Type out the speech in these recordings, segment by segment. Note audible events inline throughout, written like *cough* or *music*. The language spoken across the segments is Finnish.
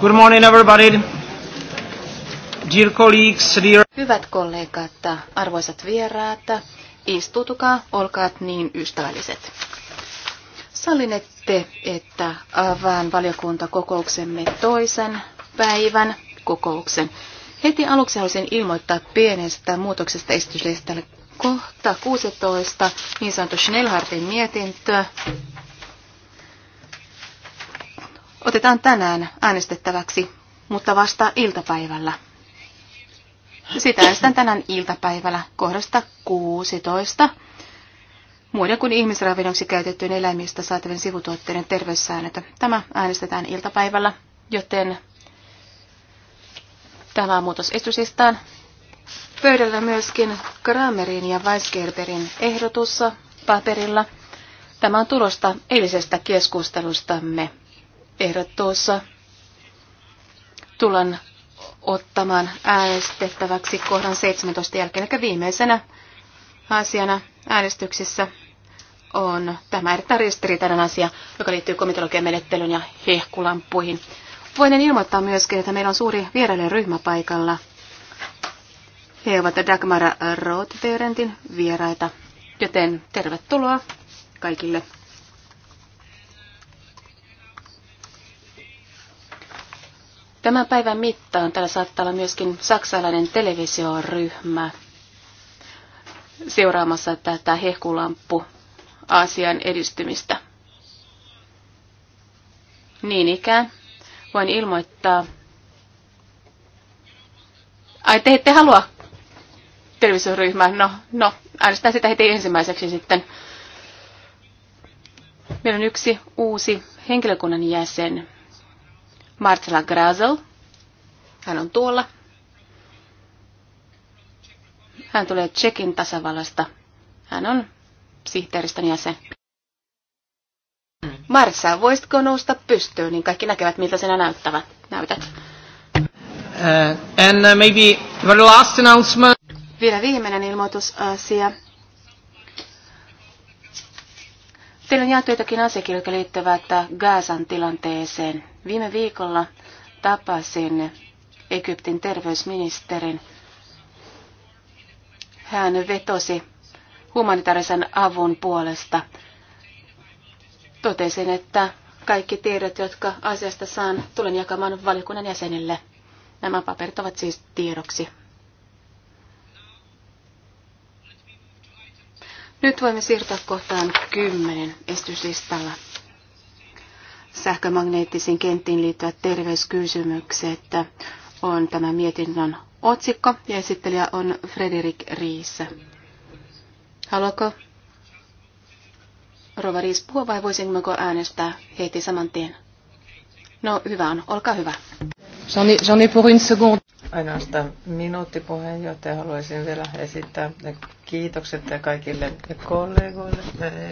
Good morning everybody. Dear colleagues, dear... Hyvät kollegat, arvoisat vieraat, istutukaa, olkaa niin ystävälliset. Sallinette, että avaan valiokuntakokouksemme toisen päivän kokouksen. Heti aluksi haluaisin ilmoittaa pienestä muutoksesta esityslistalle kohta 16, niin sanottu Schnellhartin mietintö otetaan tänään äänestettäväksi, mutta vasta iltapäivällä. Sitä äänestän tänään iltapäivällä kohdasta 16. Muiden kuin ihmisravinnoksi käytettyjen eläimistä saatavien sivutuotteiden terveyssäännöt. Tämä äänestetään iltapäivällä, joten tämä on muutos esitysistään. Pöydällä myöskin Kramerin ja Weisgerberin ehdotussa paperilla. Tämä on tulosta eilisestä keskustelustamme tuossa tulen ottamaan äänestettäväksi kohdan 17 jälkeen. Eli viimeisenä asiana äänestyksessä on tämä erittäin ristiriitainen asia, joka liittyy komitologian menettelyyn ja hehkulampuihin. Voin ilmoittaa myöskin, että meillä on suuri vierailijan ryhmä paikalla. He ovat Dagmar Rothberentin vieraita, joten tervetuloa kaikille. Tämän päivän mittaan täällä saattaa olla myöskin saksalainen televisioryhmä seuraamassa tätä hehkulamppu asian edistymistä. Niin ikään voin ilmoittaa. Ai te ette halua televisioryhmää? No, no, äänestetään sitä heti ensimmäiseksi sitten. Meillä on yksi uusi henkilökunnan jäsen Marcela Grazel. Hän on tuolla. Hän tulee Tsekin tasavallasta. Hän on sihteeristön jäsen. Marsa, voisitko nousta pystyyn, niin kaikki näkevät, miltä sinä näyttävät, näytät. Uh, and uh, maybe the last announcement. Vielä viimeinen ilmoitusasia. Teillä on jaettu jotakin asiakirjoja, jotka liittyvät äh, Gaasan tilanteeseen. Viime viikolla tapasin Egyptin terveysministerin. Hän vetosi humanitaarisen avun puolesta. Totesin, että kaikki tiedot, jotka asiasta saan, tulen jakamaan valiokunnan jäsenille. Nämä paperit ovat siis tiedoksi Nyt voimme siirtyä kohtaan 10 estyslistalla. Sähkömagneettisiin kenttiin liittyvät terveyskysymykset on tämä mietinnön otsikko ja esittelijä on Frederik Riis. Haluatko Rova Riis puhua vai voisimmeko äänestää heti saman tien? No hyvä on, olkaa hyvä. J'en ai pour une seconde. Ainoastaan minuutti puheenjohtaja. Haluaisin vielä esittää Kiitokset kaikille kollegoille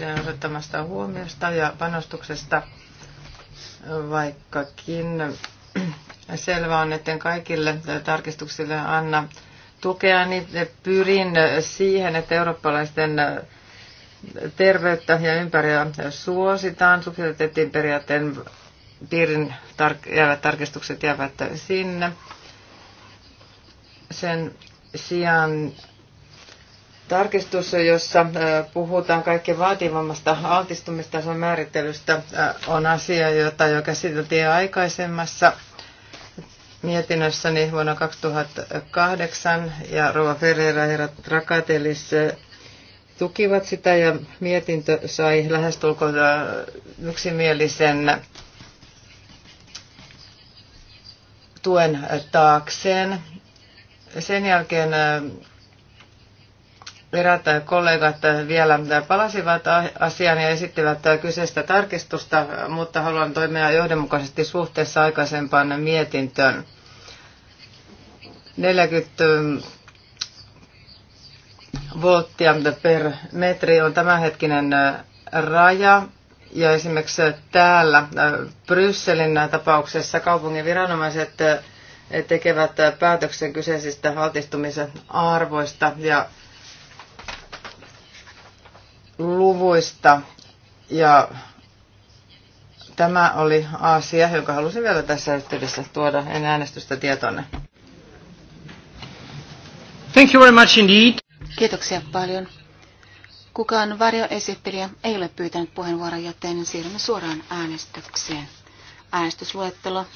ja osoittamasta huomiosta ja panostuksesta, vaikkakin selvä on, että kaikille tarkistuksille anna tukea, niin pyrin siihen, että eurooppalaisten terveyttä ja ympäriä suositaan. Subsidiariteetin periaatteen piirin tar- jäävät tarkistukset jäävät sinne. Sen sijaan Tarkistus, jossa puhutaan kaikkein vaativammasta altistumistason määrittelystä, on asia, jota jo käsiteltiin aikaisemmassa mietinnössäni vuonna 2008 ja Rova Ferreira ja Rakatelis tukivat sitä ja mietintö sai lähestulkoon yksimielisen tuen taakseen. Sen jälkeen Eräät äh, kollegat äh, vielä äh, palasivat asiaan ja esittivät kyseistä tarkistusta, mutta haluan toimia johdonmukaisesti suhteessa aikaisempaan mietintöön. 40 volttia per metri on tämänhetkinen raja. Ja esimerkiksi täällä Brysselin tapauksessa kaupungin viranomaiset tekevät päätöksen kyseisistä altistumisen arvoista ja luvuista ja tämä oli asia, jonka halusin vielä tässä yhteydessä tuoda ennen äänestystä tietoonne. Thank you very much indeed. Kiitoksia paljon. Kukaan varjoesittelijä ei ole pyytänyt puheenvuoroa, joten siirrymme suoraan äänestykseen. Äänestysluettelo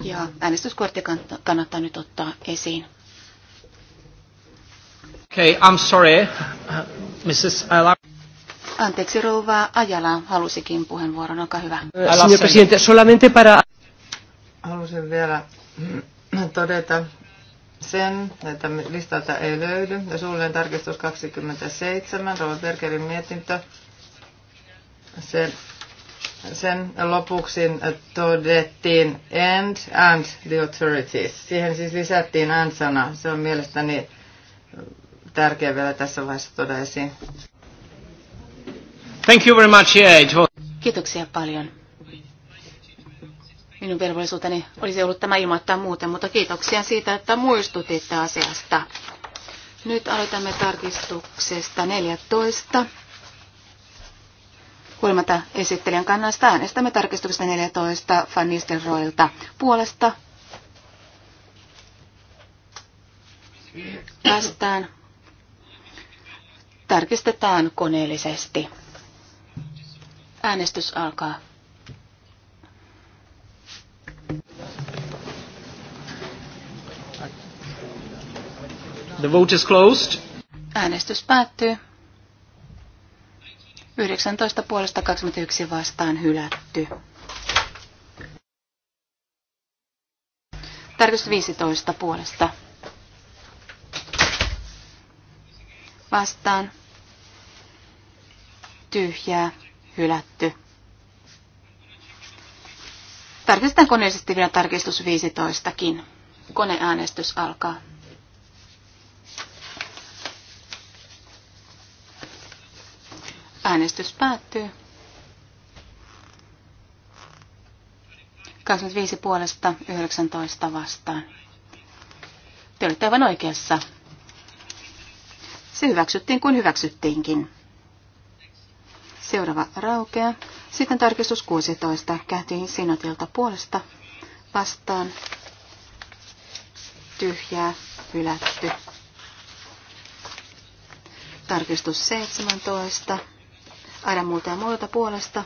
ja äänestyskortti kannattaa nyt ottaa esiin. Okay, I'm sorry, Mrs. Ayla. Anteeksi, rouva Ajala halusikin puheenvuoron. Olkaa hyvä. Äh, solamente para... Halusin vielä todeta sen, että listalta ei löydy. Ja suullinen tarkistus 27, rouva Bergerin mietintö. Se, sen lopuksi todettiin and and the authorities. Siihen siis lisättiin and-sana. Se on mielestäni tärkeä vielä tässä vaiheessa tuoda esiin. Thank you very much. Yeah, it was... Kiitoksia paljon. Minun velvollisuuteni olisi ollut tämä ilmoittaa muuten, mutta kiitoksia siitä, että muistutitte asiasta. Nyt aloitamme tarkistuksesta 14. Huolimatta esittelijän kannasta äänestämme tarkistuksesta 14 Fanny Stelroilta puolesta. Päästään. Tarkistetaan koneellisesti. Äänestys alkaa. The vote is closed. Äänestys päättyy. 19 puolesta 21 vastaan hylätty. Tarkistus 15 puolesta. Vastaan. Tyhjää hylätty. Tarkistetaan koneellisesti vielä tarkistus 15kin. Koneäänestys alkaa. Äänestys päättyy. 25 puolesta 19 vastaan. Te olette aivan oikeassa. Se hyväksyttiin kuin hyväksyttiinkin. Seuraava raukea. Sitten tarkistus 16. Kähtiin Sinatilta puolesta vastaan. Tyhjää hylätty. Tarkistus 17. Aina muuta ja muuta puolesta.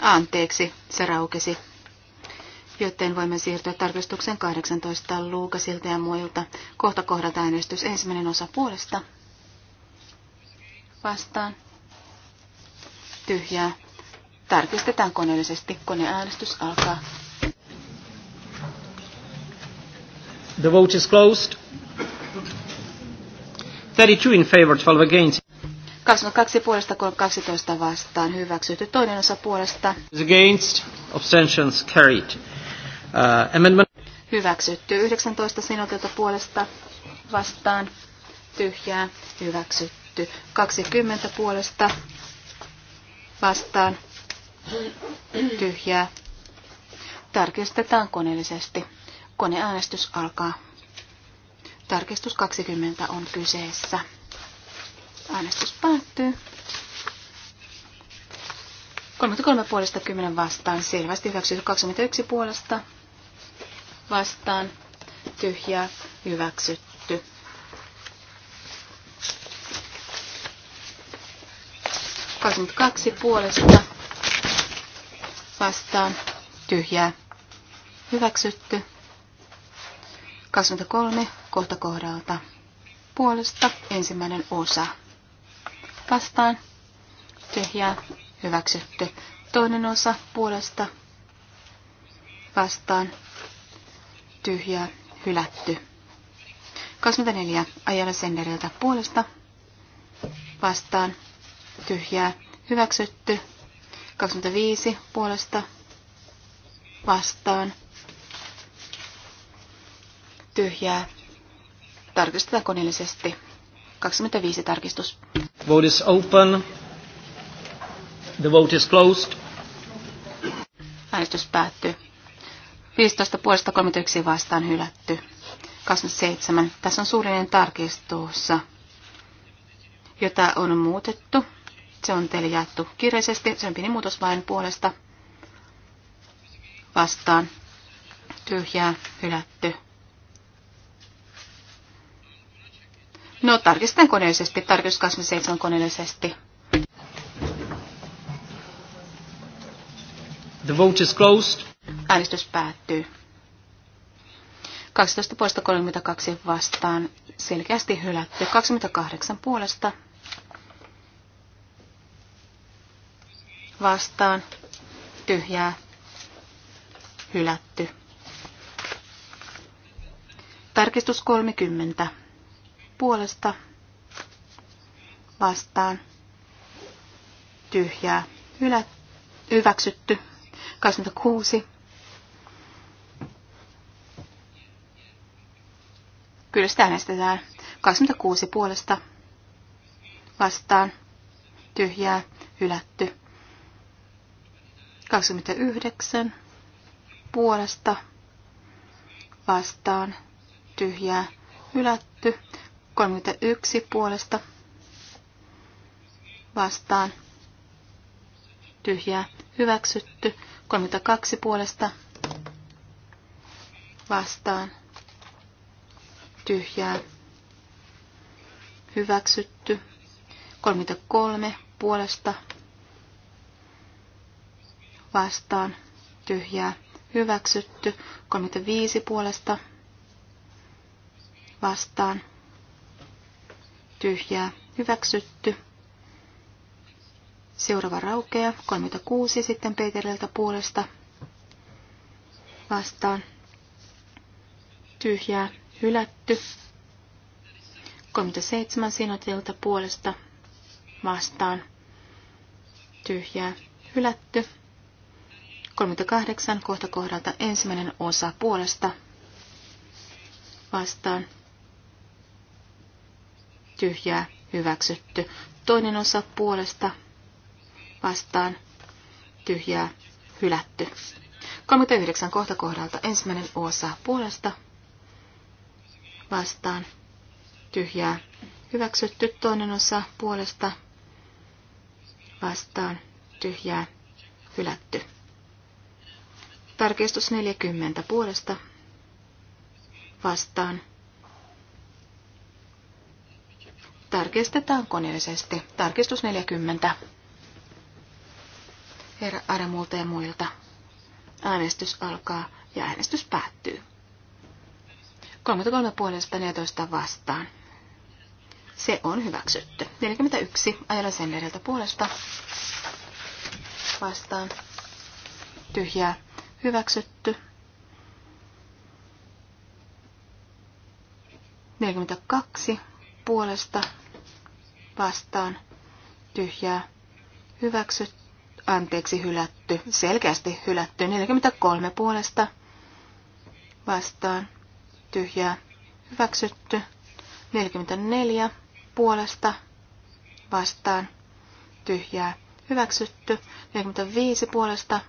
Anteeksi, se raukesi. Joten voimme siirtyä tarkistuksen 18 Luukasilta ja muilta. Kohta kohdata äänestys ensimmäinen osa puolesta vastaan tyhjää. Tarkistetaan koneellisesti. Koneäänestys alkaa. The vote is closed. 32 in favor, 12 against. 22 puolesta, 12 vastaan. Hyväksytty toinen osa puolesta. Against, abstentions carried. Uh, amendment. Hyväksytty 19 sinulta puolesta vastaan. Tyhjää. Hyväksytty hylätty. 20 puolesta vastaan tyhjää. Tarkistetaan koneellisesti. Koneäänestys alkaa. Tarkistus 20 on kyseessä. Äänestys päättyy. 33 puolesta 10 vastaan. Selvästi 21 puolesta vastaan. Tyhjää hyväksytty. 22 puolesta vastaan tyhjää. Hyväksytty. 23 kohta kohdalta. Puolesta ensimmäinen osa. Vastaan tyhjää. Hyväksytty. Toinen osa puolesta vastaan tyhjää. Hylätty. 24 ajalla senderiltä puolesta vastaan tyhjää hyväksytty. 25 puolesta vastaan tyhjää tarkistetaan koneellisesti. 25 tarkistus. Vote is open. The vote is closed. Äänestys päättyy. 15 puolesta 31 vastaan hylätty. 27. Tässä on suurinen tarkistus, jota on muutettu. Se on teille jaettu kirjallisesti. Se on pieni muutos vain puolesta vastaan. Tyhjää, hylätty. No, tarkistan koneellisesti. Tarkistus 27 koneellisesti. The vote is closed. Äänestys päättyy. 12 puolesta 32 vastaan. Selkeästi hylätty. 28 puolesta vastaan tyhjää hylätty. Tarkistus 30 puolesta vastaan tyhjää hylä, hyväksytty. 26 Kyllä sitä äänestetään. 26 puolesta vastaan tyhjää hylätty. 29 puolesta vastaan tyhjää hylätty. 31 puolesta vastaan tyhjää hyväksytty. 32 puolesta vastaan tyhjää hyväksytty. 33 puolesta vastaan tyhjää hyväksytty. 35 puolesta vastaan tyhjää hyväksytty. Seuraava raukea 36 sitten Peterilta puolesta vastaan tyhjää hylätty. 37 sinotilta puolesta vastaan tyhjää hylätty. 38 kohta kohdalta ensimmäinen osa puolesta vastaan tyhjää hyväksytty. Toinen osa puolesta vastaan tyhjää hylätty. 39 kohta kohdalta ensimmäinen osa puolesta vastaan tyhjää hyväksytty. Toinen osa puolesta vastaan tyhjää hylätty. Tarkistus 40 puolesta vastaan. Tarkistetaan koneellisesti. Tarkistus 40. Herra Aramulta ja muilta. Äänestys alkaa ja äänestys päättyy. 33 puolesta 14 vastaan. Se on hyväksytty. 41 ajalla sen puolesta vastaan. Tyhjää Hyväksytty. 42 puolesta vastaan tyhjää hyväksytty, anteeksi hylätty, selkeästi hylätty, 43 puolesta vastaan tyhjää hyväksytty, 44 puolesta vastaan tyhjää hyväksytty, 45 puolesta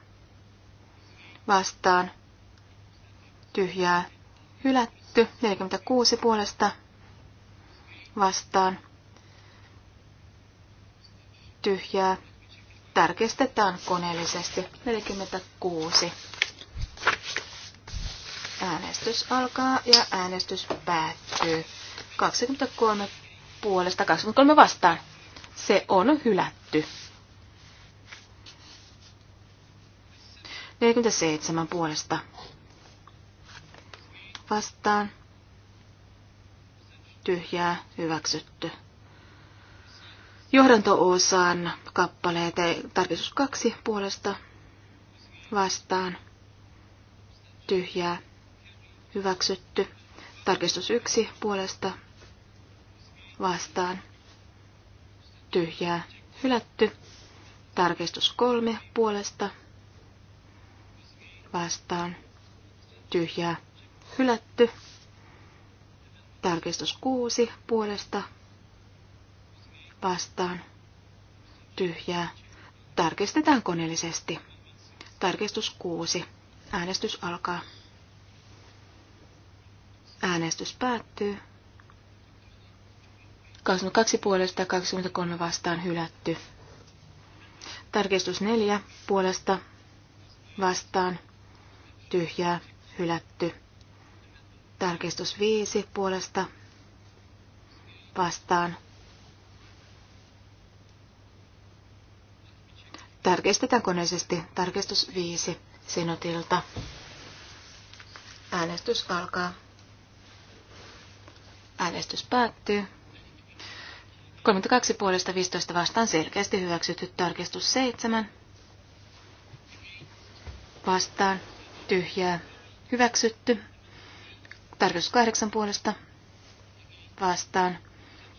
vastaan tyhjää hylätty. 46 puolesta vastaan tyhjää tarkistetaan koneellisesti. 46. Äänestys alkaa ja äänestys päättyy. 23 puolesta 23 vastaan. Se on hylätty. 47 puolesta vastaan tyhjää hyväksytty. Johdanto-osaan kappaleet tarkistus kaksi puolesta vastaan tyhjää hyväksytty. Tarkistus yksi puolesta vastaan tyhjää hylätty. Tarkistus kolme puolesta vastaan tyhjää hylätty. Tarkistus 6 puolesta vastaan tyhjää. Tarkistetaan koneellisesti. Tarkistus 6. Äänestys alkaa. Äänestys päättyy. 22 puolesta 23 vastaan hylätty. Tarkistus 4 puolesta vastaan tyhjää, hylätty. Tarkistus viisi puolesta vastaan. Tarkistetaan koneisesti tarkistus viisi sinutilta, Äänestys alkaa. Äänestys päättyy. 32 puolesta 15 vastaan selkeästi hyväksytty tarkistus 7. Vastaan tyhjää hyväksytty. Tarkistus kahdeksan puolesta vastaan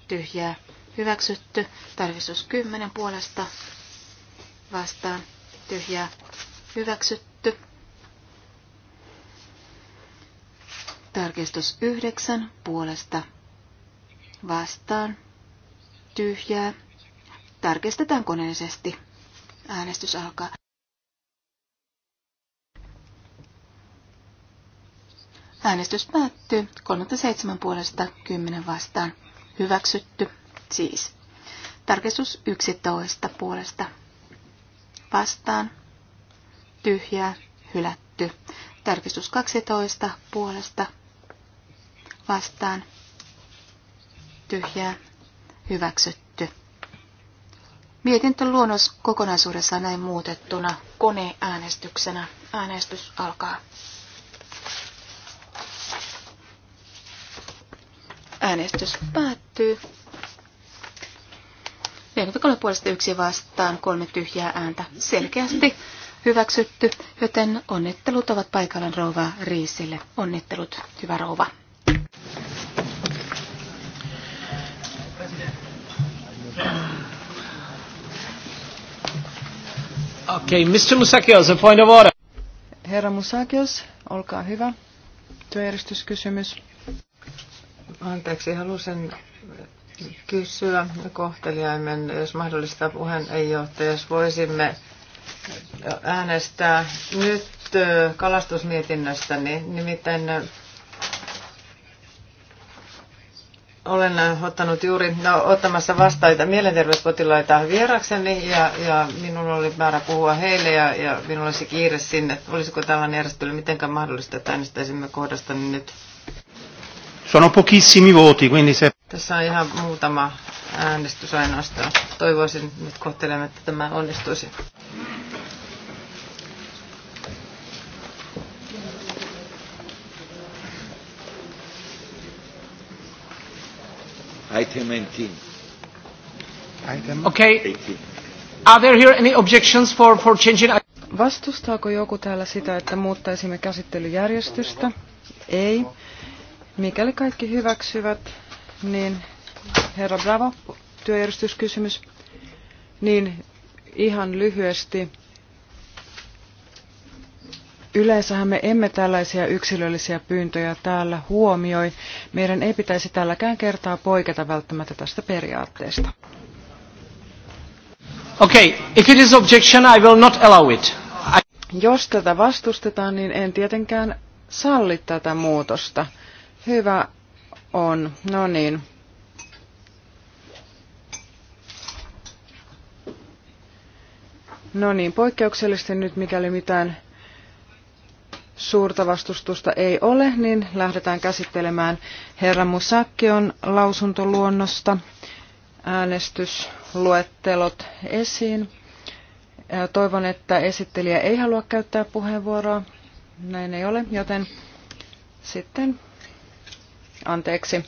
tyhjää hyväksytty. Tarkistus kymmenen puolesta vastaan tyhjää hyväksytty. Tarkistus yhdeksän puolesta vastaan tyhjää. Tarkistetaan koneellisesti. Äänestys alkaa. Äänestys päättyy 37 puolesta 10 vastaan. Hyväksytty siis. Tarkistus 11 puolesta vastaan. Tyhjää hylätty. Tarkistus 12 puolesta vastaan. Tyhjää hyväksytty. Mietintö luonnos kokonaisuudessaan näin muutettuna koneäänestyksenä. Äänestys alkaa. Äänestys päättyy. 43 puolesta yksi vastaan, kolme tyhjää ääntä. Selkeästi hyväksytty, joten onnittelut ovat paikallan rouva Riisille. Onnittelut, hyvä rouva. Okay, Mr. Musakios, a point of order. Herra Musakios, olkaa hyvä. Työjärjestyskysymys. Anteeksi, halusin kysyä kohteliaimen, jos mahdollista ei puheenjohtaja, jos voisimme äänestää nyt kalastusmietinnöstä. Niin nimittäin olen ottanut juuri, no, ottamassa vastaita mielenterveyspotilaita vierakseni ja, ja minun oli määrä puhua heille ja, ja minulla olisi kiire sinne. Olisiko tällainen järjestely mitenkään mahdollista, että äänestäisimme kohdasta nyt? Sono pochissimi voti, quindi se... Tässä on ihan muutama äänestys ainoastaan. Toivoisin nyt kohtelemme, että tämä onnistuisi. Item 19. Item okay. 18. Are there here any objections for, for changing... Vastustaako joku täällä sitä, että muuttaisimme käsittelyjärjestystä? Ei. Mikäli kaikki hyväksyvät, niin herra Bravo, työjärjestyskysymys, niin ihan lyhyesti. Yleensähän me emme tällaisia yksilöllisiä pyyntöjä täällä huomioi. Meidän ei pitäisi tälläkään kertaa poiketa välttämättä tästä periaatteesta. Okay, if it is objection, I will not allow it. I... Jos tätä vastustetaan, niin en tietenkään salli tätä muutosta. Hyvä on. No niin. No niin, poikkeuksellisesti nyt mikäli mitään suurta vastustusta ei ole, niin lähdetään käsittelemään herra Musakkion lausuntoluonnosta. Äänestysluettelot esiin. Toivon, että esittelijä ei halua käyttää puheenvuoroa. Näin ei ole, joten sitten anteeksi.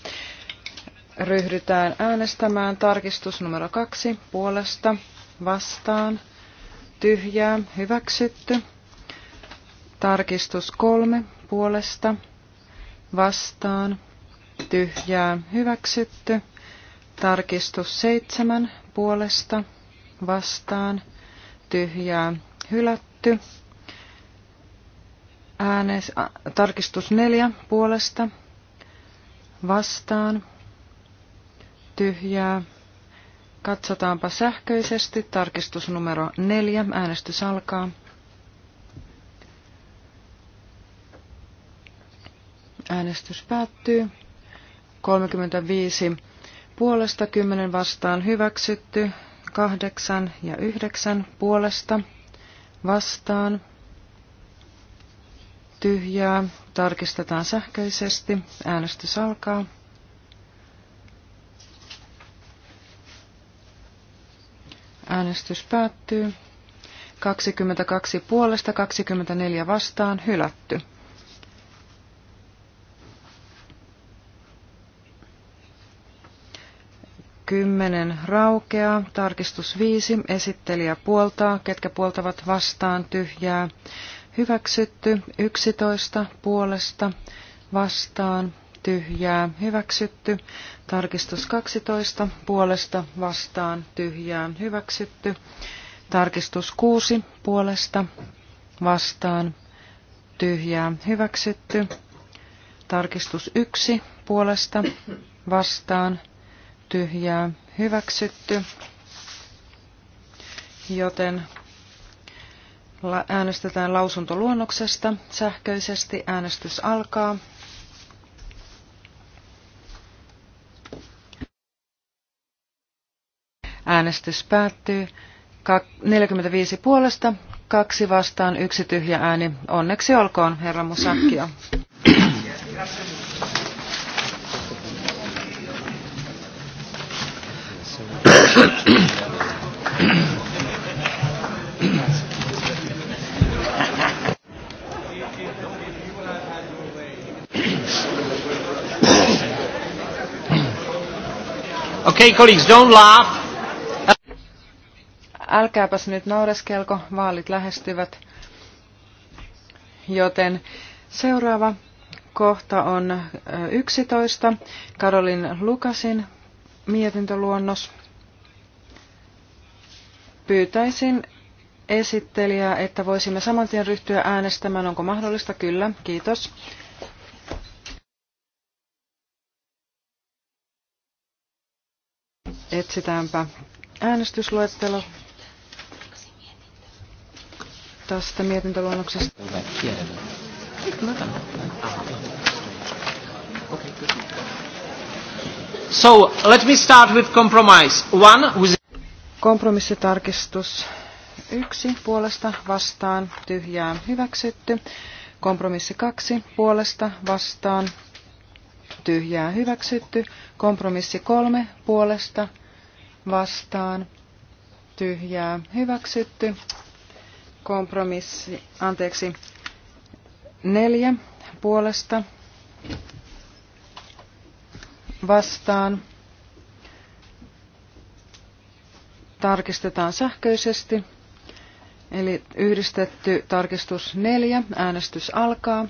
Ryhdytään äänestämään tarkistus numero kaksi puolesta vastaan tyhjää hyväksytty. Tarkistus kolme puolesta vastaan tyhjää hyväksytty. Tarkistus seitsemän puolesta vastaan tyhjää hylätty. Äänes, tarkistus neljä puolesta vastaan, tyhjää. Katsotaanpa sähköisesti. Tarkistus numero neljä. Äänestys alkaa. Äänestys päättyy. 35 puolesta 10 vastaan hyväksytty, 8 ja 9 puolesta vastaan tyhjää. Tarkistetaan sähköisesti. Äänestys alkaa. Äänestys päättyy. 22 puolesta, 24 vastaan, hylätty. Kymmenen raukeaa, tarkistus viisi, esittelijä puoltaa, ketkä puoltavat vastaan, tyhjää, hyväksytty, 11 puolesta vastaan tyhjää hyväksytty, tarkistus 12 puolesta vastaan tyhjää hyväksytty, tarkistus 6 puolesta vastaan tyhjää hyväksytty, tarkistus 1 puolesta vastaan tyhjää hyväksytty, joten Äänestetään lausuntoluonnoksesta sähköisesti. Äänestys alkaa. Äänestys päättyy. 45 puolesta, kaksi vastaan, yksi tyhjä ääni. Onneksi olkoon, herra Musakio. Köhö. *coughs* Okay, colleagues, don't laugh. Älkääpäs nyt naureskelko, vaalit lähestyvät. Joten seuraava kohta on 11. Karolin Lukasin mietintöluonnos. Pyytäisin esittelijää, että voisimme samantien ryhtyä äänestämään. Onko mahdollista? Kyllä, kiitos. Etsitäänpä äänestysluettelo tästä mietintöluonnoksesta. So, let me start with compromise. One with... Kompromissitarkistus yksi puolesta vastaan tyhjää hyväksytty. Kompromissi kaksi puolesta vastaan tyhjää hyväksytty. Kompromissi kolme puolesta vastaan tyhjää hyväksytty. Kompromissi, anteeksi, neljä puolesta vastaan. Tarkistetaan sähköisesti. Eli yhdistetty tarkistus neljä Äänestys alkaa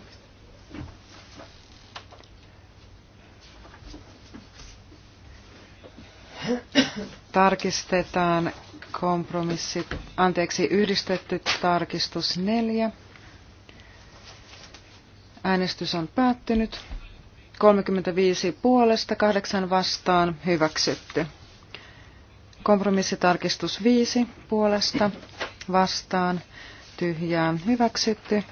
tarkistetaan kompromissi, anteeksi, yhdistetty tarkistus 4. Äänestys on päättynyt. 35 puolesta, 8 vastaan, hyväksytty. Kompromissitarkistus 5 puolesta, vastaan, tyhjää, hyväksytty.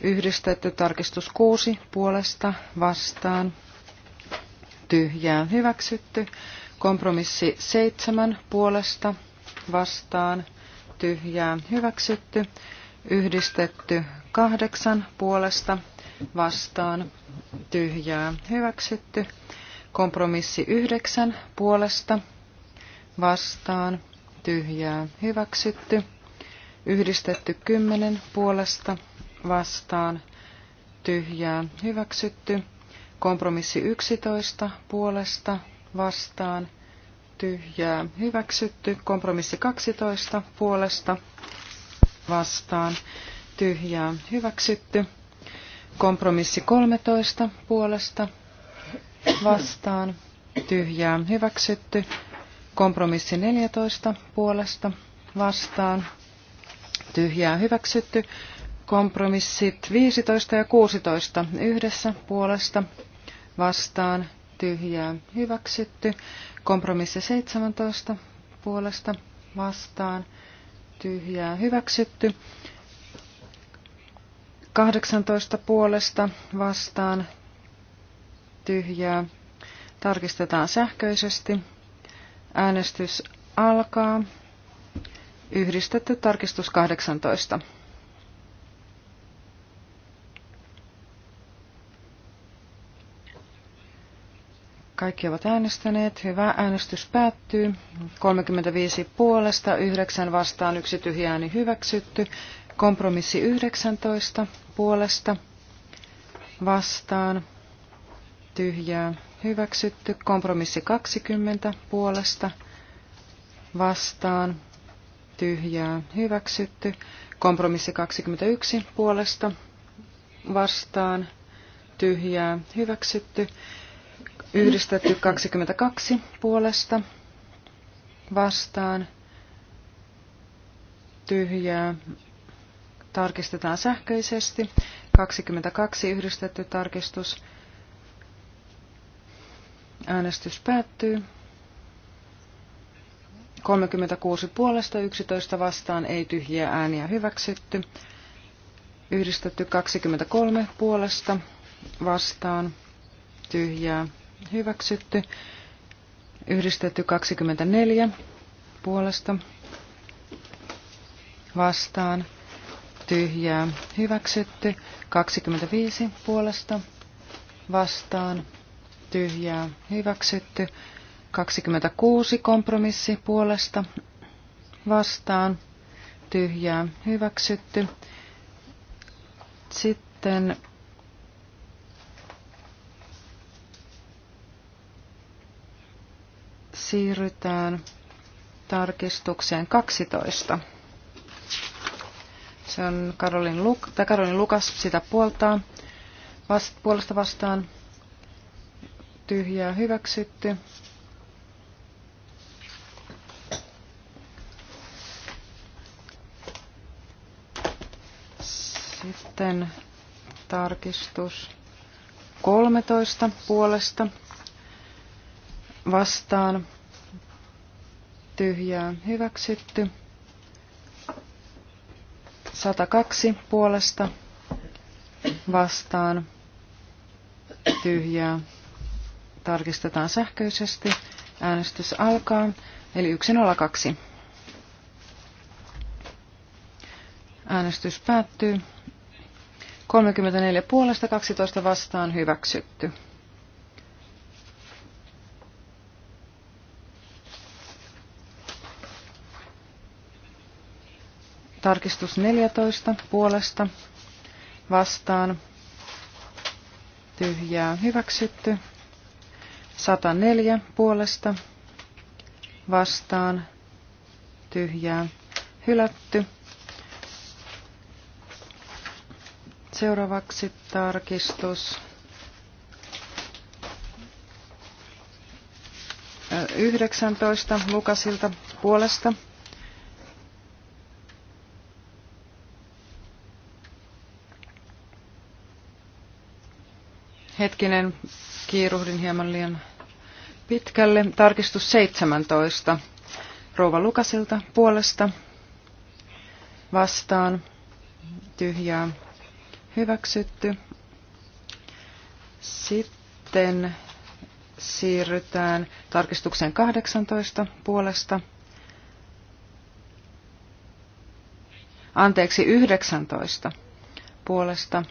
Yhdistetty tarkistus 6 puolesta, vastaan, tyhjää, hyväksytty. Kompromissi seitsemän puolesta vastaan tyhjää hyväksytty. Yhdistetty kahdeksan puolesta vastaan tyhjää hyväksytty. Kompromissi yhdeksän puolesta vastaan tyhjää hyväksytty. Yhdistetty kymmenen puolesta vastaan tyhjää hyväksytty. Kompromissi 11 puolesta vastaan tyhjää hyväksytty. Kompromissi 12 puolesta vastaan tyhjää hyväksytty. Kompromissi 13 puolesta vastaan tyhjää hyväksytty. Kompromissi 14 puolesta vastaan tyhjää hyväksytty. Kompromissit 15 ja 16 yhdessä puolesta vastaan tyhjää hyväksytty. Kompromissi 17 puolesta vastaan tyhjää hyväksytty. 18 puolesta vastaan tyhjää. Tarkistetaan sähköisesti. Äänestys alkaa. Yhdistetty tarkistus 18. Kaikki ovat äänestäneet. Hyvä. Äänestys päättyy. 35 puolesta, 9 vastaan, yksi ääni hyväksytty. Kompromissi 19 puolesta, vastaan, tyhjää hyväksytty. Kompromissi 20 puolesta, vastaan, tyhjää hyväksytty. Kompromissi 21 puolesta, vastaan, tyhjää hyväksytty. Yhdistetty 22 puolesta vastaan tyhjää. Tarkistetaan sähköisesti. 22 yhdistetty tarkistus. Äänestys päättyy. 36 puolesta 11 vastaan ei tyhjiä ääniä hyväksytty. Yhdistetty 23 puolesta vastaan tyhjää hyväksytty. Yhdistetty 24 puolesta vastaan tyhjää hyväksytty. 25 puolesta vastaan tyhjää hyväksytty. 26 kompromissi puolesta vastaan tyhjää hyväksytty. Sitten siirrytään tarkistukseen 12. Se on Karolin, Luk- tai Karolin Lukas, sitä puoltaa. Vast- puolesta vastaan tyhjää hyväksytty. Sitten tarkistus 13 puolesta vastaan tyhjää hyväksytty. 102 puolesta vastaan tyhjää. Tarkistetaan sähköisesti. Äänestys alkaa. Eli 102. Äänestys päättyy. 34 puolesta 12 vastaan hyväksytty. Tarkistus 14 puolesta vastaan tyhjää hyväksytty. 104 puolesta vastaan tyhjää hylätty. Seuraavaksi tarkistus 19 Lukasilta puolesta Hetkinen, kiiruhdin hieman liian pitkälle. Tarkistus 17. Rouva Lukasilta puolesta vastaan tyhjää hyväksytty. Sitten siirrytään tarkistukseen 18 puolesta. Anteeksi, 19 puolesta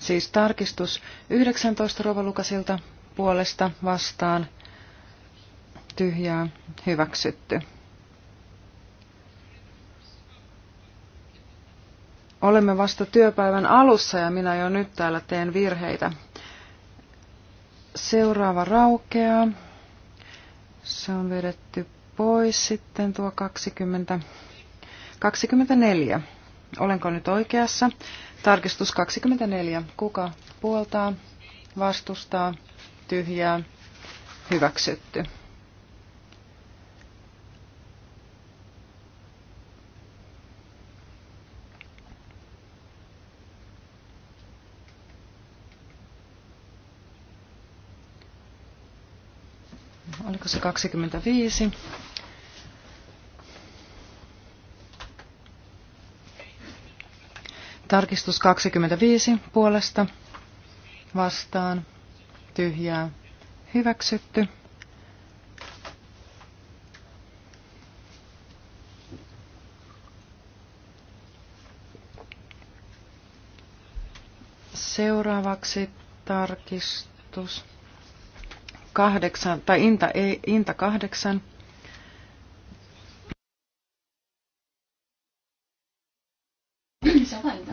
Siis tarkistus 19 Rovalukasilta puolesta vastaan tyhjää hyväksytty. Olemme vasta työpäivän alussa ja minä jo nyt täällä teen virheitä. Seuraava raukeaa. Se on vedetty pois sitten tuo 20, 24. Olenko nyt oikeassa? Tarkistus 24. Kuka puoltaa, vastustaa, tyhjää, hyväksytty. Oliko se 25? Tarkistus 25 puolesta vastaan tyhjää hyväksytty. Seuraavaksi tarkistus kahdeksan, tai inta, ei, inta kahdeksan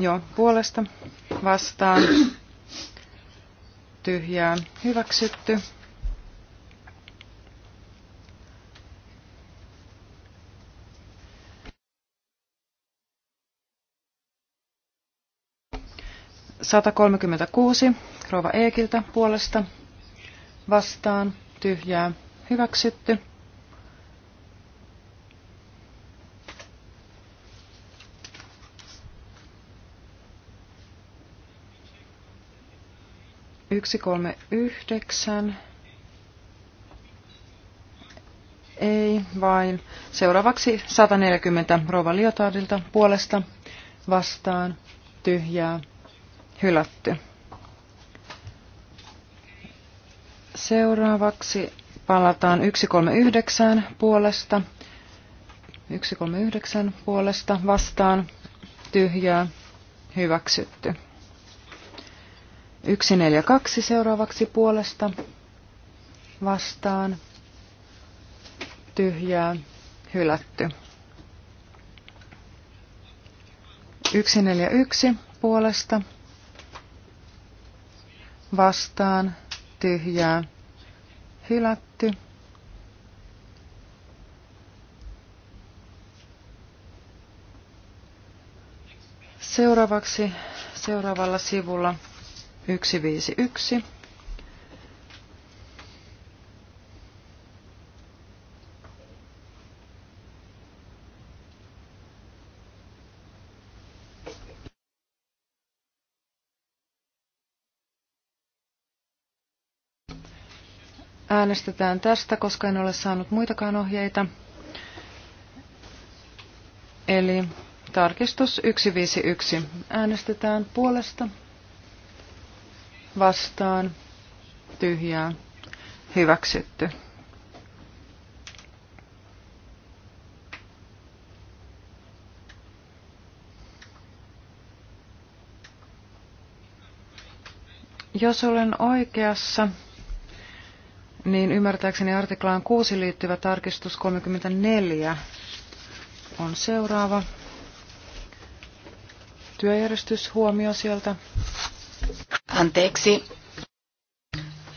jo puolesta vastaan tyhjää hyväksytty. Satakolmekymmentäkuusi Rova Eekiltä puolesta vastaan tyhjää hyväksytty. 139. Ei, vain. Seuraavaksi 140 Rova Liotardilta puolesta vastaan tyhjää hylätty. Seuraavaksi palataan 139 puolesta. 139 puolesta vastaan tyhjää hyväksytty. 142 seuraavaksi puolesta vastaan tyhjää hylätty. 141 puolesta vastaan tyhjää hylätty. Seuraavaksi seuraavalla sivulla 151. Äänestetään tästä, koska en ole saanut muitakaan ohjeita. Eli tarkistus 151. Äänestetään puolesta vastaan tyhjää hyväksytty. Jos olen oikeassa, niin ymmärtääkseni artiklaan 6 liittyvä tarkistus 34 on seuraava työjärjestyshuomio sieltä. Anteeksi.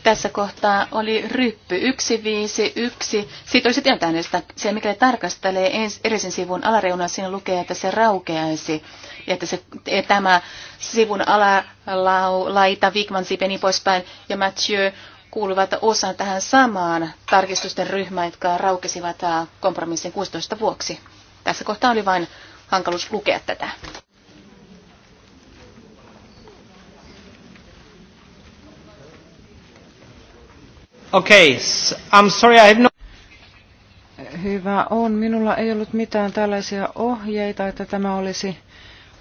Tässä kohtaa oli ryppy 151. Siitä olisi tietää äänestä. Se, mikä tarkastelee erisen sivun alareunaa, siinä lukee, että se raukeaisi. Ja että se, e, tämä sivun alalaita, Wigman, Sipeni niin poispäin, ja Mathieu kuuluvat osan tähän samaan tarkistusten ryhmään, jotka raukesivat kompromissin 16 vuoksi. Tässä kohtaa oli vain hankaluus lukea tätä. Okay, I'm sorry, I have no... Hyvä on. Minulla ei ollut mitään tällaisia ohjeita, että tämä olisi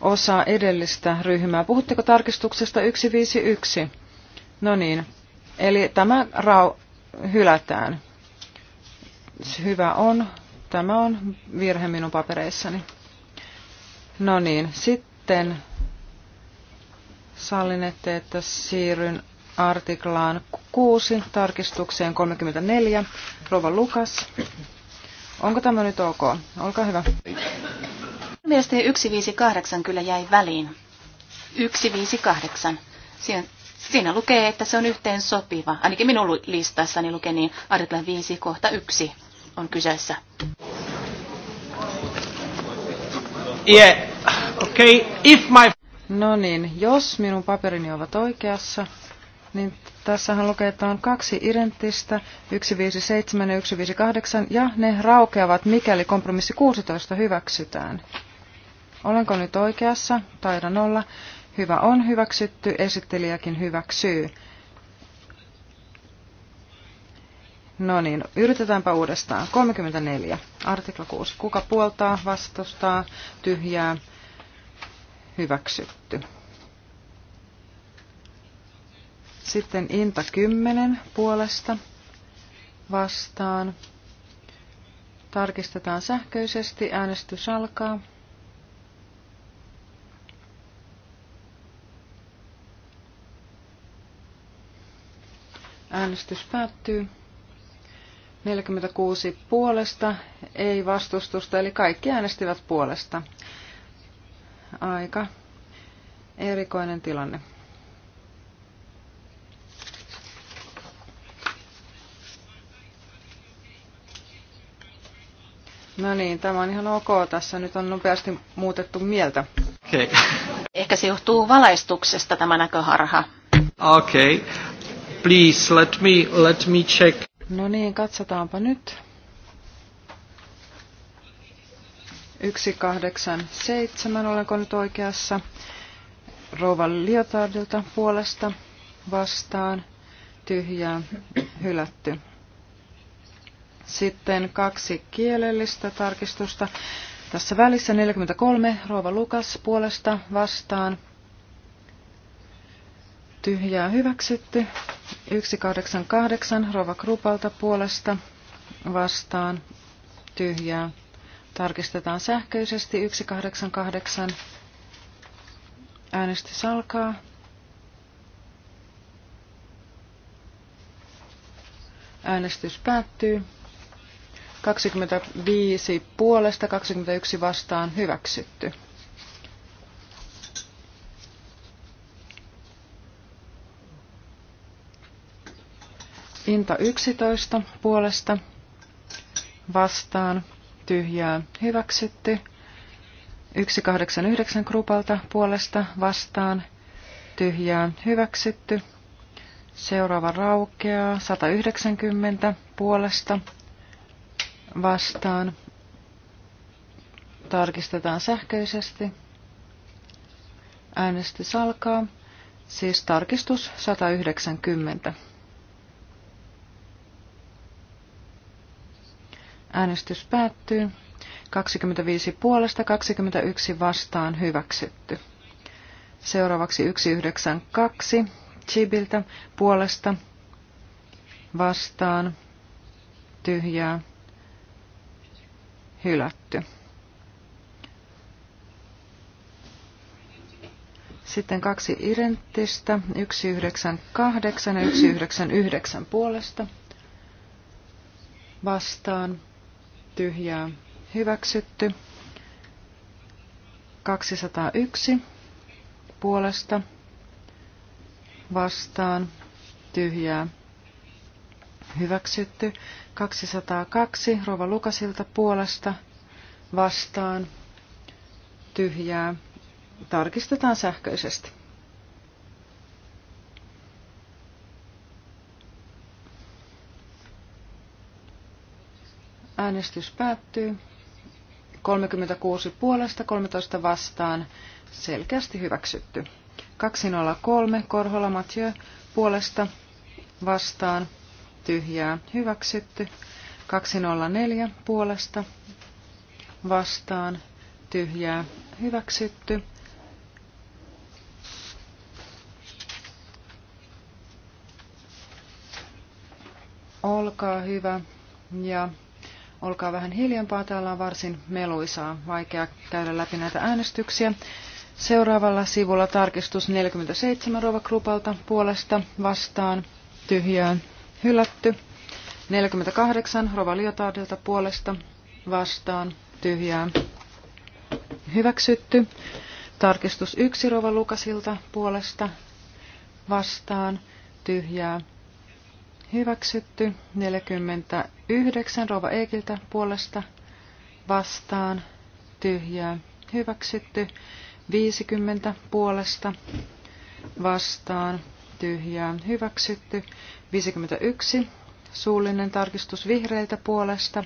osa edellistä ryhmää. Puhutteko tarkistuksesta 151? No niin. Eli tämä rau hylätään. Hyvä on. Tämä on virhe minun papereissani. No niin, sitten sallinette, että siirryn artiklaan 6, tarkistukseen 34. Rova Lukas, onko tämä nyt ok? Olkaa hyvä. Mielestäni 158 kyllä jäi väliin. 158. Siinä, siinä lukee, että se on yhteen sopiva. Ainakin minun listassani lukee niin artikla 5 kohta 1 on kyseessä. Yeah. Okay. If my... No niin, jos minun paperini ovat oikeassa, niin tässähän lukee, että on kaksi identtistä, 157 ja 158, ja ne raukeavat, mikäli kompromissi 16 hyväksytään. Olenko nyt oikeassa? Taidan olla. Hyvä on hyväksytty, esittelijäkin hyväksyy. No niin, yritetäänpä uudestaan. 34, artikla 6. Kuka puoltaa, vastustaa, tyhjää, hyväksytty. Sitten Inta 10 puolesta vastaan. Tarkistetaan sähköisesti. Äänestys alkaa. Äänestys päättyy. 46 puolesta, ei vastustusta, eli kaikki äänestivät puolesta. Aika erikoinen tilanne. No niin, tämä on ihan ok. Tässä nyt on nopeasti muutettu mieltä. Okay. Ehkä se johtuu valaistuksesta tämä näköharha. Okay. Please, let me, let me check. No niin, katsotaanpa nyt. 187, olenko nyt oikeassa? Rouva Liotardilta puolesta vastaan. Tyhjää, hylätty. Sitten kaksi kielellistä tarkistusta. Tässä välissä 43 Rova Lukas puolesta vastaan. Tyhjää hyväksytty. 188 Rova Krupalta puolesta vastaan. Tyhjää. Tarkistetaan sähköisesti 188. Äänestys alkaa. Äänestys päättyy. 25 puolesta, 21 vastaan hyväksytty. Inta 11 puolesta vastaan tyhjää hyväksytty. 189 grupalta puolesta vastaan tyhjää hyväksytty. Seuraava raukeaa 190 puolesta vastaan. Tarkistetaan sähköisesti. Äänestys alkaa. Siis tarkistus 190. Äänestys päättyy. 25 puolesta 21 vastaan hyväksytty. Seuraavaksi 192 Chibiltä puolesta vastaan tyhjää hylätty. Sitten kaksi identtistä, 198 ja 199 puolesta. Vastaan, tyhjää, hyväksytty. 201 puolesta. Vastaan, tyhjää, hyväksytty. 202 Rova Lukasilta puolesta vastaan tyhjää. Tarkistetaan sähköisesti. Äänestys päättyy. 36 puolesta, 13 vastaan. Selkeästi hyväksytty. 203 Korhola Mathieu puolesta vastaan tyhjää hyväksytty. 204 puolesta vastaan tyhjää hyväksytty. Olkaa hyvä ja olkaa vähän hiljempaa. Täällä on varsin meluisaa, vaikea käydä läpi näitä äänestyksiä. Seuraavalla sivulla tarkistus 47 Rova Krupalta puolesta vastaan tyhjään Hylätty. 48 Rovaliotaadelta puolesta vastaan tyhjää. Hyväksytty. Tarkistus 1 Rova Lukasilta puolesta vastaan tyhjää. Hyväksytty. 49 Rova Eekiltä puolesta vastaan tyhjää. Hyväksytty. 50 puolesta vastaan tyhjää hyväksytty. 51 suullinen tarkistus vihreiltä puolesta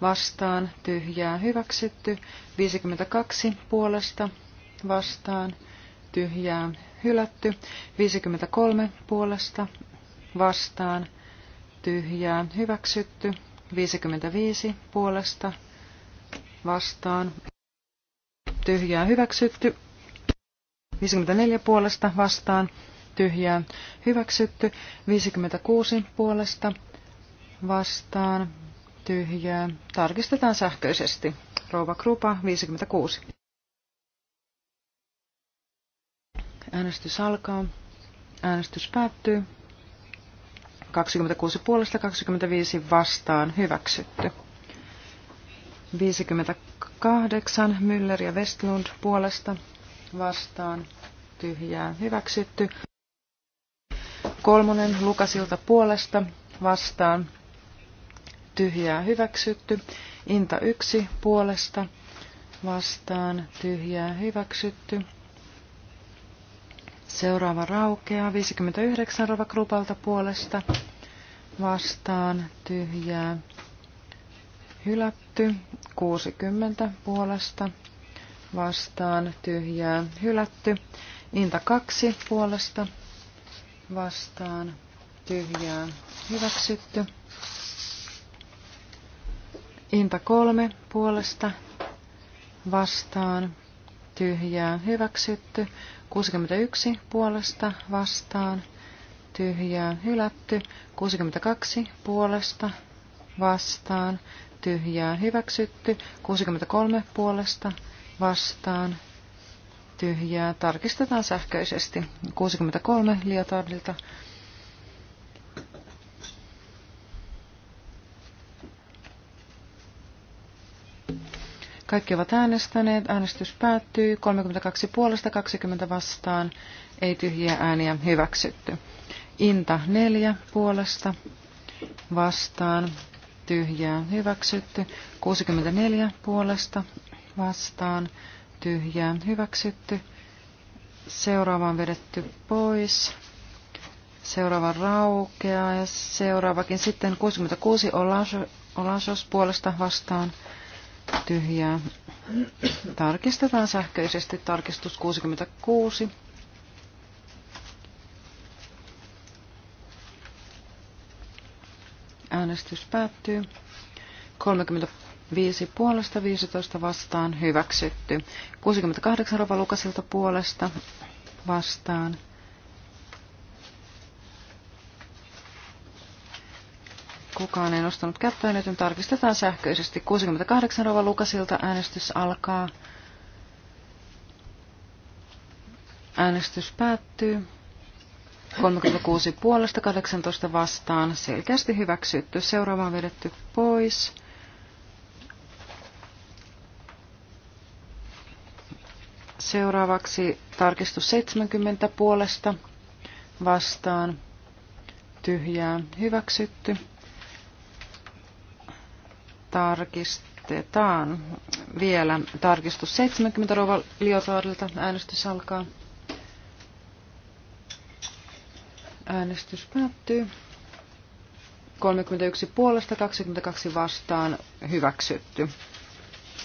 vastaan tyhjää hyväksytty. 52 puolesta vastaan tyhjää hylätty. 53 puolesta vastaan tyhjää hyväksytty. 55 puolesta vastaan tyhjää hyväksytty. 54 puolesta vastaan tyhjää hyväksytty. 56 puolesta vastaan tyhjää. Tarkistetaan sähköisesti. Rouva Krupa 56. Äänestys alkaa. Äänestys päättyy. 26 puolesta 25 vastaan hyväksytty. 58 Müller ja Westlund puolesta vastaan tyhjää hyväksytty. Kolmonen Lukasilta puolesta vastaan tyhjää hyväksytty. Inta yksi puolesta vastaan tyhjää hyväksytty. Seuraava raukea 59 Ravakruupalta puolesta vastaan tyhjää hylätty 60 puolesta vastaan tyhjää hylätty. Inta 2 puolesta vastaan tyhjää hyväksytty. Inta kolme puolesta vastaan tyhjää hyväksytty. 61 puolesta vastaan tyhjää hylätty. 62 puolesta vastaan tyhjää hyväksytty. 63 puolesta vastaan tyhjää. Tarkistetaan sähköisesti. 63 Liotardilta. Kaikki ovat äänestäneet. Äänestys päättyy. 32 puolesta 20 vastaan. Ei tyhjiä ääniä hyväksytty. Inta 4 puolesta vastaan. Tyhjää hyväksytty. 64 puolesta vastaan tyhjään hyväksytty. Seuraava on vedetty pois. Seuraava raukeaa ja seuraavakin sitten 66 Olasos puolesta vastaan tyhjää. Tarkistetaan sähköisesti tarkistus 66. Äänestys päättyy. 30 5 puolesta, 15 vastaan, hyväksytty. 68 Rova Lukasilta puolesta, vastaan. Kukaan ei nostanut kättä, nyt tarkistetaan sähköisesti. 68 Rova Lukasilta äänestys alkaa. Äänestys päättyy. 36 puolesta, 18 vastaan, selkeästi hyväksytty. Seuraava on vedetty pois. Seuraavaksi tarkistus 70 puolesta vastaan tyhjää hyväksytty. Tarkistetaan vielä tarkistus 70 Rova Liotaarilta. Äänestys alkaa. Äänestys päättyy. 31 puolesta, 22 vastaan hyväksytty.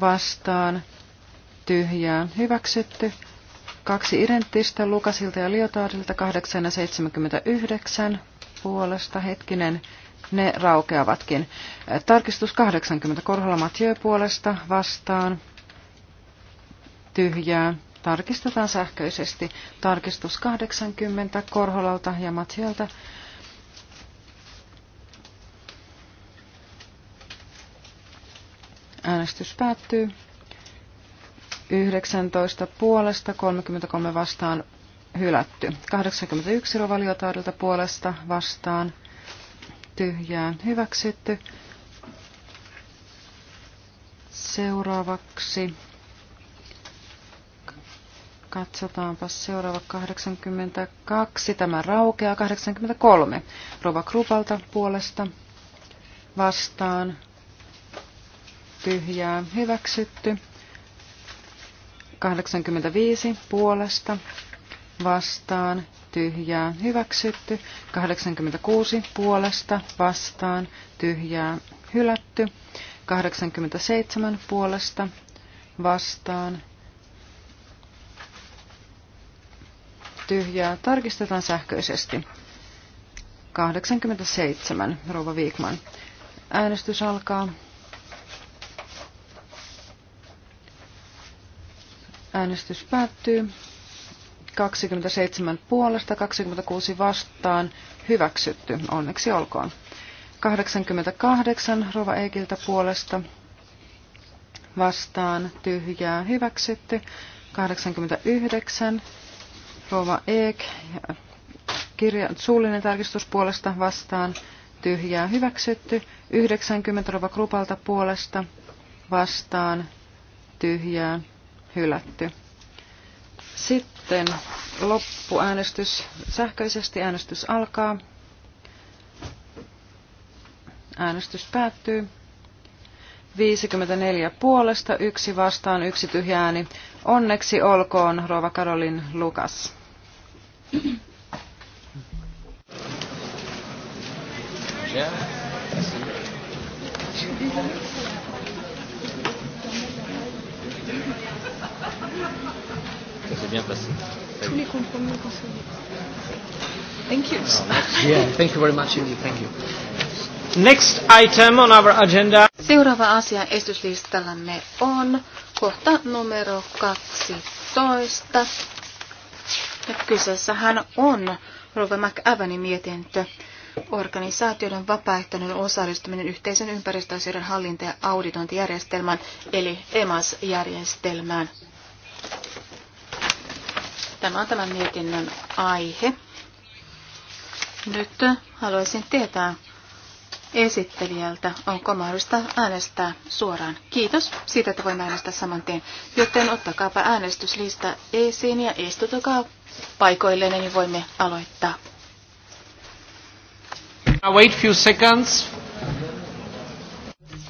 vastaan tyhjään hyväksytty. Kaksi identtistä Lukasilta ja Liotardilta 8 ja 79 puolesta hetkinen ne raukeavatkin. Tarkistus 80 Korhola Mathieu puolesta vastaan tyhjää. Tarkistetaan sähköisesti. Tarkistus 80 Korholalta ja Mathielta Äänestys päättyy. 19 puolesta, 33 vastaan hylätty. 81 rovaliotaudelta puolesta vastaan tyhjään hyväksytty. Seuraavaksi Katsotaanpa seuraava 82. Tämä raukeaa 83. Rova Krupalta puolesta vastaan tyhjää hyväksytty. 85 puolesta vastaan tyhjää hyväksytty. 86 puolesta vastaan tyhjää hylätty. 87 puolesta vastaan tyhjää tarkistetaan sähköisesti. 87, Rova Viikman. Äänestys alkaa. Äänestys päättyy. 27 puolesta, 26 vastaan. Hyväksytty. Onneksi olkoon. 88 Rova Eikiltä puolesta vastaan tyhjää hyväksytty. 89 Rova Eek kirja, suullinen tarkistus puolesta vastaan tyhjää hyväksytty. 90 Rova Krupalta puolesta vastaan tyhjää hylätty. Sitten loppuäänestys. Sähköisesti äänestys alkaa. Äänestys päättyy. 54 puolesta, yksi vastaan, yksi tyhjä ääni. Onneksi olkoon, Rova Karolin Lukas. Yeah. Ça s'est bien passé. Tous les compromis conseillés. Thank you. yeah, thank you very much indeed. Thank you. Next item on our agenda. Seuraava asia esityslistallamme on kohta numero 12. Ja kyseessähän on Rova McAvanin mietintö organisaatioiden vapaaehtoinen osallistuminen yhteisen ympäristöasioiden hallinta- ja auditointijärjestelmään eli EMAS-järjestelmään. Tämä on tämän mietinnön aihe. Nyt haluaisin tietää esittelijältä, onko mahdollista äänestää suoraan. Kiitos siitä, että voimme äänestää saman tien. Joten ottakaapa äänestyslista esiin ja istutukaa paikoilleen, niin voimme aloittaa. wait few seconds.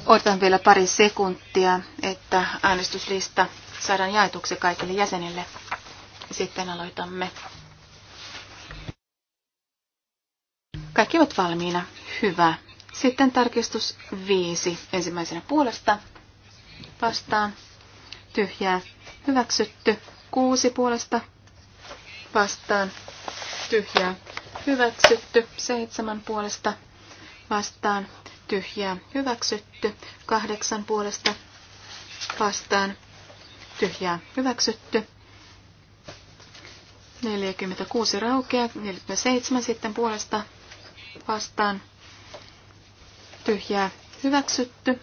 Odotan vielä pari sekuntia, että äänestyslista saadaan jaetuksi kaikille jäsenille sitten aloitamme. Kaikki ovat valmiina. Hyvä. Sitten tarkistus viisi ensimmäisenä puolesta. Vastaan. Tyhjää. Hyväksytty. Kuusi puolesta. Vastaan. Tyhjää. Hyväksytty. Seitsemän puolesta. Vastaan. Tyhjää. Hyväksytty. Kahdeksan puolesta. Vastaan. Tyhjää. Hyväksytty. 46 raukea, 47 sitten puolesta vastaan tyhjää hyväksytty,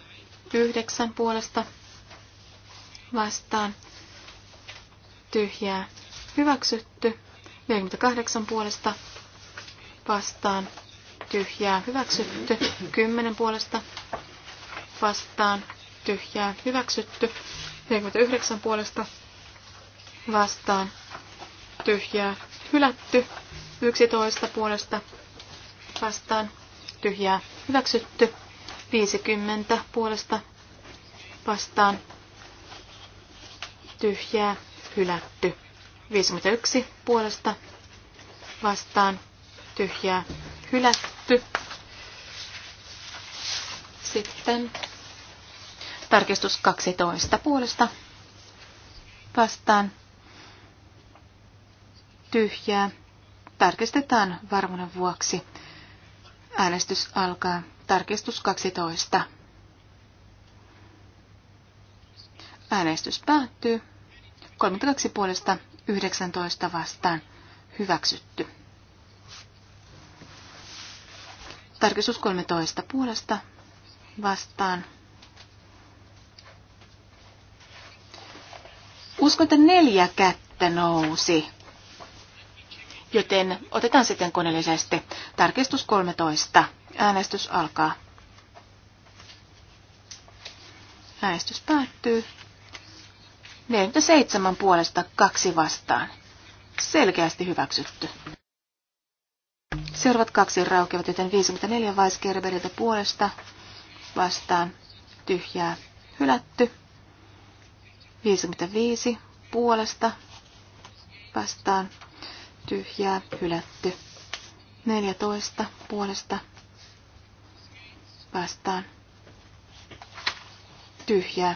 9 puolesta vastaan tyhjää hyväksytty, 48 puolesta vastaan tyhjää hyväksytty, 10 puolesta vastaan tyhjää hyväksytty, 49 puolesta vastaan tyhjää hylätty. 11 puolesta vastaan tyhjää hyväksytty. 50 puolesta vastaan tyhjää hylätty. 51 puolesta vastaan tyhjää hylätty. Sitten tarkistus 12 puolesta vastaan tyhjää. Tarkistetaan varmuuden vuoksi. Äänestys alkaa. Tarkistus 12. Äänestys päättyy. 32 puolesta 19 vastaan. Hyväksytty. Tarkistus 13 puolesta vastaan. Uskon, että neljä kättä nousi joten otetaan sitten koneellisesti. Tarkistus 13. Äänestys alkaa. Äänestys päättyy. 47 puolesta kaksi vastaan. Selkeästi hyväksytty. Seuraavat kaksi raukeavat, joten 54 Weisgerberiltä puolesta vastaan tyhjää hylätty. 55 puolesta vastaan tyhjää hylätty. 14 puolesta vastaan tyhjää.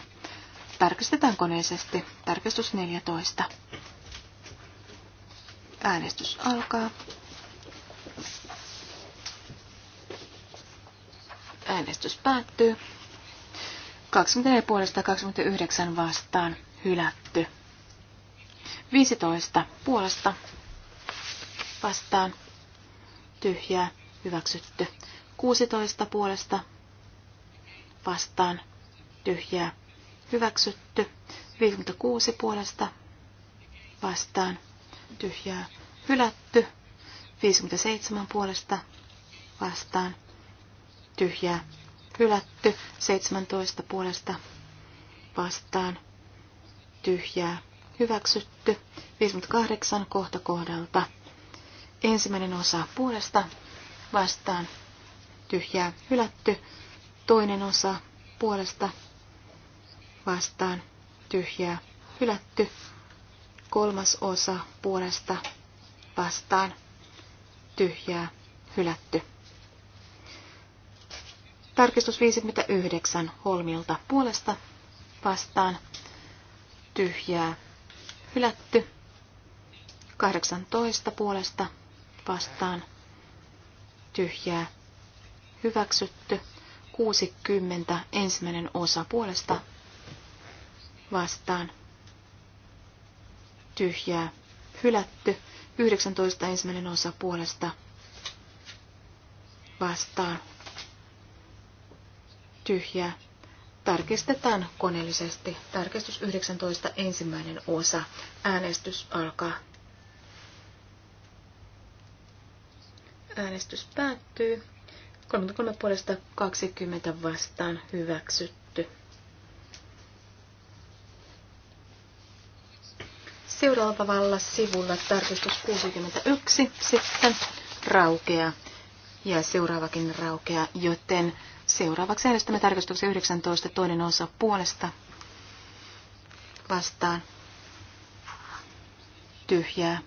Tarkistetaan koneisesti. Tarkistus 14. Äänestys alkaa. Äänestys päättyy. 24 puolesta 29 vastaan hylätty. 15 puolesta vastaan tyhjää hyväksytty. 16 puolesta vastaan tyhjää hyväksytty. 56 puolesta vastaan tyhjää hylätty. 57 puolesta vastaan tyhjää hylätty. 17 puolesta vastaan tyhjää hyväksytty. 58 kohta kohdalta Ensimmäinen osa puolesta vastaan tyhjää hylätty. Toinen osa puolesta vastaan tyhjää hylätty. Kolmas osa puolesta vastaan tyhjää hylätty. Tarkistus 59 Holmilta puolesta vastaan tyhjää hylätty. 18 puolesta vastaan tyhjää hyväksytty. 60 ensimmäinen osa puolesta vastaan tyhjää hylätty. 19 ensimmäinen osa puolesta vastaan tyhjää. Tarkistetaan koneellisesti. Tarkistus 19 ensimmäinen osa. Äänestys alkaa. Äänestys päättyy. 33 puolesta 20 vastaan hyväksytty. Seuraavalla sivulla tarkistus 61 sitten raukeaa ja seuraavakin raukeaa, joten seuraavaksi äänestämme tarkistuksen 19 toinen osa puolesta vastaan tyhjää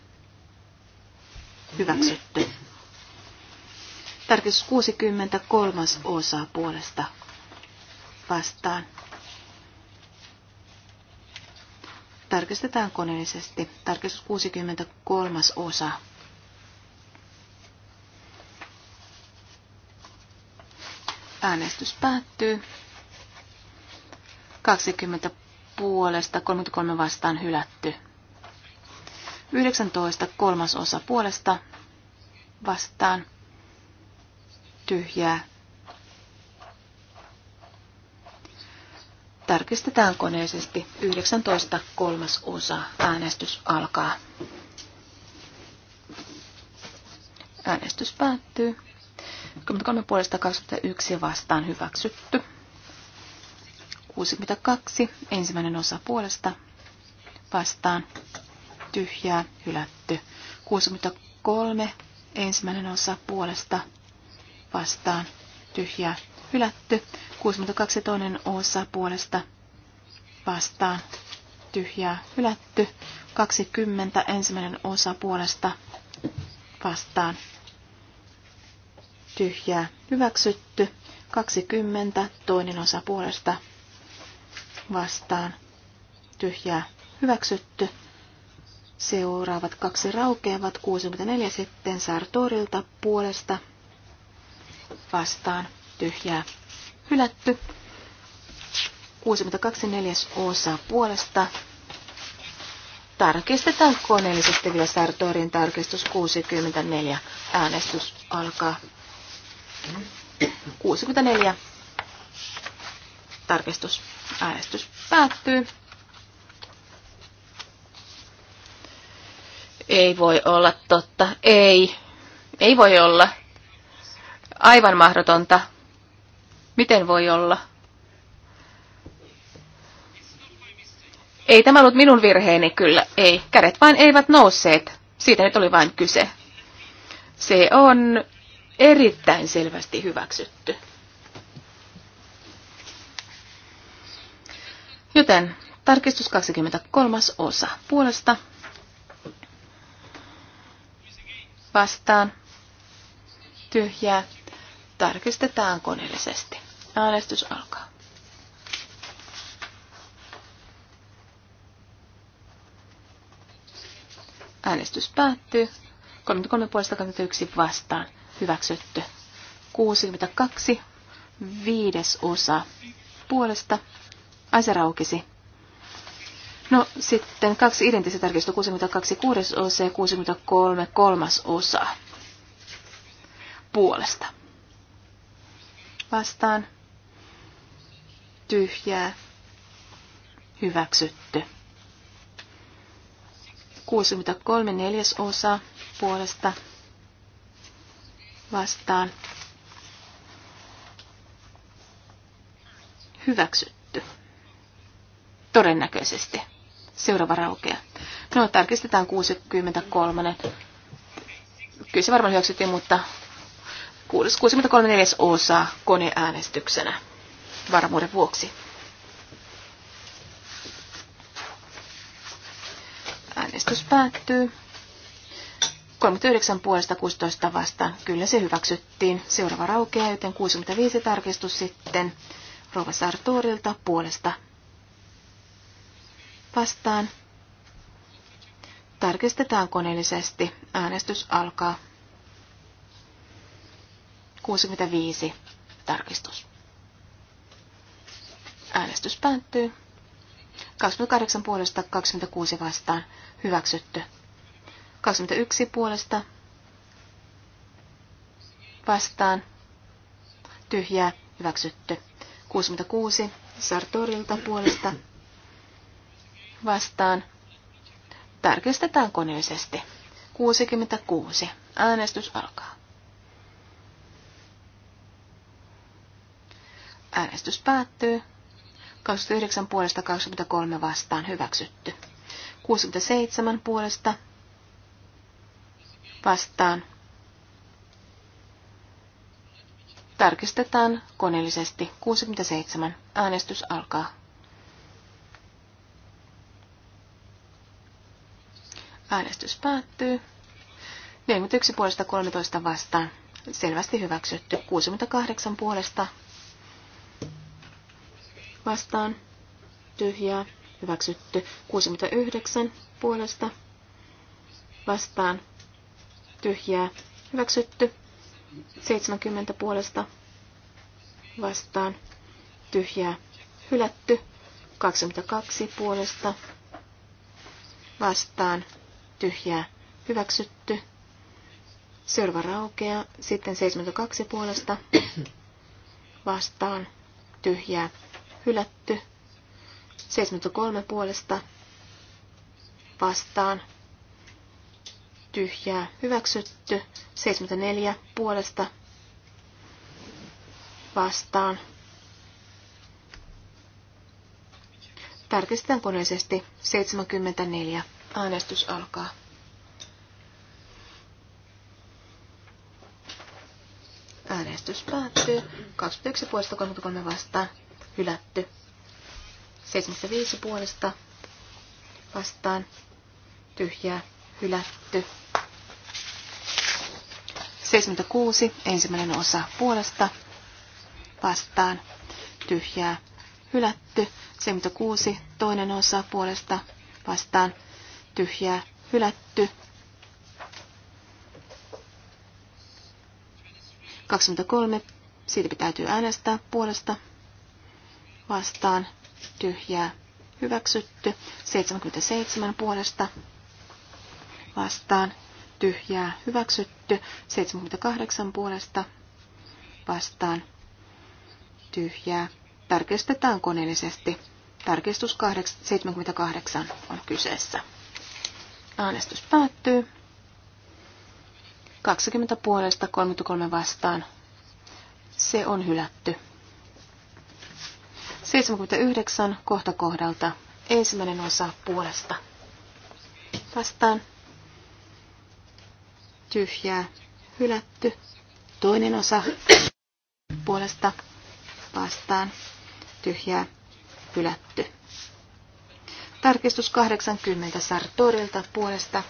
hyväksytty. Tarkistus 63 osa puolesta vastaan. Tarkistetaan koneellisesti. Tarkistus 63 osa. Äänestys päättyy. 20 puolesta, 33 vastaan hylätty. 19 osa puolesta vastaan tyhjää. Tarkistetaan koneisesti 19 kolmas osa. Äänestys alkaa. Äänestys päättyy. 23 puolesta 21 vastaan hyväksytty. 62. Ensimmäinen osa puolesta vastaan tyhjää hylätty. 63. Ensimmäinen osa puolesta vastaan tyhjää hylätty. 62 toinen osa puolesta vastaan tyhjää hylätty. 20 ensimmäinen osa puolesta vastaan tyhjää hyväksytty. 20 toinen osa puolesta vastaan tyhjää hyväksytty. Seuraavat kaksi raukeavat 64 sitten Sartorilta puolesta vastaan tyhjää hylätty. 62 neljäs osa puolesta. Tarkistetaan koneellisesti vielä Sartorin tarkistus 64. Äänestys alkaa. 64. Tarkistus. Äänestys päättyy. Ei voi olla totta. Ei. Ei voi olla aivan mahdotonta. Miten voi olla? Ei tämä ollut minun virheeni kyllä, ei. Kädet vain eivät nousseet. Siitä nyt oli vain kyse. Se on erittäin selvästi hyväksytty. Joten tarkistus 23. osa puolesta vastaan tyhjää Tarkistetaan koneellisesti. Äänestys alkaa. Äänestys päättyy. 33 puolesta 21 vastaan. Hyväksytty. 62. Viides osa puolesta. Ai se No sitten kaksi identtistä tarkistusta. 62 kuudes osa ja 63 kolmas osa puolesta vastaan tyhjää hyväksytty. 63 neljäsosa puolesta vastaan hyväksytty. Todennäköisesti. Seuraava raukea. No, tarkistetaan 63. Kyllä se varmaan hyväksyttiin, mutta 63 neljäsosaa koneäänestyksenä varmuuden vuoksi. Äänestys päättyy. 39 puolesta 16 vastaan. Kyllä se hyväksyttiin. Seuraava raukeaa, joten 65 tarkistus sitten. Rova Sartorilta puolesta vastaan. Tarkistetaan koneellisesti. Äänestys alkaa. 65 tarkistus. Äänestys päättyy. 28 puolesta 26 vastaan hyväksytty. 21 puolesta vastaan tyhjää hyväksytty. 66 Sartorilta puolesta vastaan tarkistetaan koneellisesti. 66. Äänestys alkaa. Äänestys päättyy. 29 puolesta 23 vastaan hyväksytty. 67 puolesta vastaan. Tarkistetaan koneellisesti. 67. Äänestys alkaa. Äänestys päättyy. 41 puolesta 13 vastaan. Selvästi hyväksytty. 68 puolesta vastaan tyhjää hyväksytty. 69 puolesta vastaan tyhjää hyväksytty. 70 puolesta vastaan tyhjää hylätty. 22 puolesta vastaan tyhjää hyväksytty. Seuraava raukea. Sitten 72 puolesta vastaan tyhjää hylätty. 73 puolesta vastaan tyhjää hyväksytty. 74 puolesta vastaan. Tarkistetaan koneisesti 74. Äänestys alkaa. Äänestys päättyy. 21 puolesta 33 vastaan hylätty. 75 puolesta vastaan tyhjää hylätty. 76 ensimmäinen osa puolesta vastaan tyhjää hylätty. 76 toinen osa puolesta vastaan tyhjää hylätty. 23 siitä pitäytyy äänestää puolesta vastaan tyhjää hyväksytty. 77 puolesta vastaan tyhjää hyväksytty. 78 puolesta vastaan tyhjää. Tarkistetaan koneellisesti. Tarkistus 78 on kyseessä. Äänestys päättyy. 20 puolesta 33 vastaan. Se on hylätty. 79 kohta kohdalta. Ensimmäinen osa puolesta. Vastaan. Tyhjää. Hylätty. Toinen osa puolesta. Vastaan. Tyhjää. Hylätty. Tarkistus 80 Sartorilta puolesta.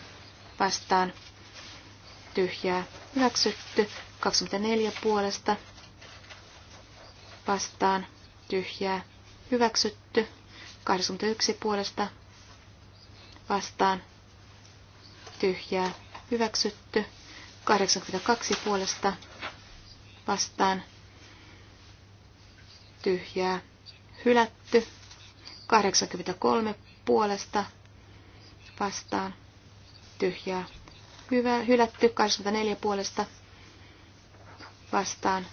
Vastaan. Tyhjää. Hyväksytty. 24 puolesta. Vastaan. Tyhjää hyväksytty. 81 puolesta vastaan tyhjää hyväksytty. 82 puolesta vastaan tyhjää hylätty. 83 puolesta vastaan tyhjää hyvä, hylätty. 84 puolesta vastaan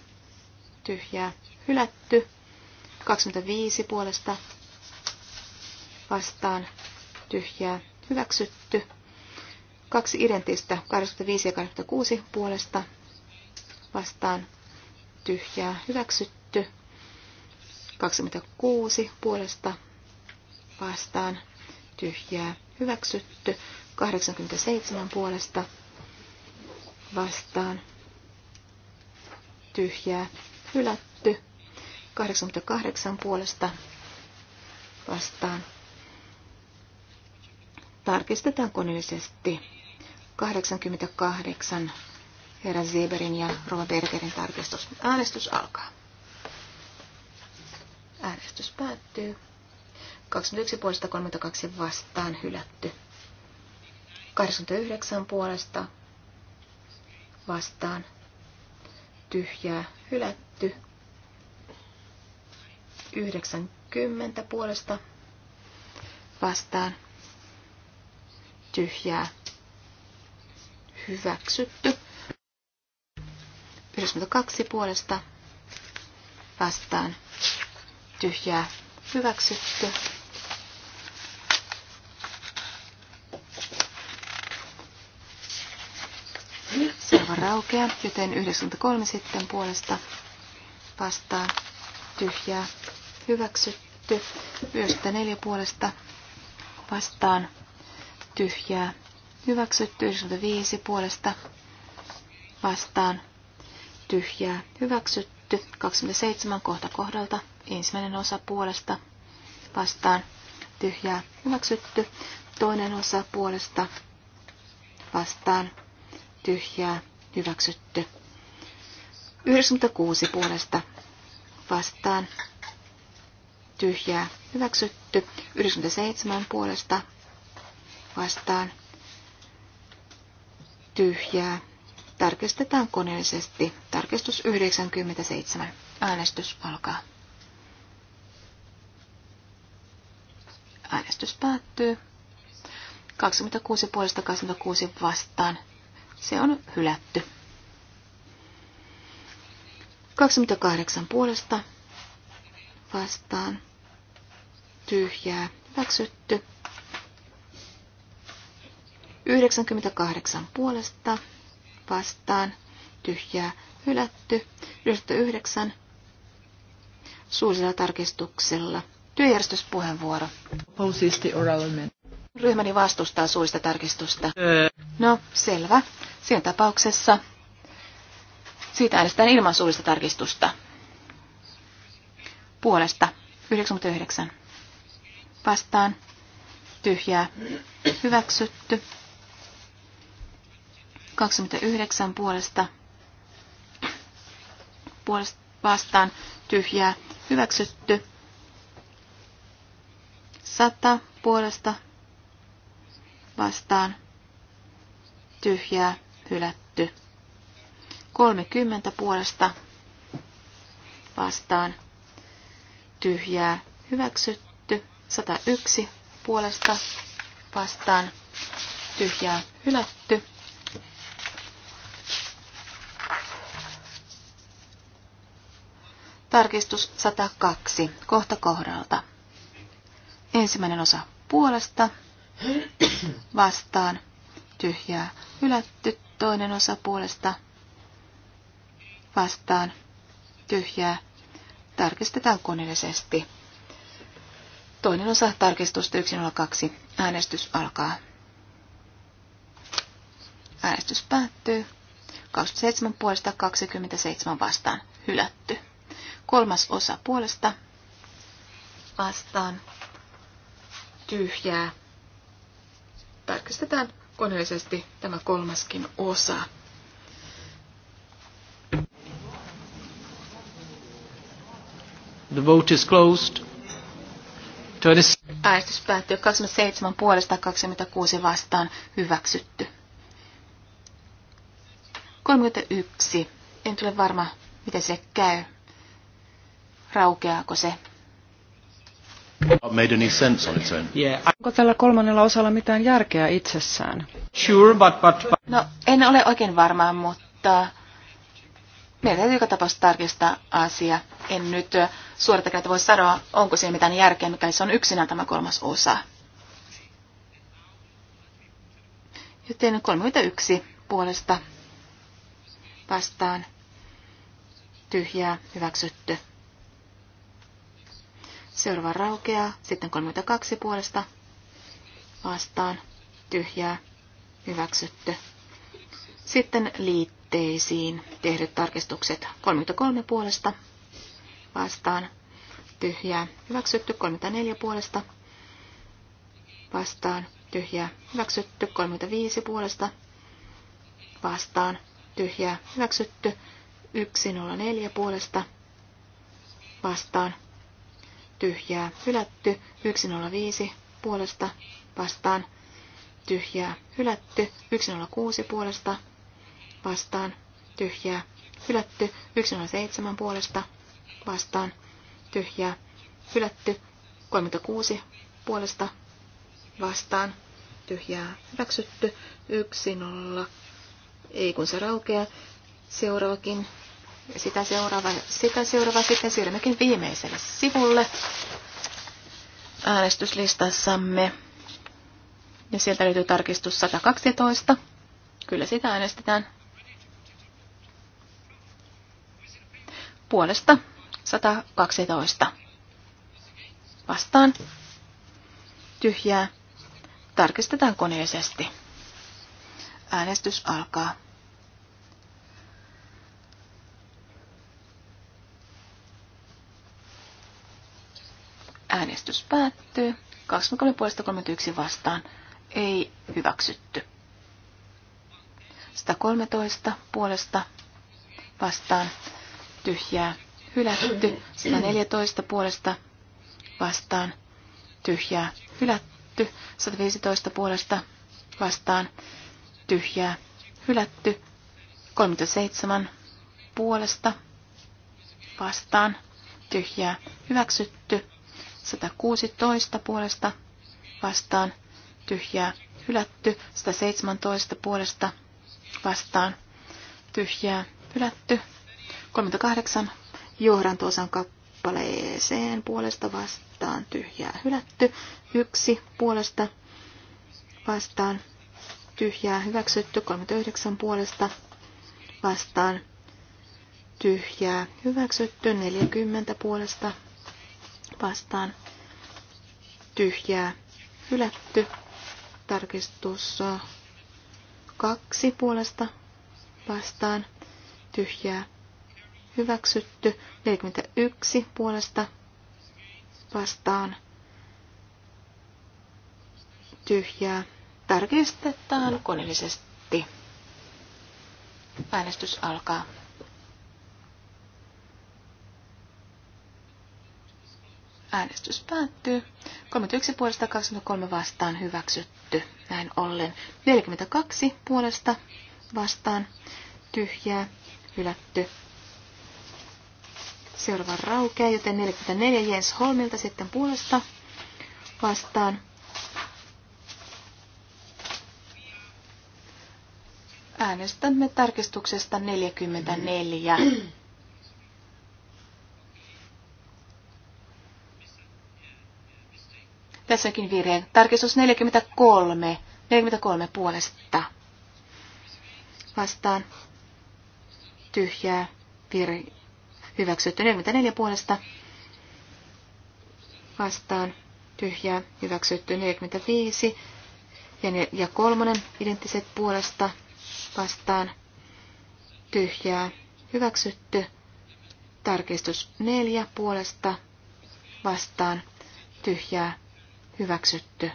tyhjää hylätty. 25 puolesta vastaan tyhjää hyväksytty. Kaksi identtistä 25, ja 26 puolesta vastaan tyhjää hyväksytty. 26 puolesta vastaan tyhjää hyväksytty. 87 puolesta vastaan tyhjää hylätty. 88 puolesta vastaan. Tarkistetaan koneellisesti 88 herra Zeberin ja Rova Bergerin tarkistus. Äänestys alkaa. Äänestys päättyy. 21 puolesta 32 vastaan hylätty. 89 puolesta vastaan tyhjää hylätty. 90 puolesta vastaan tyhjää hyväksytty. 92 puolesta vastaan tyhjää hyväksytty. Seuraava raukea, joten 93 sitten puolesta vastaan tyhjää hyväksytty. neljä puolesta vastaan tyhjää hyväksytty. 95 puolesta vastaan tyhjää hyväksytty. 27 kohta kohdalta ensimmäinen osa puolesta vastaan tyhjää hyväksytty. Toinen osa puolesta vastaan tyhjää hyväksytty. 96 puolesta vastaan tyhjää hyväksytty. 97 puolesta vastaan tyhjää. Tarkistetaan koneellisesti. Tarkistus 97. Äänestys alkaa. Äänestys päättyy. 26 puolesta 26 vastaan. Se on hylätty. 28 puolesta vastaan tyhjää, hyväksytty. 98 puolesta vastaan, tyhjää, hylätty. 99 suullisella tarkistuksella. Työjärjestyspuheenvuoro. Ryhmäni vastustaa suista tarkistusta. No, selvä. Siinä tapauksessa siitä äänestetään ilman suullista tarkistusta. Puolesta 99 vastaan tyhjää hyväksytty. 29 puolesta, puolesta vastaan tyhjää hyväksytty. 100 puolesta vastaan tyhjää hylätty. 30 puolesta vastaan tyhjää hyväksytty. 101 puolesta vastaan tyhjää hylätty. Tarkistus 102 kohta kohdalta. Ensimmäinen osa puolesta vastaan tyhjää hylätty. Toinen osa puolesta vastaan tyhjää tarkistetaan koneellisesti. Toinen osa tarkistusta 102. Äänestys alkaa. Äänestys päättyy. 27 puolesta 27 vastaan. Hylätty. Kolmas osa puolesta vastaan. Tyhjää. Tarkistetaan koneellisesti tämä kolmaskin osa. The vote is closed. Äänestys päättyy 27 puolesta 26 vastaan hyväksytty. 31. En tule varma, miten se käy. Raukeaako se? Made any sense on its own. Yeah. Onko tällä kolmannella osalla mitään järkeä itsessään? Sure, but, but, but. No, en ole oikein varma, mutta meidän täytyy joka tapauksessa tarkistaa asia. En nyt suorata kertaa voi sanoa, onko siinä mitään järkeä, mikä se on yksinään tämä kolmas osa. Joten 31 puolesta vastaan tyhjää hyväksytty. Seuraava raukeaa, sitten 32 puolesta vastaan tyhjää hyväksytty. Sitten liitto liitteisiin tehdyt tarkistukset 33 puolesta vastaan tyhjää hyväksytty 34 puolesta vastaan tyhjää hyväksytty 35 puolesta vastaan tyhjää hyväksytty 104 puolesta vastaan tyhjää hylätty 105 puolesta vastaan tyhjää hylätty 106 puolesta vastaan, tyhjää, hylätty. 107 puolesta vastaan, tyhjää, hylätty. 36 puolesta vastaan, tyhjää, hyväksytty. 1-0, ei kun se raukeaa. Seuraavakin sitä seuraava, sitä seuraava sitten siirrymmekin viimeiselle sivulle äänestyslistassamme. Ja sieltä löytyy tarkistus 112. Kyllä sitä äänestetään. puolesta 112. Vastaan tyhjää. Tarkistetaan koneellisesti. Äänestys alkaa. Äänestys päättyy. 23 puolesta 31 vastaan. Ei hyväksytty. 113 puolesta vastaan tyhjää, hylätty. 114 puolesta vastaan, tyhjää, hylätty. 115 puolesta vastaan, tyhjää, hylätty. 37 puolesta vastaan, tyhjää, hyväksytty. 116 puolesta vastaan, tyhjää, hylätty. 117 puolesta vastaan, tyhjää, hylätty. 38 johdantoosan kappaleeseen puolesta vastaan tyhjää hylätty. Yksi puolesta vastaan tyhjää hyväksytty. 39 puolesta vastaan tyhjää hyväksytty. 40 puolesta vastaan tyhjää hylätty. Tarkistus kaksi puolesta vastaan tyhjää hyväksytty. 41 puolesta vastaan tyhjää. Tarkistetaan koneellisesti. Äänestys alkaa. Äänestys päättyy. 31 puolesta 23 vastaan hyväksytty. Näin ollen 42 puolesta vastaan tyhjää hylätty. Seuraava raukeaa, joten 44 Jens Holmilta sitten puolesta vastaan. Äänestämme tarkistuksesta 44. Tässäkin virhe. Tarkistus 43. 43 puolesta. Vastaan. Tyhjää. Vir- hyväksytty. 44 puolesta vastaan tyhjää hyväksytty. 45 ja, ne, ja kolmonen identtiset puolesta vastaan tyhjää hyväksytty. Tarkistus 4 puolesta vastaan tyhjää hyväksytty.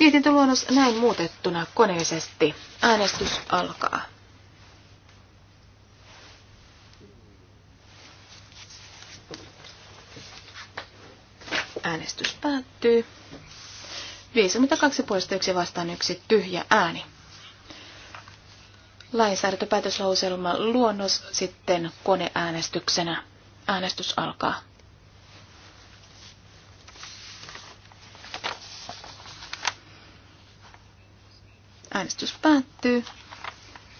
Mietintöluonnos näin muutettuna koneisesti. Äänestys alkaa. Äänestys päättyy. 52 puolesta yksi vastaan yksi tyhjä ääni. Lainsäädäntöpäätöslauselma luonnos sitten koneäänestyksenä. Äänestys alkaa. Äänestys päättyy.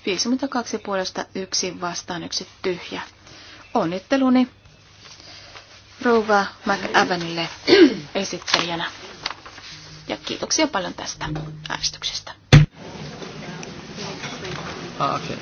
52 puolesta yksi vastaan yksi tyhjä. Onnitteluni rouva McAvenille esittelijänä. Ja kiitoksia paljon tästä äänestyksestä. Ah, okay.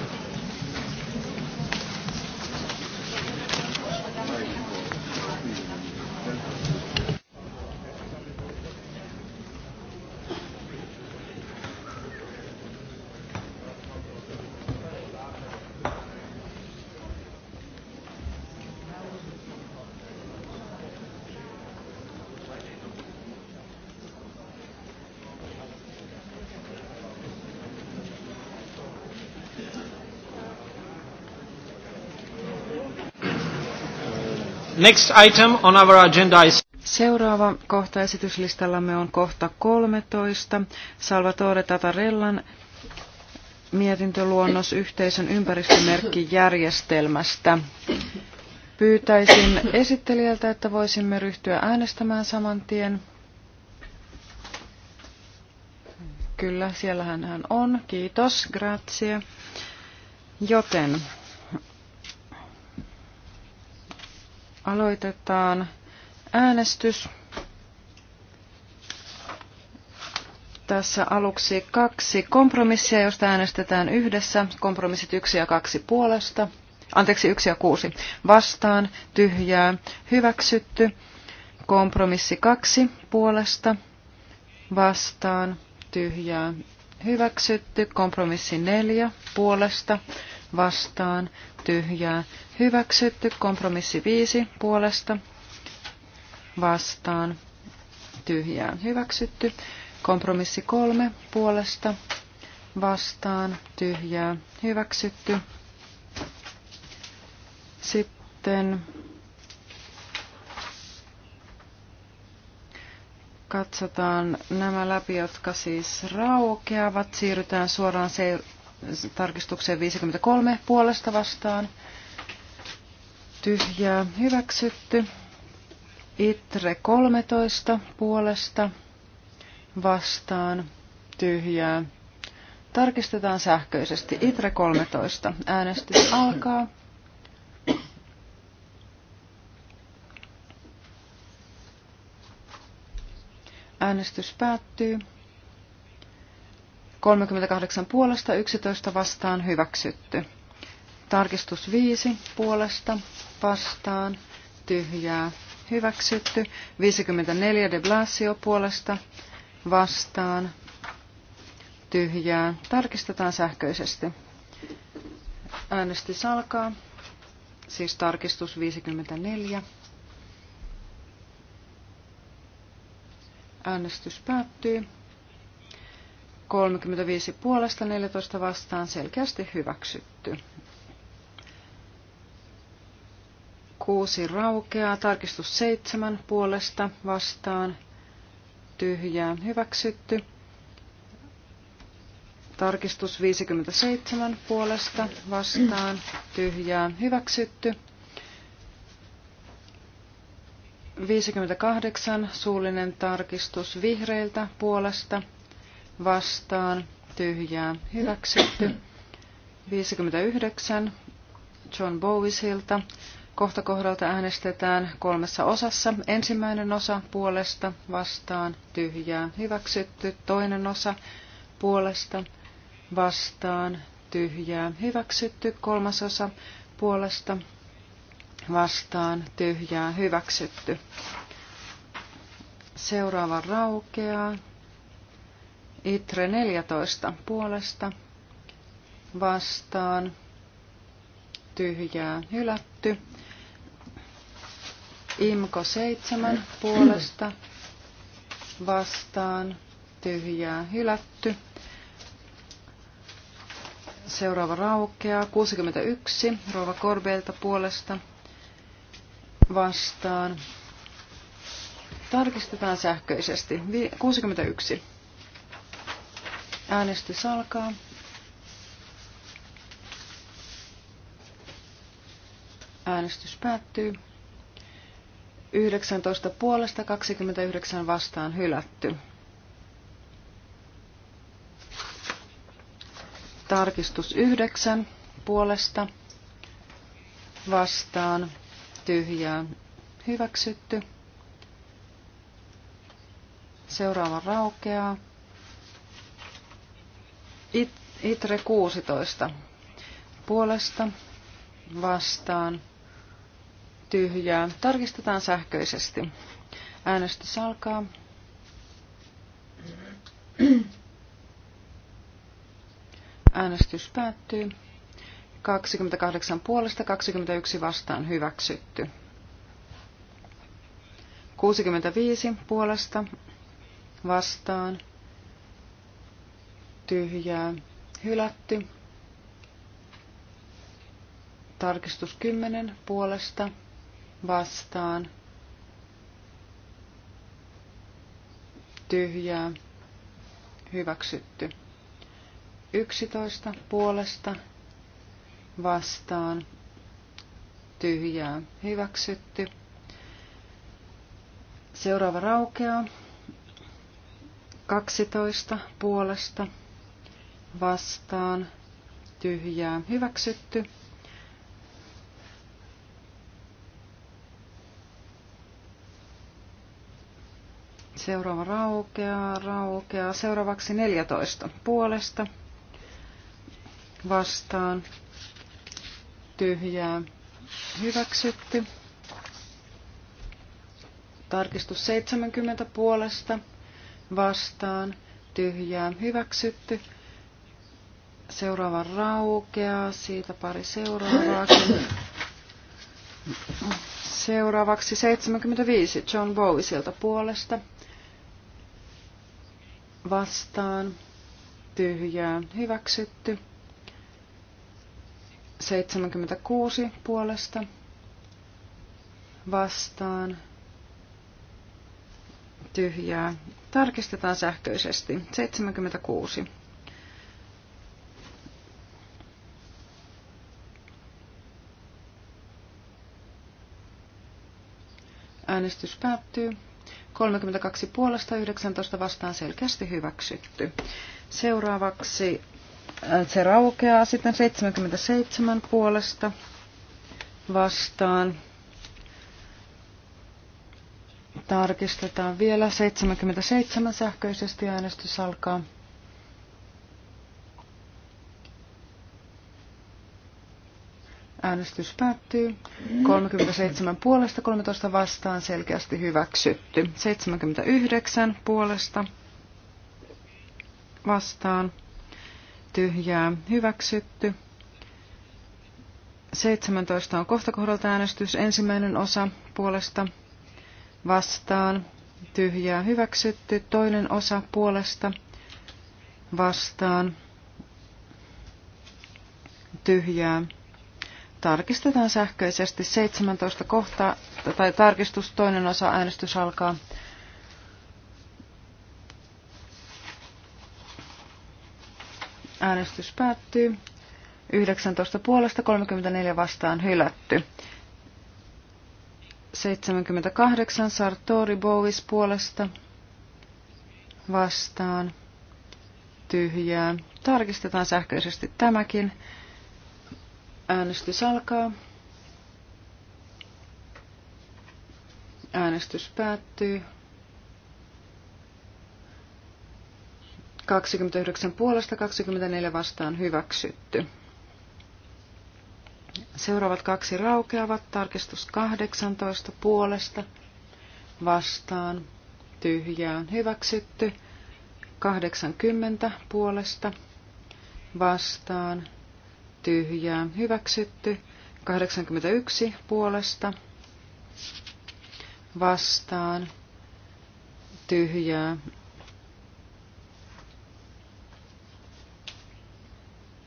Next item on our agenda is... Seuraava kohta esityslistallamme on kohta 13. Salvatore Tatarellan mietintöluonnos yhteisön ympäristömerkkijärjestelmästä. Pyytäisin esittelijältä, että voisimme ryhtyä äänestämään saman tien. Kyllä, siellähän hän on. Kiitos, grazie. Joten Aloitetaan äänestys. Tässä aluksi kaksi kompromissia, josta äänestetään yhdessä. Kompromissit yksi ja kaksi puolesta. Anteeksi, yksi ja kuusi. Vastaan, tyhjää, hyväksytty. Kompromissi kaksi puolesta. Vastaan, tyhjää, hyväksytty. Kompromissi neljä puolesta vastaan, tyhjää, hyväksytty. Kompromissi 5 puolesta, vastaan, tyhjää, hyväksytty. Kompromissi 3 puolesta, vastaan, tyhjää, hyväksytty. Sitten katsotaan nämä läpi, jotka siis raukeavat. Siirrytään suoraan tarkistukseen 53 puolesta vastaan. Tyhjää hyväksytty. Itre 13 puolesta vastaan. Tyhjää. Tarkistetaan sähköisesti. Itre 13. Äänestys alkaa. Äänestys päättyy. 38 puolesta, 11 vastaan hyväksytty. Tarkistus 5 puolesta, vastaan, tyhjää, hyväksytty. 54 de Blasio puolesta, vastaan, tyhjää. Tarkistetaan sähköisesti. Äänestys alkaa, siis tarkistus 54. Äänestys päättyy. 35 puolesta 14 vastaan selkeästi hyväksytty. kuusi raukeaa, tarkistus seitsemän puolesta vastaan, tyhjää hyväksytty. Tarkistus 57 puolesta vastaan, tyhjää hyväksytty. 58 suullinen tarkistus vihreiltä puolesta vastaan tyhjää hyväksytty. 59 John Bowisilta. Kohta kohdalta äänestetään kolmessa osassa. Ensimmäinen osa puolesta vastaan tyhjää hyväksytty. Toinen osa puolesta vastaan tyhjää hyväksytty. Kolmas osa puolesta vastaan tyhjää hyväksytty. Seuraava raukeaa. ITRE 14 puolesta vastaan tyhjää hylätty. IMKO 7 puolesta vastaan tyhjää hylätty. Seuraava raukeaa 61 Rova Korbeelta puolesta vastaan. Tarkistetaan sähköisesti. 61. Äänestys alkaa. Äänestys päättyy. 19 puolesta 29 vastaan hylätty. Tarkistus 9 puolesta vastaan tyhjää hyväksytty. Seuraava raukeaa. It, itre 16. Puolesta vastaan tyhjää. Tarkistetaan sähköisesti. Äänestys alkaa. Äänestys päättyy. 28 puolesta 21 vastaan hyväksytty. 65 puolesta vastaan tyhjää hylätty. Tarkistus 10 puolesta vastaan tyhjää hyväksytty. 11 puolesta vastaan tyhjää hyväksytty. Seuraava raukeaa. 12 puolesta vastaan tyhjää hyväksytty. Seuraava raukeaa, raukeaa. Seuraavaksi 14 puolesta vastaan tyhjää hyväksytty. Tarkistus 70 puolesta vastaan tyhjää hyväksytty. Seuraava raukeaa, siitä pari seuraavaakin. Seuraavaksi 75 John Bowisilta puolesta. Vastaan. Tyhjää. Hyväksytty. 76 puolesta. Vastaan. Tyhjää. Tarkistetaan sähköisesti. 76. Äänestys päättyy. 32 puolesta 19 vastaan selkeästi hyväksytty. Seuraavaksi äh, se raukeaa sitten 77 puolesta vastaan. Tarkistetaan vielä 77 sähköisesti äänestys alkaa. Äänestys päättyy. 37 puolesta, 13 vastaan, selkeästi hyväksytty. 79 puolesta vastaan, tyhjää, hyväksytty. 17 on kohta kohdalta äänestys. Ensimmäinen osa puolesta vastaan, tyhjää, hyväksytty. Toinen osa puolesta vastaan, tyhjää, Tarkistetaan sähköisesti 17 kohtaa, tai tarkistus toinen osa äänestys alkaa. Äänestys päättyy. 19 puolesta 34 vastaan hylätty. 78 Sartori Bowis puolesta vastaan tyhjää. Tarkistetaan sähköisesti tämäkin. Äänestys alkaa. Äänestys päättyy. 29 puolesta 24 vastaan hyväksytty. Seuraavat kaksi raukeavat. Tarkistus 18 puolesta vastaan tyhjään hyväksytty. 80 puolesta vastaan tyhjää hyväksytty. 81 puolesta vastaan tyhjää.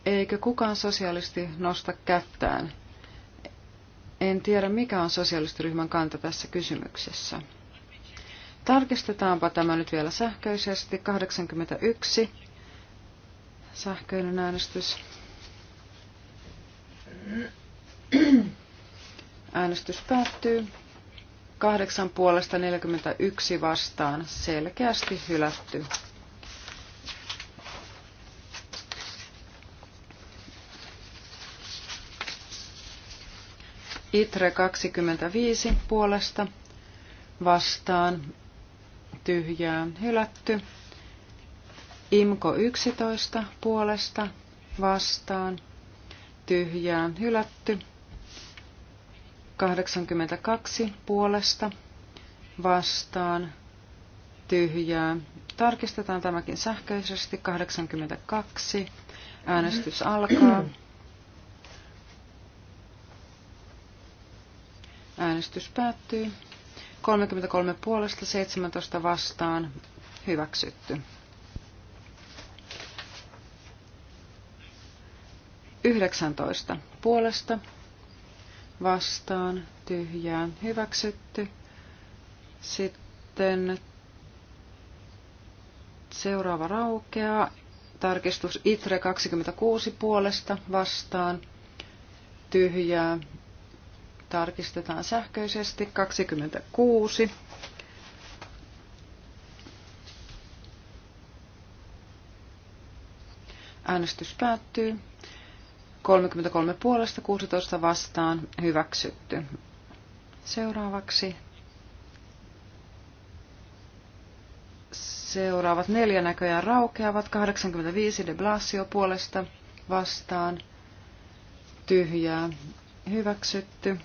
Eikö kukaan sosialisti nosta kättään? En tiedä, mikä on sosialistiryhmän kanta tässä kysymyksessä. Tarkistetaanpa tämä nyt vielä sähköisesti. 81. Sähköinen äänestys. Äänestys päättyy. Kahdeksan puolesta 41 vastaan selkeästi hylätty. Itre 25 puolesta vastaan tyhjää hylätty. Imko 11 puolesta vastaan tyhjää hylätty. 82 puolesta vastaan tyhjää. Tarkistetaan tämäkin sähköisesti. 82. Äänestys alkaa. Äänestys päättyy. 33 puolesta 17 vastaan hyväksytty. 19 puolesta vastaan tyhjään hyväksytty. Sitten seuraava raukeaa. Tarkistus ITRE 26 puolesta vastaan tyhjää. Tarkistetaan sähköisesti 26. Äänestys päättyy. 33 puolesta 16 vastaan hyväksytty. Seuraavaksi seuraavat neljä näköjään raukeavat. 85 de Blasio puolesta vastaan tyhjää hyväksytty.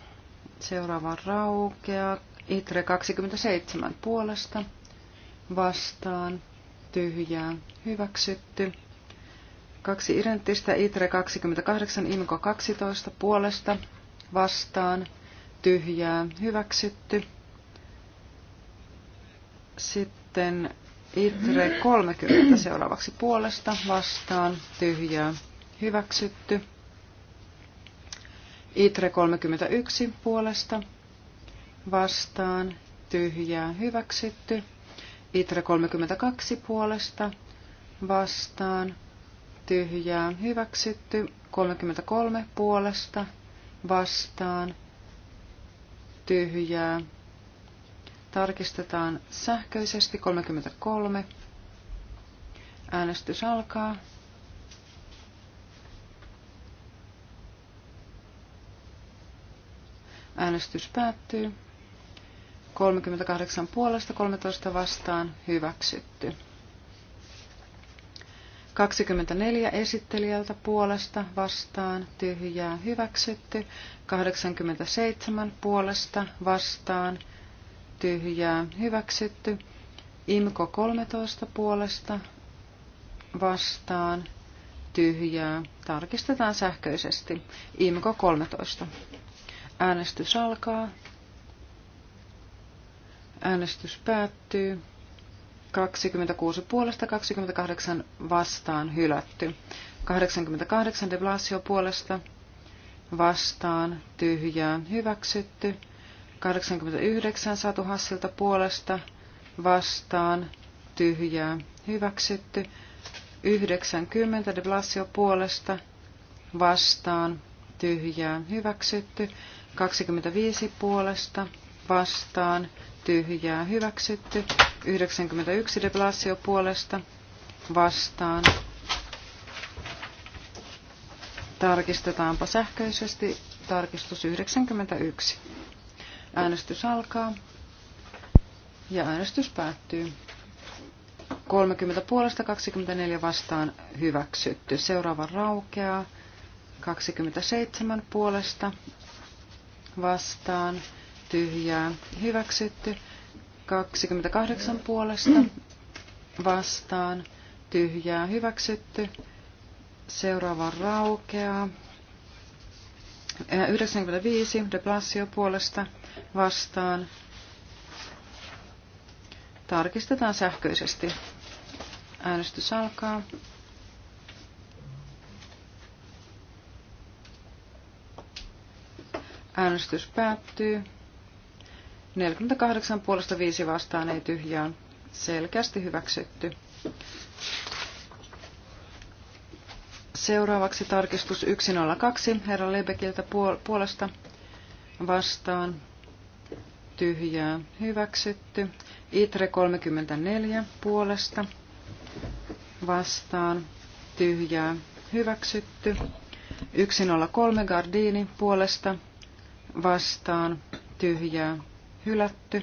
Seuraava raukea. Itre 27 puolesta vastaan tyhjää hyväksytty. Kaksi identtistä, ITRE 28, IMKO 12 puolesta vastaan, tyhjää, hyväksytty. Sitten ITRE 30 seuraavaksi puolesta vastaan, tyhjää, hyväksytty. ITRE 31 puolesta vastaan, tyhjää, hyväksytty. ITRE 32 puolesta vastaan, tyhjää hyväksytty. 33 puolesta vastaan tyhjää. Tarkistetaan sähköisesti 33. Äänestys alkaa. Äänestys päättyy. 38 puolesta 13 vastaan hyväksytty. 24 esittelijältä puolesta vastaan tyhjää hyväksytty. 87 puolesta vastaan tyhjää hyväksytty. Imko 13 puolesta vastaan tyhjää. Tarkistetaan sähköisesti. Imko 13. Äänestys alkaa. Äänestys päättyy. 26 puolesta, 28 vastaan hylätty. 88 de Blasio puolesta vastaan tyhjään hyväksytty. 89 Satu Hassilta puolesta vastaan tyhjää hyväksytty. 90 de Blasio puolesta vastaan tyhjään hyväksytty. 25 puolesta vastaan, tyhjää hyväksytty. 91 de Blasio puolesta vastaan. Tarkistetaanpa sähköisesti tarkistus 91. Äänestys alkaa ja äänestys päättyy. 30 puolesta 24 vastaan hyväksytty. Seuraava raukeaa. 27 puolesta vastaan tyhjää hyväksytty. 28 puolesta vastaan tyhjää hyväksytty. Seuraava raukeaa. 95 de Blasio puolesta vastaan. Tarkistetaan sähköisesti. Äänestys alkaa. Äänestys päättyy. 48 puolesta 5 vastaan ei tyhjään, Selkeästi hyväksytty. Seuraavaksi tarkistus 102 herra Lebekiltä puolesta vastaan tyhjää hyväksytty. Itre 34 puolesta vastaan tyhjää hyväksytty. 103 Gardini puolesta vastaan tyhjää hylätty.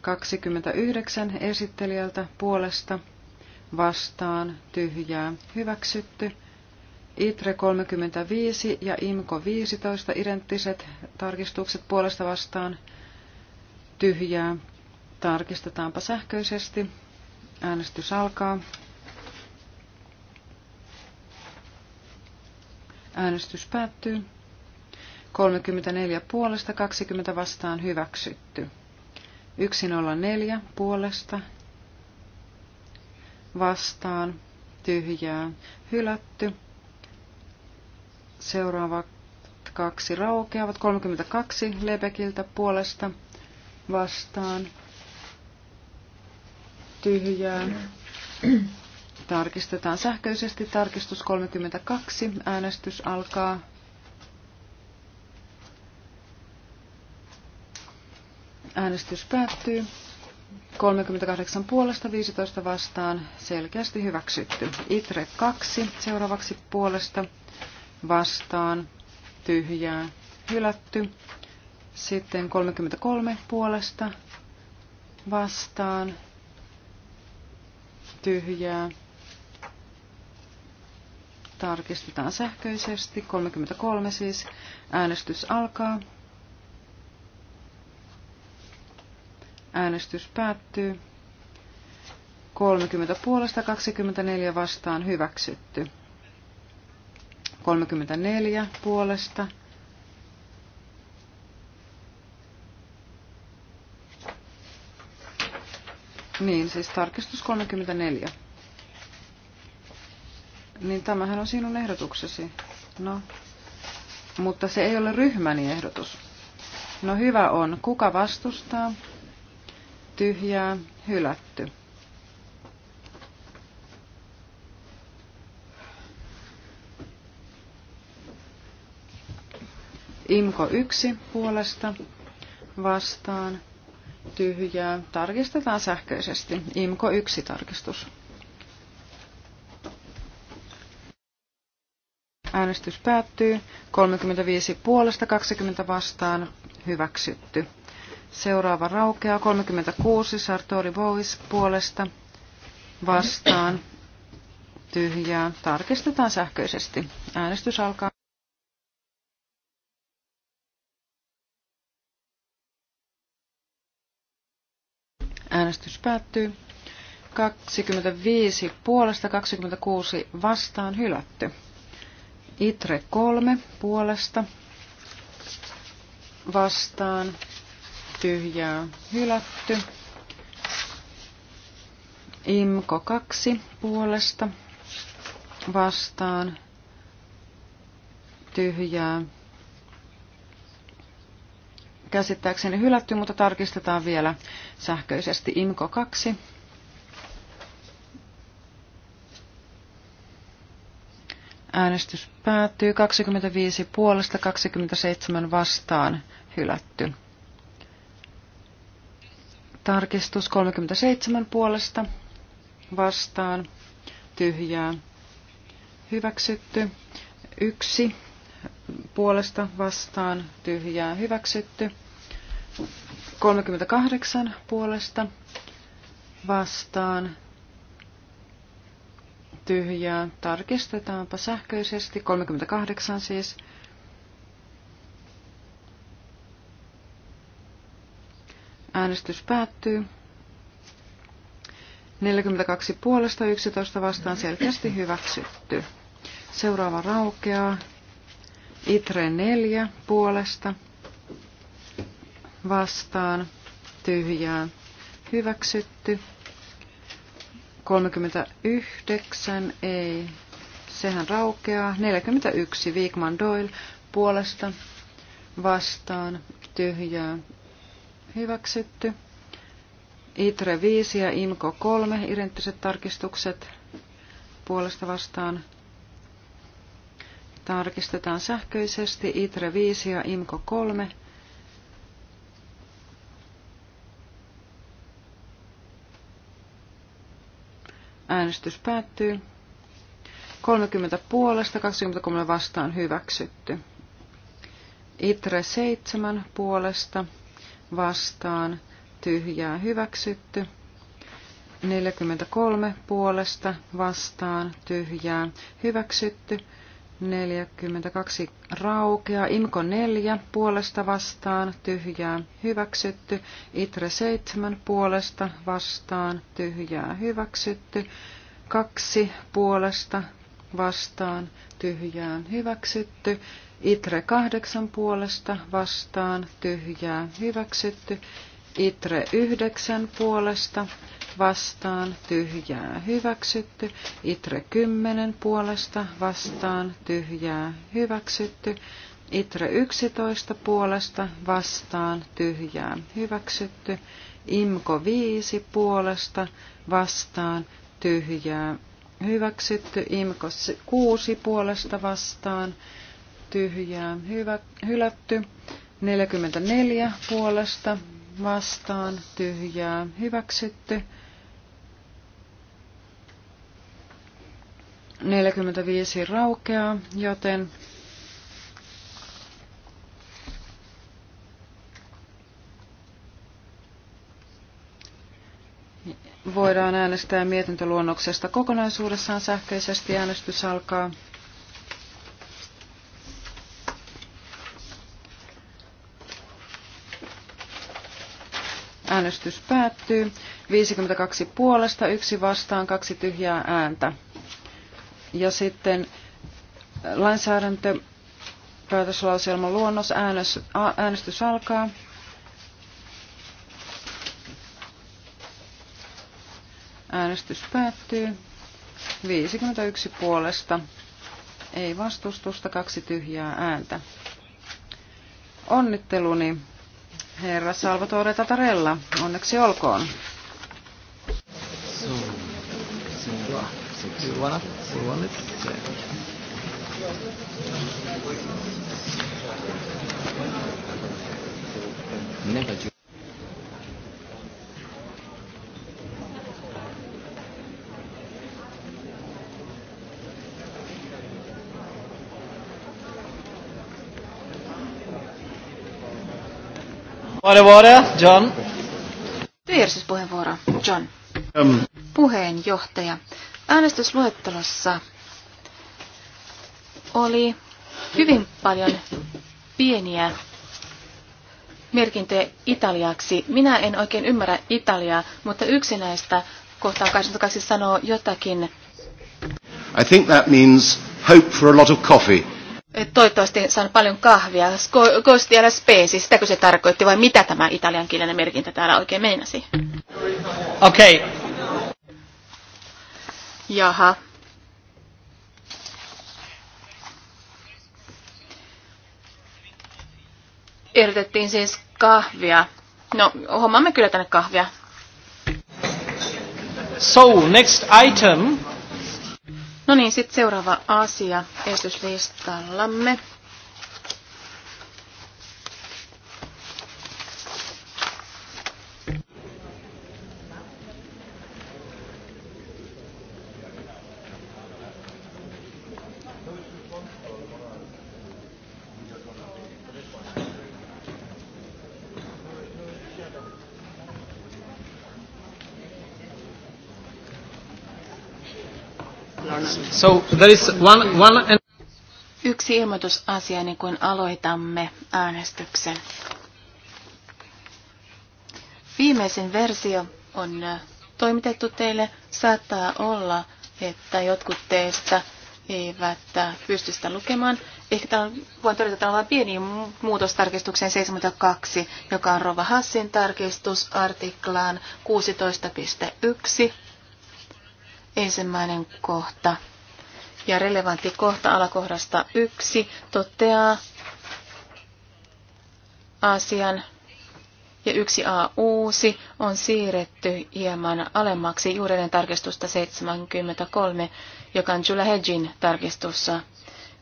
29 esittelijältä puolesta vastaan tyhjää hyväksytty. ITRE 35 ja IMKO 15 identtiset tarkistukset puolesta vastaan tyhjää. Tarkistetaanpa sähköisesti. Äänestys alkaa. Äänestys päättyy. 34 puolesta, 20 vastaan hyväksytty. 104 puolesta, vastaan, tyhjää, hylätty. Seuraavat kaksi raukeavat, 32 Lebekiltä puolesta, vastaan, tyhjää. Tarkistetaan sähköisesti. Tarkistus 32. Äänestys alkaa. Äänestys päättyy. 38 puolesta, 15 vastaan, selkeästi hyväksytty. ITRE 2, seuraavaksi puolesta, vastaan, tyhjää, hylätty. Sitten 33 puolesta, vastaan, tyhjää. Tarkistetaan sähköisesti. 33 siis. Äänestys alkaa. Äänestys päättyy. 30 puolesta 24 vastaan hyväksytty. 34 puolesta. Niin, siis tarkistus 34. Niin tämähän on sinun ehdotuksesi. No, mutta se ei ole ryhmäni ehdotus. No hyvä on. Kuka vastustaa? tyhjää, hylätty. Imko 1 puolesta vastaan tyhjää. Tarkistetaan sähköisesti. Imko 1 tarkistus. Äänestys päättyy. 35 puolesta 20 vastaan hyväksytty. Seuraava raukeaa 36 Sartori Vois puolesta vastaan tyhjää. Tarkistetaan sähköisesti. Äänestys alkaa. Äänestys päättyy. 25 puolesta, 26 vastaan hylätty. Itre 3 puolesta vastaan tyhjää hylätty. Imko 2 puolesta vastaan tyhjää. Käsittääkseni hylätty, mutta tarkistetaan vielä sähköisesti IMKO 2. Äänestys päättyy 25 puolesta 27 vastaan hylätty. Tarkistus 37 puolesta vastaan tyhjää hyväksytty. Yksi puolesta vastaan tyhjää hyväksytty. 38 puolesta vastaan tyhjää. Tarkistetaanpa sähköisesti. 38 siis. Äänestys päättyy. 42 puolesta 11 vastaan selkeästi hyväksytty. Seuraava raukeaa. Itre 4 puolesta vastaan tyhjään hyväksytty. 39 ei. Sehän raukeaa. 41 Viikman Doyle puolesta vastaan tyhjään hyväksytty. ITRE 5 ja INKO 3, identtiset tarkistukset puolesta vastaan. Tarkistetaan sähköisesti ITRE 5 ja IMKO 3. Äänestys päättyy. 30 puolesta, 23 vastaan hyväksytty. ITRE 7 puolesta, vastaan tyhjää hyväksytty. 43 puolesta vastaan tyhjää hyväksytty. 42 raukea, Imko 4 puolesta vastaan, tyhjää hyväksytty, Itre 7 puolesta vastaan, tyhjää hyväksytty, 2 puolesta vastaan, tyhjään hyväksytty, Itre kahdeksan puolesta vastaan tyhjää hyväksytty. Itre yhdeksän puolesta vastaan tyhjää hyväksytty. Itre kymmenen puolesta vastaan tyhjää hyväksytty. Itre yksitoista puolesta vastaan tyhjää hyväksytty. Imko viisi puolesta vastaan tyhjää hyväksytty. Imko kuusi puolesta vastaan tyhjää hyvä, hylätty. 44 puolesta vastaan tyhjää hyväksytty. 45 raukeaa, joten voidaan äänestää mietintöluonnoksesta kokonaisuudessaan sähköisesti. Äänestys alkaa. Äänestys päättyy. 52 puolesta, yksi vastaan, kaksi tyhjää ääntä. Ja sitten äh, lainsäädäntö, päätöslauselman luonnos, äänestys, äänestys alkaa. Äänestys päättyy. 51 puolesta. Ei vastustusta, kaksi tyhjää ääntä. Onnitteluni herra Salvatore Tatarella. Onneksi olkoon. Never do. Puheenvuoro, John. Työjärjestyspuheenvuoro, John. Um. Puheenjohtaja. Äänestysluettelossa oli hyvin paljon pieniä merkintöjä italiaksi. Minä en oikein ymmärrä italiaa, mutta yksi näistä kohtaan 82 sanoo jotakin. I think that means hope for a lot of coffee. Toivottavasti saan paljon kahvia. kosti alla spesi, sitäkö se tarkoitti vai mitä tämä italiankielinen merkintä täällä oikein meinasi? Okei. Okay. Jaha. Ehdotettiin siis kahvia. No, hommaamme kyllä tänne kahvia. So, next item No niin, sitten seuraava asia esityslistallamme. So there is one, one and... Yksi ilmoitusasia, niin kuin aloitamme äänestyksen. Viimeisin versio on äh, toimitettu teille. Saattaa olla, että jotkut teistä eivät äh, pysty sitä lukemaan. Ehkä tämän, voin todeta, että on pieni muutos tarkistukseen 72, joka on Rova Hassin tarkistus artiklaan 16.1. Ensimmäinen kohta ja relevantti kohta alakohdasta 1 toteaa asian ja yksi A uusi on siirretty hieman alemmaksi juurelleen tarkistusta 73, joka on Jula Hedgin tarkistussa.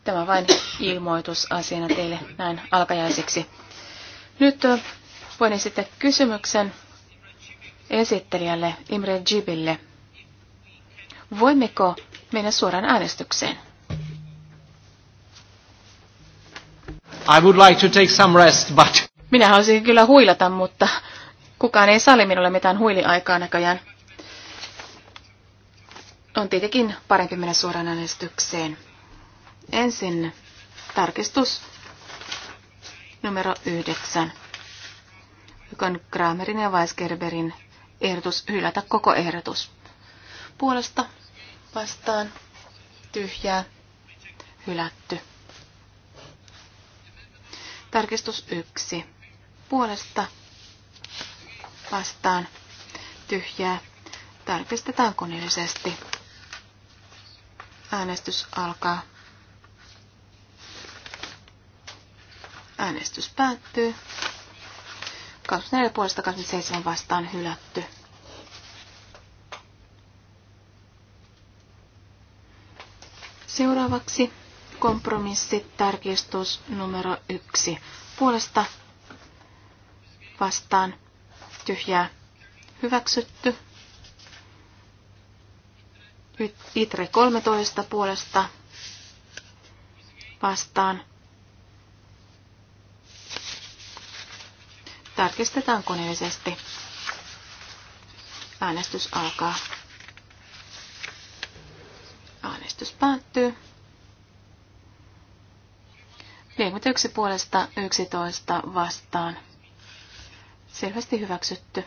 Tämä vain ilmoitus asiana teille näin alkajaisiksi. Nyt voin esittää kysymyksen esittelijälle Imre Jibille. Voimmeko mennä suoraan äänestykseen. I would like to take some rest, but... Minä haluaisin kyllä huilata, mutta kukaan ei sali minulle mitään huiliaikaa näköjään. On tietenkin parempi mennä suoraan äänestykseen. Ensin tarkistus numero yhdeksän, joka on Kramerin ja Weisgerberin ehdotus hylätä koko ehdotus. Puolesta vastaan tyhjää hylätty. Tarkistus 1. Puolesta vastaan tyhjää tarkistetaan koneellisesti. Äänestys alkaa. Äänestys päättyy. 24 puolesta 27 vastaan hylätty. Seuraavaksi kompromissitarkistus numero yksi. Puolesta vastaan tyhjää hyväksytty. Itre 13 puolesta vastaan. Tarkistetaan koneellisesti. Äänestys alkaa. päättyy. yksi puolesta 11 vastaan. Selvästi hyväksytty.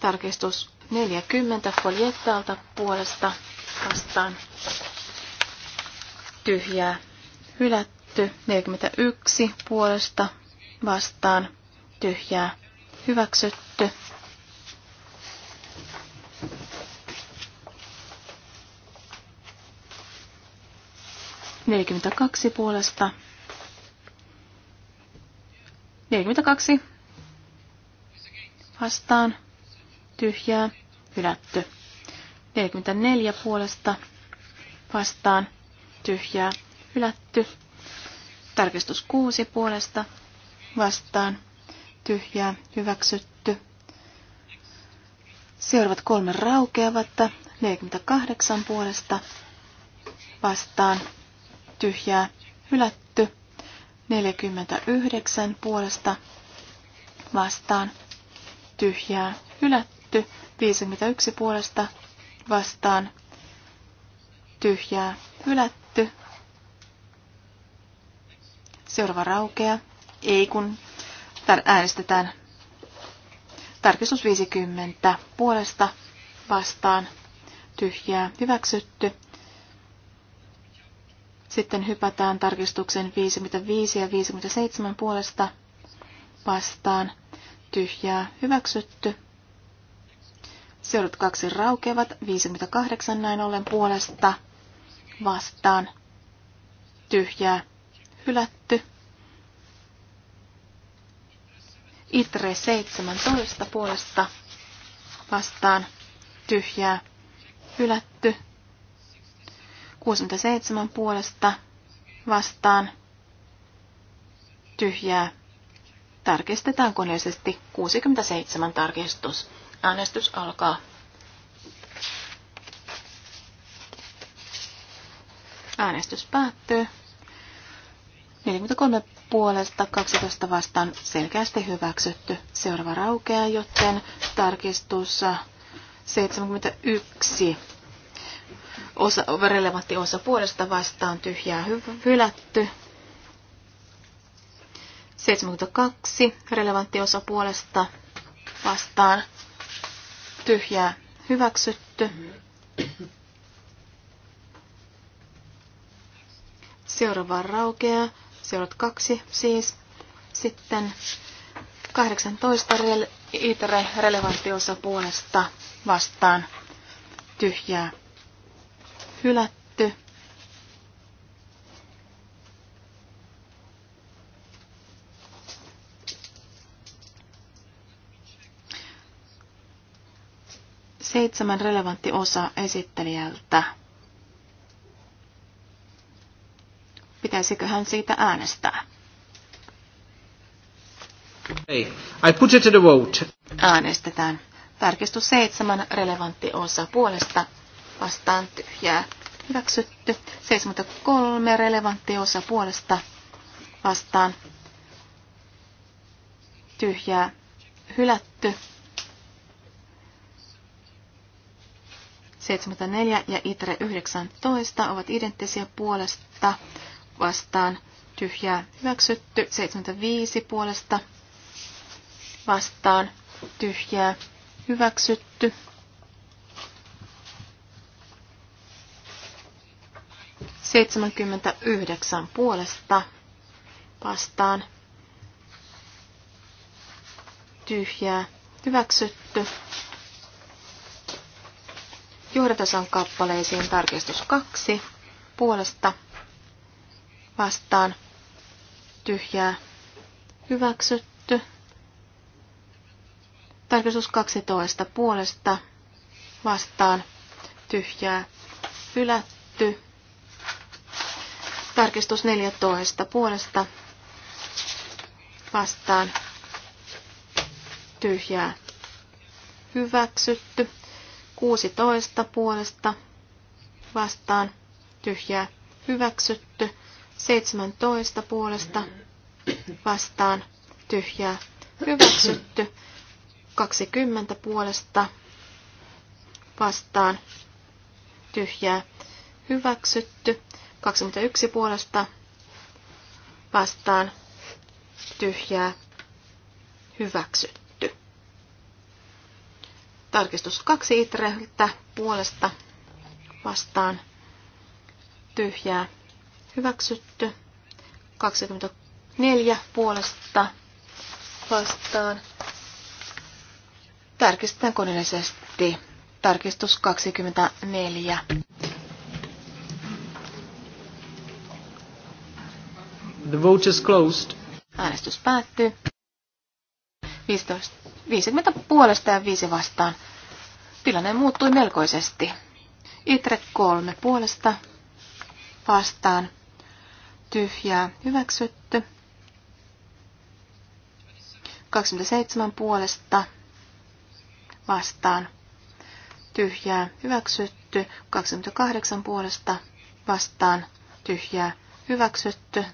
Tarkistus 40 foljettaalta puolesta vastaan. Tyhjää hylätty. 41 puolesta vastaan. Tyhjää hyväksytty. 42 puolesta. 42 vastaan. Tyhjää. Hylätty. 44 puolesta vastaan. Tyhjää. Hylätty. Tarkistus 6 puolesta vastaan. Tyhjää. Hyväksytty. Seuraavat kolme raukeavat. 48 puolesta vastaan tyhjää hylätty. 49 puolesta vastaan tyhjää hylätty. 51 puolesta vastaan tyhjää hylätty. Seuraava raukea. Ei kun äänestetään Tarkistus 50. Puolesta vastaan tyhjää hyväksytty. Sitten hypätään tarkistuksen 55 ja 57 puolesta vastaan. Tyhjää hyväksytty. Seudut kaksi raukeavat 58 näin ollen puolesta vastaan. Tyhjää hylätty. Itre 17 puolesta vastaan tyhjää hylätty. 67 puolesta vastaan tyhjää. Tarkistetaan koneellisesti 67 tarkistus. Äänestys alkaa. Äänestys päättyy. 43 puolesta 12 vastaan selkeästi hyväksytty. Seuraava raukeaa, joten tarkistus 71 osa, relevantti osa puolesta vastaan tyhjää hylätty. 72 relevantti osa puolesta vastaan tyhjää hyväksytty. Seuraava raukea. Seurat kaksi siis. Sitten 18 itre relevantti osa puolesta vastaan tyhjää hylätty. Seitsemän relevantti osa esittelijältä. Pitäisikö hän siitä äänestää? Ei. I put it to the vote. Äänestetään. Tarkistus seitsemän relevantti osa puolesta vastaan tyhjää hyväksytty. 73 relevantti osa puolesta vastaan tyhjää hylätty. 74 ja ITRE 19 ovat identtisiä puolesta vastaan tyhjää hyväksytty. 75 puolesta vastaan tyhjää hyväksytty. 79 puolesta vastaan tyhjää hyväksytty. Johdatason kappaleisiin tarkistus 2 puolesta vastaan tyhjää hyväksytty. Tarkistus 12 puolesta vastaan tyhjää hylätty. Tarkistus 14 puolesta vastaan tyhjää hyväksytty. 16 puolesta vastaan tyhjää hyväksytty. 17 puolesta vastaan tyhjää hyväksytty. 20 puolesta vastaan tyhjää hyväksytty. 21 puolesta vastaan tyhjää hyväksytty. Tarkistus 2 itreltä puolesta vastaan tyhjää hyväksytty. 24 puolesta vastaan. Tarkistetaan koneellisesti. Tarkistus 24. The vote is closed. Äänestys päättyy. 15, 50 puolesta ja 5 vastaan. Tilanne muuttui melkoisesti. Itre kolme puolesta vastaan. Tyhjää hyväksytty. 27 puolesta vastaan. Tyhjää hyväksytty. 28 puolesta vastaan. Tyhjää hyväksytty.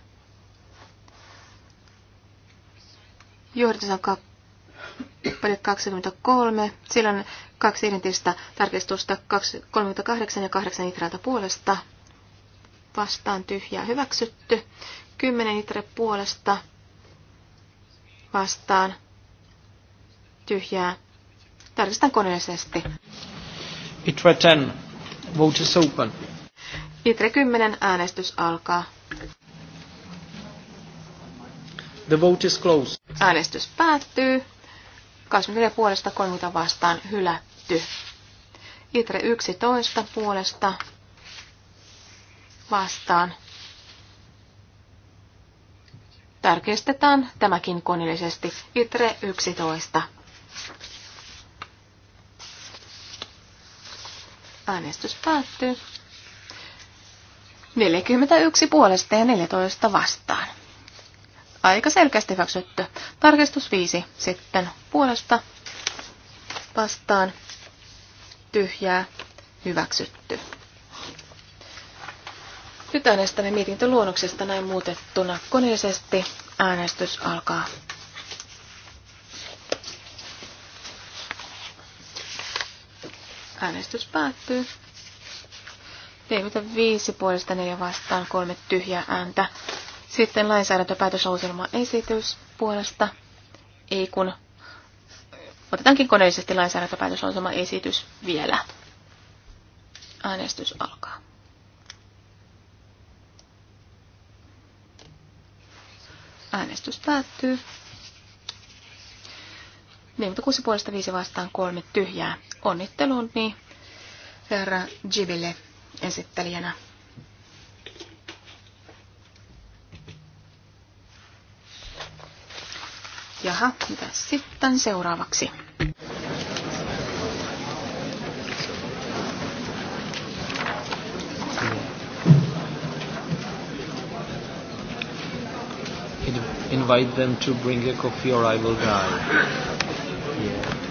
Johdatus on kappale 23. Siellä on kaksi identistä tarkistusta 38 ja 8 itralta puolesta. Vastaan tyhjää hyväksytty. 10 itre puolesta vastaan tyhjää. Tarkistan koneellisesti. Itre 10. Vote is open. Itre 10. Äänestys alkaa. The vote is closed. Äänestys päättyy. 24 puolesta 30 vastaan hylätty. Itre 11 puolesta vastaan. Tarkistetaan tämäkin koneellisesti. Itre 11. Äänestys päättyy. 41 puolesta ja 14 vastaan. Aika selkeästi hyväksytty. Tarkistus 5 sitten puolesta vastaan tyhjää hyväksytty. Nyt äänestämme mietintöluonnoksesta näin muutettuna. Koneellisesti äänestys alkaa. Äänestys päättyy. viisi puolesta neljä vastaan, kolme tyhjää ääntä. Sitten lainsäädäntöpäätöslauselma esitys puolesta, ei kun otetaankin koneellisesti lainsäädäntöpäätöslauselma esitys vielä. Äänestys alkaa. Äänestys päättyy. Niin, mutta kuusi puolesta 5 vastaan kolme tyhjää. niin, herra Jibille esittelijänä. Jaha, mitä sitten seuraavaksi? invite them to bring a coffee or I will die. Yeah,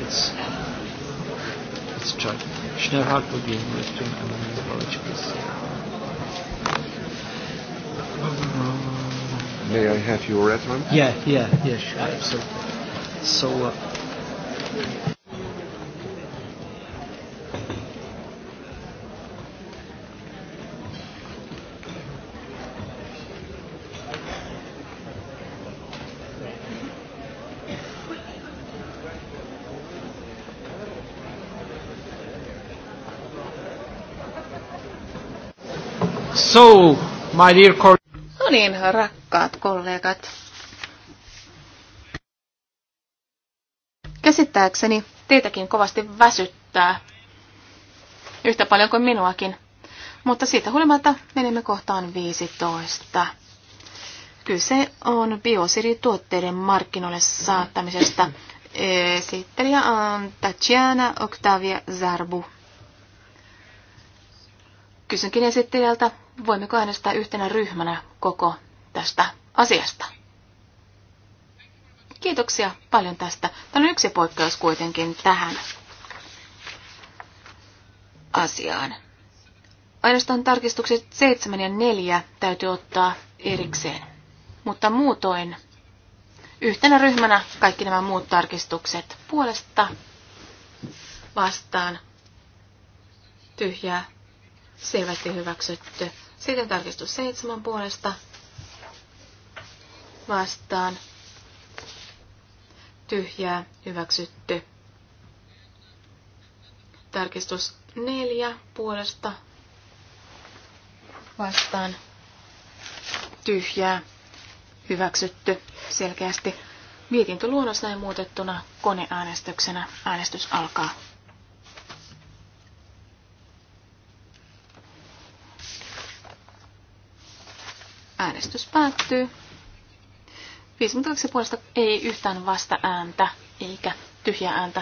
it's it's true. Schneerhardt would be in Western Amendment College, May I have your reference? Yeah, yeah, yeah, sure, absolutely. So. Uh, So, my dear No niin, rakkaat kollegat. Käsittääkseni teitäkin kovasti väsyttää, yhtä paljon kuin minuakin. Mutta siitä huolimatta menemme kohtaan 15. Kyse on biosirituotteiden markkinoille saattamisesta. Esittelijä on Tatjana Octavia Zarbu. Kysynkin esittelijältä, voimmeko äänestää yhtenä ryhmänä koko tästä asiasta. Kiitoksia paljon tästä. Tämä on yksi poikkeus kuitenkin tähän asiaan. Ainoastaan tarkistukset 7 ja 4 täytyy ottaa erikseen. Mutta muutoin yhtenä ryhmänä kaikki nämä muut tarkistukset puolesta vastaan tyhjää selvästi hyväksytty. Sitten tarkistus 7 puolesta vastaan tyhjää hyväksytty. Tarkistus neljä puolesta vastaan tyhjää hyväksytty selkeästi. Mietintöluonnos näin muutettuna koneäänestyksenä. Äänestys alkaa. Äänestys päättyy. 52 puolesta ei yhtään vasta ääntä eikä tyhjä ääntä.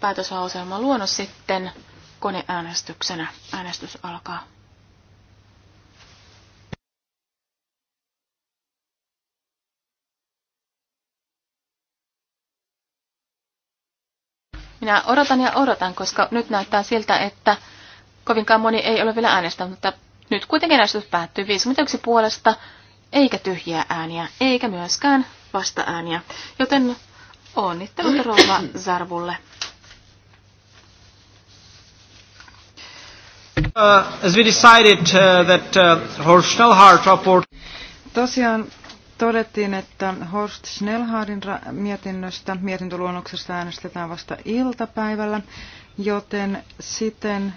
päätöslauselma luonnos sitten koneäänestyksenä. Äänestys alkaa. Minä odotan ja odotan, koska nyt näyttää siltä, että kovinkaan moni ei ole vielä äänestänyt, mutta nyt kuitenkin äänestys päättyy 51 puolesta, eikä tyhjiä ääniä, eikä myöskään vastaääniä, joten onnittelut Rouva *clears throat* Zarvulle. Uh, as we decided uh, that uh, Horst Schnellhardt report... Tosiaan todettiin, että Horst Schnellhardin mietinnöstä, mietintöluonnoksesta äänestetään vasta iltapäivällä, joten siten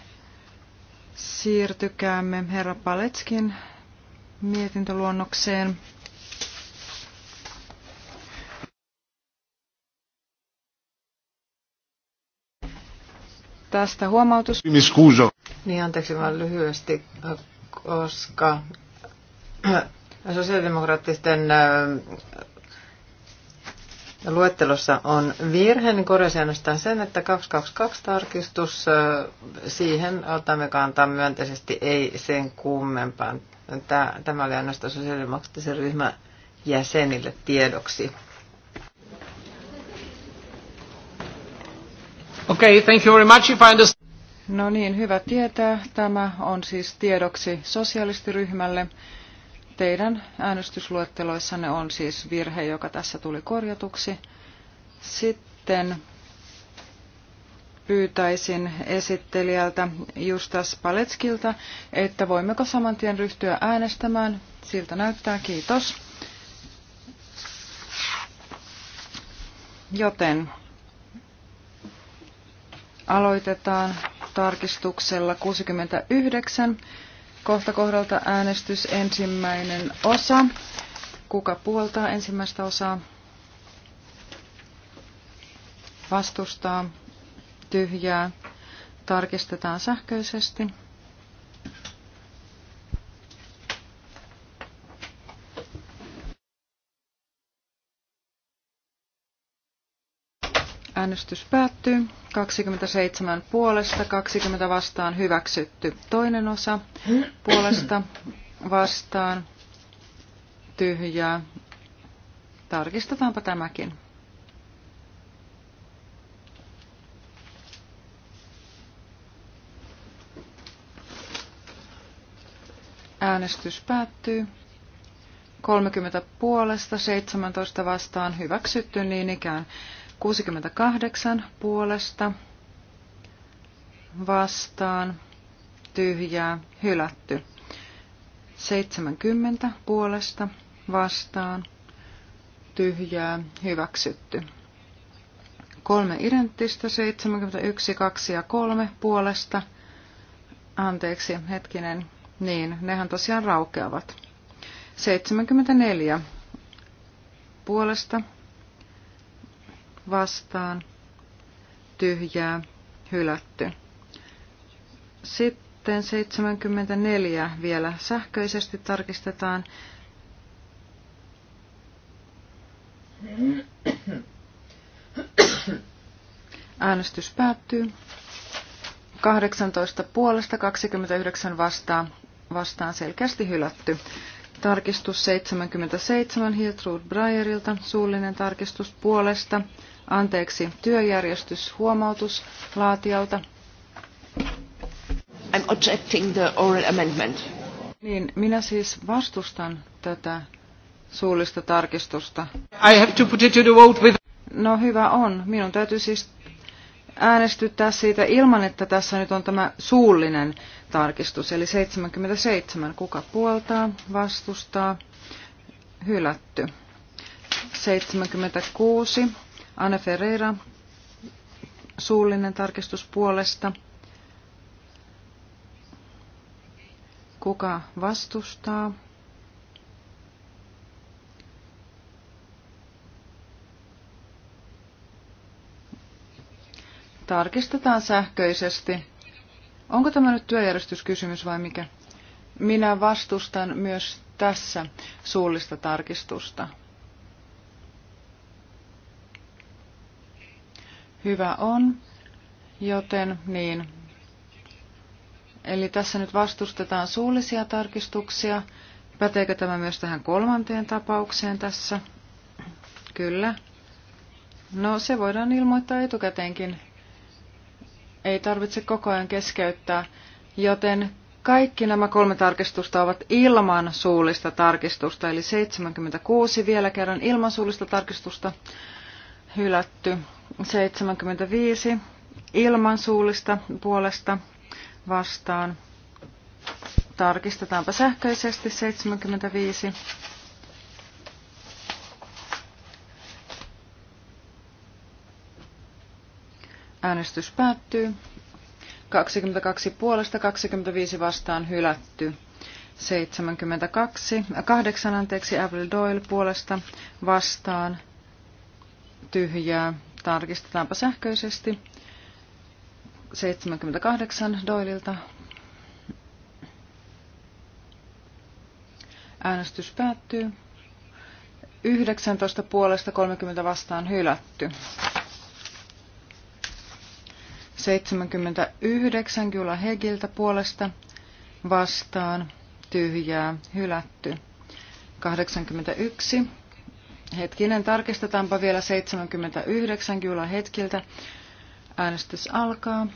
siirtykäämme herra Paletskin mietintöluonnokseen. Tästä huomautus. Niin, anteeksi vaan lyhyesti, koska sosiaalidemokraattisten äh, luettelossa on virhe, niin korjasin ainoastaan sen, että 222-tarkistus, äh, siihen otamme kantaa myönteisesti, ei sen kummempaan. Tämä oli ainoastaan sosiaalidemokraattisen ryhmän jäsenille tiedoksi. Okay, thank you very much if I understand. No niin, hyvä tietää. Tämä on siis tiedoksi sosialistiryhmälle. Teidän äänestysluetteloissanne on siis virhe, joka tässä tuli korjatuksi. Sitten pyytäisin esittelijältä Justas Paletskilta, että voimmeko saman tien ryhtyä äänestämään. Siltä näyttää, kiitos. Joten aloitetaan tarkistuksella 69. Kohta kohdalta äänestys ensimmäinen osa. Kuka puoltaa ensimmäistä osaa? Vastustaa tyhjää. Tarkistetaan sähköisesti. Äänestys päättyy. 27 puolesta, 20 vastaan hyväksytty. Toinen osa puolesta vastaan tyhjää. Tarkistetaanpa tämäkin. Äänestys päättyy. 30 puolesta, 17 vastaan hyväksytty niin ikään. 68 puolesta vastaan tyhjää hylätty. 70 puolesta vastaan tyhjää hyväksytty. Kolme identtistä, 71, 2 ja 3 puolesta. Anteeksi, hetkinen, niin, nehän tosiaan raukeavat. 74 puolesta vastaan tyhjää hylätty. Sitten 74 vielä sähköisesti tarkistetaan. Äänestys päättyy. 18 puolesta 29 vastaan vastaan selkeästi hylätty. Tarkistus 77 Hiltrud Breyerilta, suullinen tarkistus puolesta, anteeksi, työjärjestyshuomautus laatialta. I'm objecting the oral amendment. Niin, minä siis vastustan tätä suullista tarkistusta. I have to put it to the vote with... No hyvä on. Minun täytyy siis äänestyttää siitä ilman, että tässä nyt on tämä suullinen tarkistus, eli 77. Kuka puoltaa, vastustaa, hylätty. 76. Anne Ferreira, suullinen tarkistus puolesta. Kuka vastustaa? Tarkistetaan sähköisesti. Onko tämä nyt työjärjestyskysymys vai mikä? Minä vastustan myös tässä suullista tarkistusta. Hyvä on, joten niin. Eli tässä nyt vastustetaan suullisia tarkistuksia. Päteekö tämä myös tähän kolmanteen tapaukseen tässä? Kyllä. No se voidaan ilmoittaa etukäteenkin ei tarvitse koko ajan keskeyttää, joten kaikki nämä kolme tarkistusta ovat ilman suullista tarkistusta, eli 76 vielä kerran ilman suullista tarkistusta hylätty, 75 ilman suullista puolesta vastaan. Tarkistetaanpa sähköisesti 75. Äänestys päättyy. 22 puolesta 25 vastaan hylätty. 72, 8 äh, anteeksi, Avril Doyle puolesta vastaan tyhjää. Tarkistetaanpa sähköisesti. 78 Doylilta. Äänestys päättyy. 19 puolesta 30 vastaan hylätty. 79 Jula Hegiltä puolesta vastaan tyhjää hylätty. 81. Hetkinen, tarkistetaanpa vielä 79 Jula Hetkiltä. Äänestys alkaa.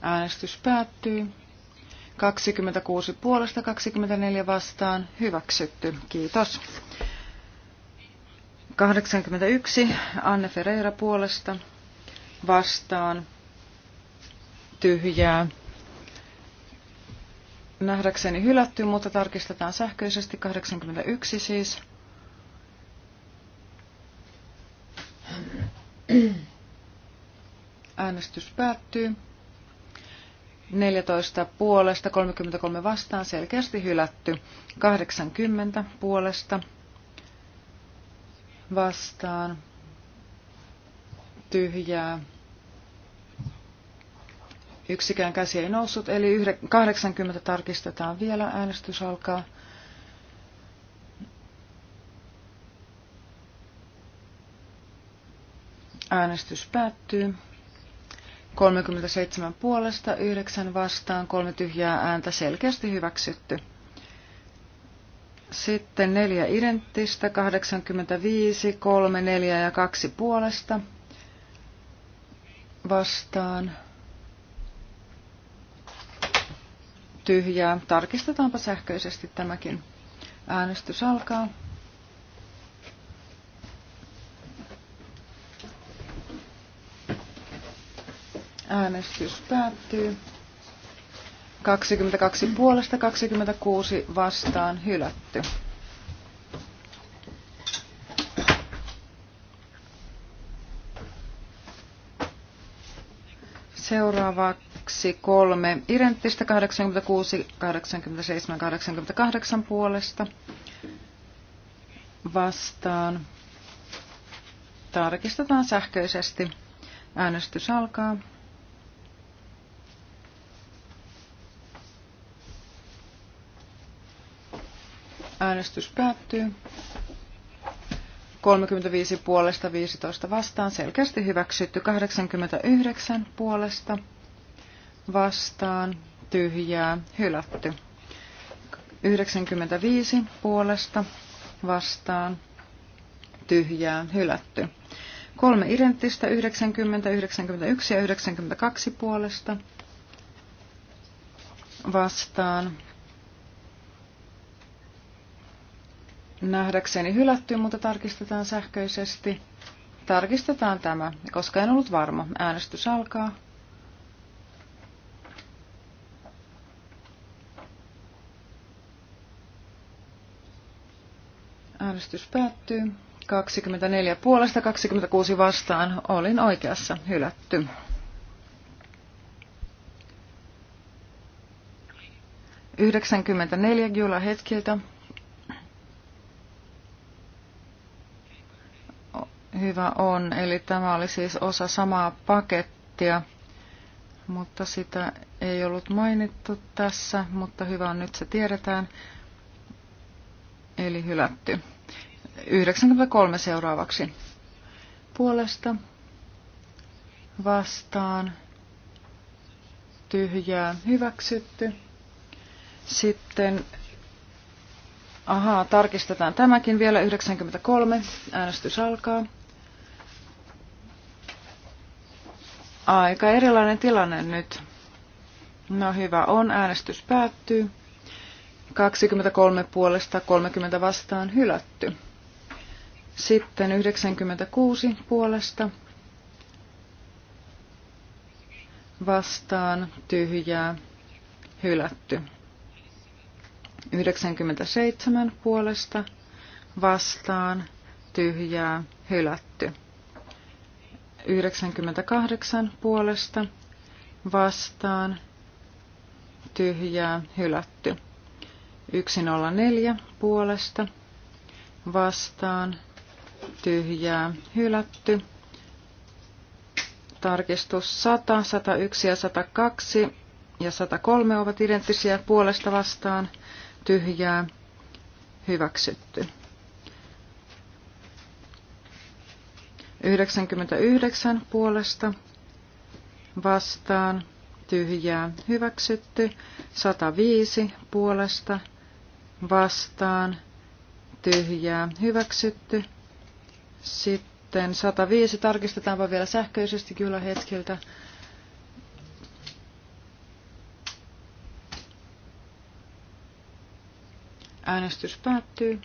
Äänestys päättyy. 26 puolesta 24 vastaan. Hyväksytty. Kiitos. 81. Anne Ferreira puolesta vastaan tyhjää. Nähdäkseni hylätty, mutta tarkistetaan sähköisesti. 81 siis. Äänestys päättyy. 14 puolesta, 33 vastaan, selkeästi hylätty. 80 puolesta vastaan tyhjää. Yksikään käsi ei noussut, eli 80 tarkistetaan vielä. Äänestys alkaa. Äänestys päättyy. 37 puolesta, 9 vastaan, 3 tyhjää ääntä selkeästi hyväksytty. Sitten neljä identtistä, 85, 3, 4 ja 2 puolesta vastaan. Tyhjää. Tarkistetaanpa sähköisesti tämäkin. Äänestys alkaa. Äänestys päättyy. 22 puolesta 26 vastaan hylätty. Seuraavaksi kolme identtistä 86, 87, 88 puolesta vastaan. Tarkistetaan sähköisesti. Äänestys alkaa. Äänestys päättyy. 35 puolesta 15 vastaan selkeästi hyväksytty. 89 puolesta vastaan tyhjää hylätty. 95 puolesta vastaan tyhjää hylätty. Kolme identtistä 90, 91 ja 92 puolesta vastaan nähdäkseni hylätty, mutta tarkistetaan sähköisesti. Tarkistetaan tämä, koska en ollut varma. Äänestys alkaa. Äänestys päättyy. 24 puolesta 26 vastaan olin oikeassa hylätty. 94 Jula hetkiltä. hyvä on. Eli tämä oli siis osa samaa pakettia, mutta sitä ei ollut mainittu tässä, mutta hyvä on nyt se tiedetään. Eli hylätty. 93 seuraavaksi. Puolesta vastaan tyhjää hyväksytty. Sitten, ahaa, tarkistetaan tämäkin vielä, 93, äänestys alkaa. Aika erilainen tilanne nyt. No hyvä on, äänestys päättyy. 23 puolesta 30 vastaan hylätty. Sitten 96 puolesta vastaan tyhjää hylätty. 97 puolesta vastaan tyhjää hylätty. 98 puolesta vastaan tyhjää hylätty. 104 puolesta vastaan tyhjää hylätty. Tarkistus 100, 101 ja 102 ja 103 ovat identtisiä puolesta vastaan tyhjää hyväksytty. 99 puolesta vastaan tyhjää hyväksytty. 105 puolesta vastaan tyhjää hyväksytty. Sitten 105 tarkistetaanpa vielä sähköisesti kyllä hetkiltä Äänestys päättyy.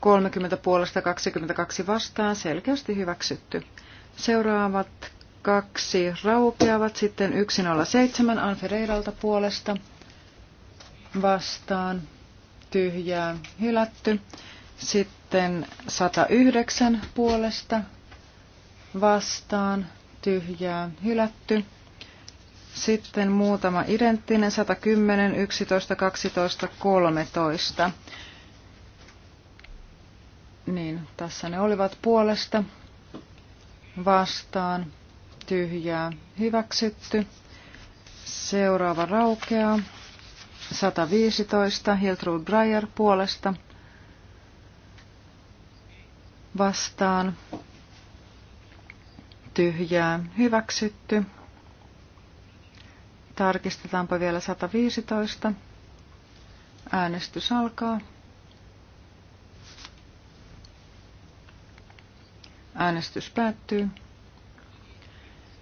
30 puolesta 22 vastaan selkeästi hyväksytty. Seuraavat kaksi raukeavat sitten 107 Anfereiralta puolesta vastaan tyhjää hylätty. Sitten 109 puolesta vastaan tyhjää hylätty. Sitten muutama identtinen 110, 11, 12, 13. Niin, tässä ne olivat puolesta vastaan tyhjää hyväksytty. Seuraava raukeaa. 115 Hiltrud Breyer puolesta vastaan tyhjää hyväksytty. Tarkistetaanpa vielä 115. Äänestys alkaa. Äänestys päättyy.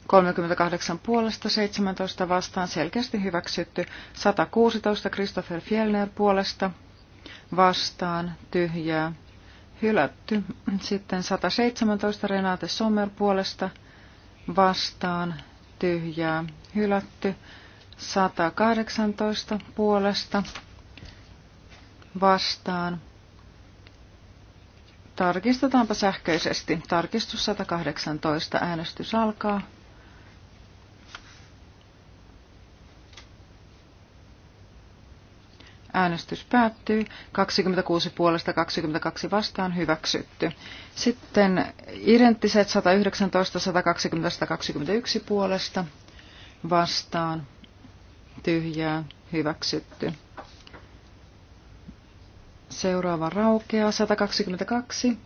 38 puolesta, 17 vastaan, selkeästi hyväksytty. 116 Christopher Fjellner puolesta, vastaan, tyhjää, hylätty. Sitten 117 Renate Sommer puolesta, vastaan, tyhjää, hylätty. 118 puolesta, vastaan, Tarkistetaanpa sähköisesti. Tarkistus 118. Äänestys alkaa. Äänestys päättyy. 26 puolesta 22 vastaan hyväksytty. Sitten identtiset 119, 120, 121 puolesta vastaan tyhjää hyväksytty. Seuraava raukeaa 122.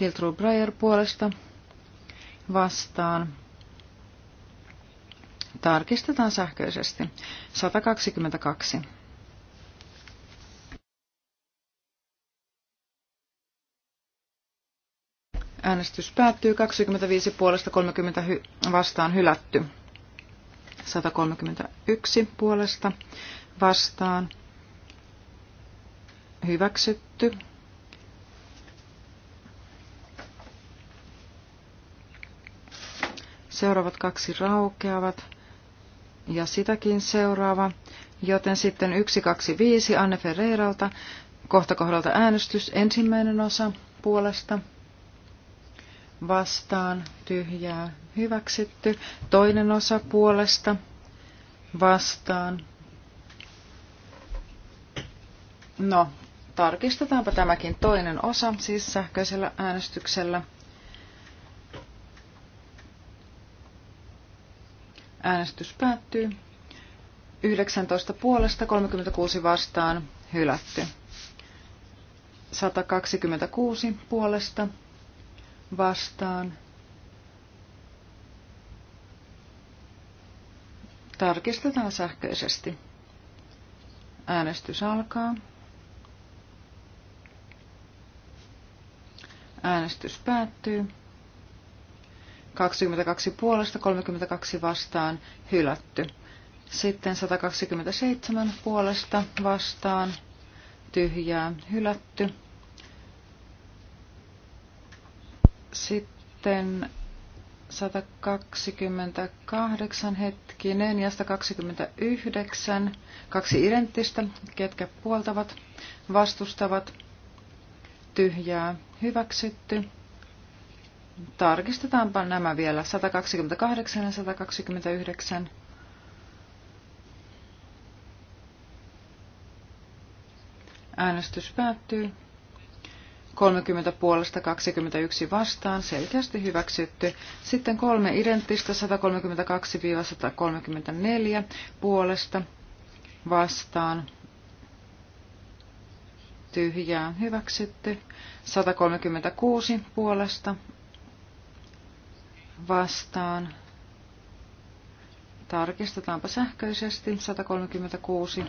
Hiltru Breyer puolesta vastaan. Tarkistetaan sähköisesti. 122. Äänestys päättyy 25 puolesta 30 vastaan hylätty. 131 puolesta vastaan Hyväksytty. Seuraavat kaksi raukeavat ja sitäkin seuraava. Joten sitten 125 Anne Ferreiralta kohta kohdalta äänestys ensimmäinen osa puolesta vastaan tyhjää hyväksytty. Toinen osa puolesta vastaan. No, tarkistetaanpa tämäkin toinen osa, siis sähköisellä äänestyksellä. Äänestys päättyy. 19 puolesta 36 vastaan hylätty. 126 puolesta vastaan. Tarkistetaan sähköisesti. Äänestys alkaa. Äänestys päättyy. 22 puolesta, 32 vastaan, hylätty. Sitten 127 puolesta vastaan, tyhjää, hylätty. Sitten 128 hetkinen ja 129, kaksi identtistä, ketkä puoltavat, vastustavat, tyhjää, hyväksytty. Tarkistetaanpa nämä vielä, 128 ja 129. Äänestys päättyy. 30 puolesta 21 vastaan, selkeästi hyväksytty. Sitten kolme identtistä 132-134 puolesta vastaan, tyhjää hyväksytty. 136 puolesta vastaan. Tarkistetaanpa sähköisesti 136.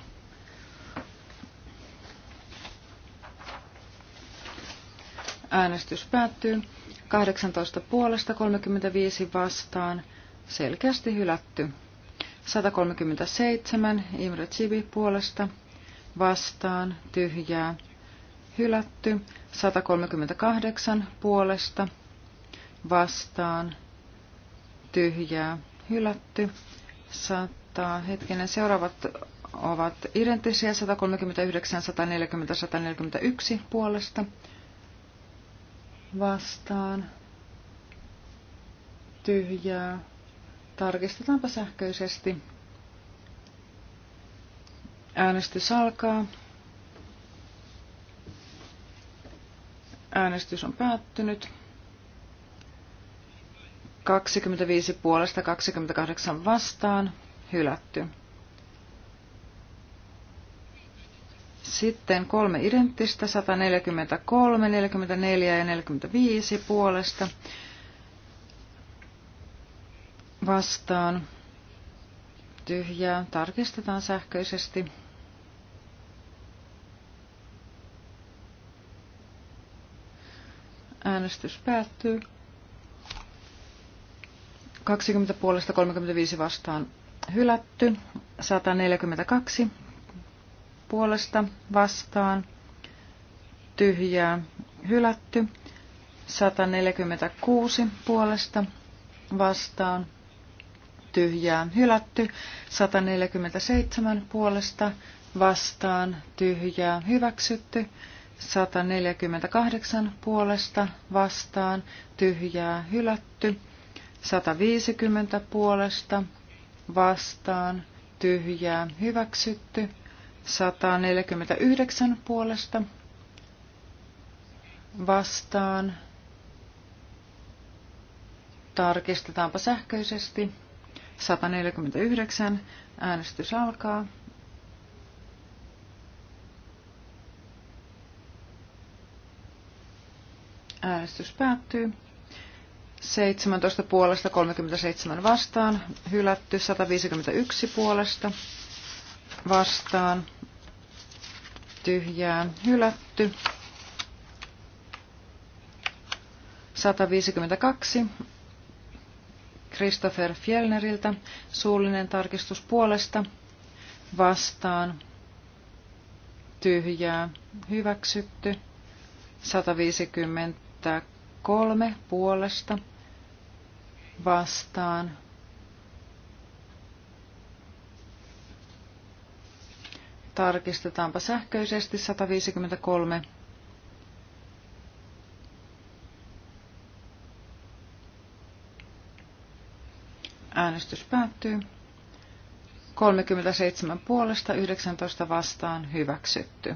Äänestys päättyy. 18 puolesta 35 vastaan. Selkeästi hylätty. 137 Imre Chibi puolesta vastaan tyhjää hylätty, 138 puolesta vastaan tyhjää hylätty, 100, hetkinen, seuraavat ovat identtisiä 139, 140, 141 puolesta vastaan tyhjää. Tarkistetaanpa sähköisesti. Äänestys alkaa. Äänestys on päättynyt. 25 puolesta 28 vastaan. Hylätty. Sitten kolme identtistä, 143, 44 ja 45 puolesta vastaan. Tyhjää. Tarkistetaan sähköisesti. Äänestys päättyy. 20 puolesta 35 vastaan hylätty. 142 puolesta vastaan tyhjää hylätty. 146 puolesta vastaan tyhjää hylätty. 147 puolesta vastaan tyhjää hyväksytty. 148 puolesta vastaan tyhjää hylätty. 150 puolesta vastaan tyhjää hyväksytty. 149 puolesta vastaan. Tarkistetaanpa sähköisesti. 149. Äänestys alkaa. Äänestys päättyy. 17 puolesta 37 vastaan, hylätty 151 puolesta vastaan, tyhjää hylätty 152 Christopher Fjellneriltä suullinen tarkistus puolesta vastaan tyhjää hyväksytty 150 näyttää kolme puolesta vastaan. Tarkistetaanpa sähköisesti 153. Äänestys päättyy. 37 puolesta 19 vastaan hyväksytty.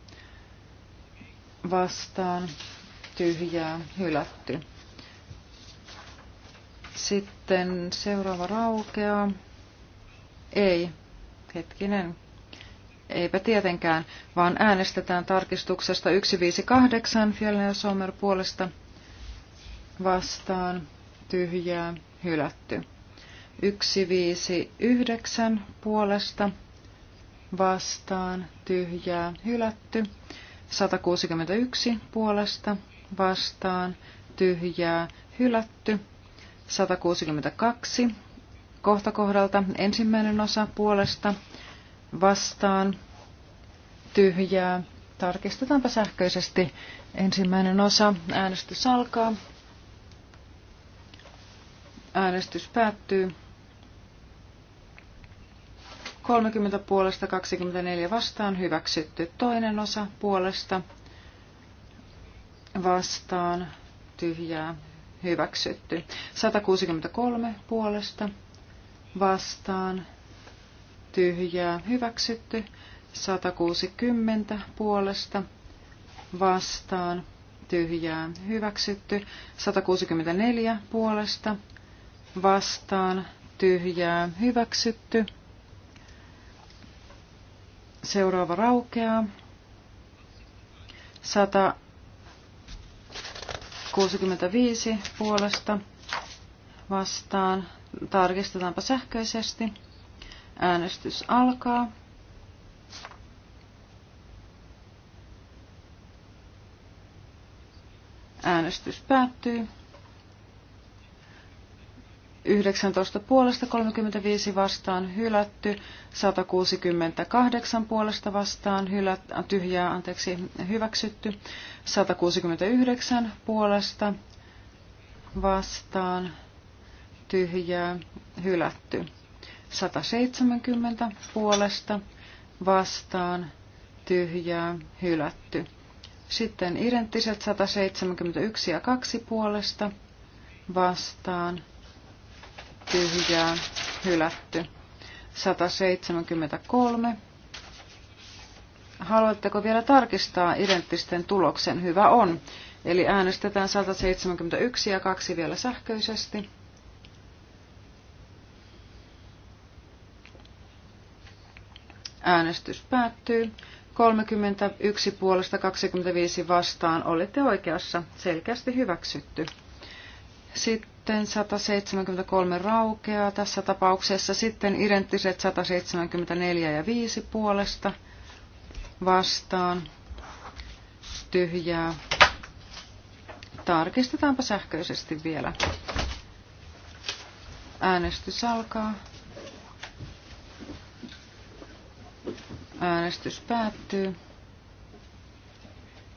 vastaan tyhjää hylätty. Sitten seuraava raukea Ei, hetkinen. Eipä tietenkään, vaan äänestetään tarkistuksesta 158 Fjellner ja Sommer puolesta vastaan tyhjää hylätty. 159 puolesta vastaan tyhjää hylätty. 161 puolesta vastaan tyhjää hylätty. 162 kohta kohdalta ensimmäinen osa puolesta vastaan tyhjää. Tarkistetaanpa sähköisesti ensimmäinen osa. Äänestys alkaa. Äänestys päättyy. 30 puolesta 24 vastaan hyväksytty. Toinen osa puolesta vastaan tyhjää hyväksytty. 163 puolesta vastaan tyhjää hyväksytty. 160 puolesta vastaan tyhjää hyväksytty. 164 puolesta vastaan tyhjää hyväksytty. Seuraava raukeaa. 165 puolesta vastaan. Tarkistetaanpa sähköisesti. Äänestys alkaa. Äänestys päättyy. 19 puolesta 35 vastaan hylätty, 168 puolesta vastaan hylät, äh, tyhjää anteeksi, hyväksytty, 169 puolesta vastaan tyhjää hylätty, 170 puolesta vastaan tyhjää hylätty. Sitten identtiset 171 ja 2 puolesta vastaan tyhjää, hylätty. 173. Haluatteko vielä tarkistaa identtisten tuloksen? Hyvä on. Eli äänestetään 171 ja 2 vielä sähköisesti. Äänestys päättyy. 31 puolesta 25 vastaan Olette oikeassa, selkeästi hyväksytty. Sitten sitten 173 raukeaa tässä tapauksessa, sitten identtiset 174 ja 5 puolesta vastaan tyhjää. Tarkistetaanpa sähköisesti vielä. Äänestys alkaa. Äänestys päättyy.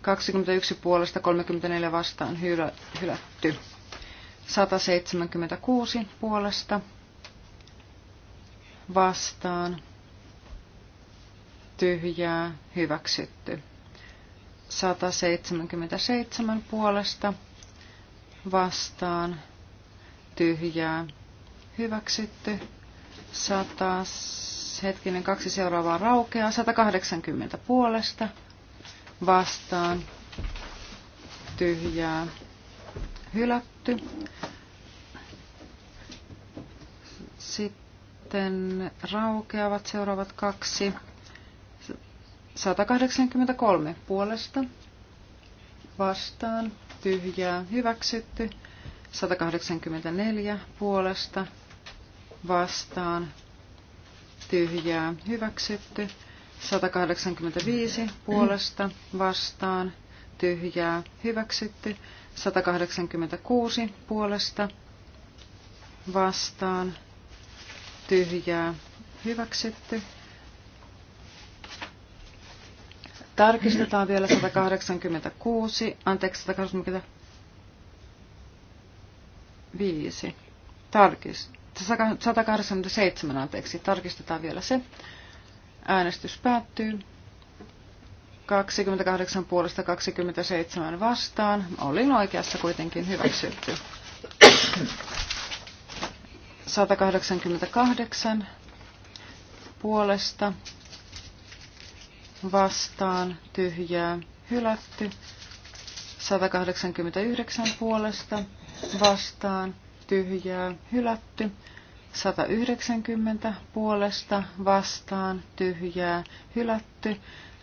21 puolesta 34 vastaan hylätty. 176 puolesta vastaan tyhjää hyväksytty. 177 puolesta vastaan tyhjää hyväksytty. 100, hetkinen, kaksi seuraavaa raukeaa. 180 puolesta vastaan tyhjää hylätty. Sitten raukeavat seuraavat kaksi. 183 puolesta vastaan tyhjää hyväksytty. 184 puolesta vastaan tyhjää hyväksytty. 185 puolesta vastaan tyhjää hyväksytty. 186 puolesta vastaan tyhjää hyväksytty. Tarkistetaan vielä 186, anteeksi 185. Tarkist, 187, anteeksi, tarkistetaan vielä se. Äänestys päättyy. 28 puolesta 27 vastaan. Olin oikeassa kuitenkin hyväksytty. 188 puolesta vastaan tyhjää hylätty. 189 puolesta vastaan tyhjää hylätty. 190 puolesta vastaan tyhjää hylätty.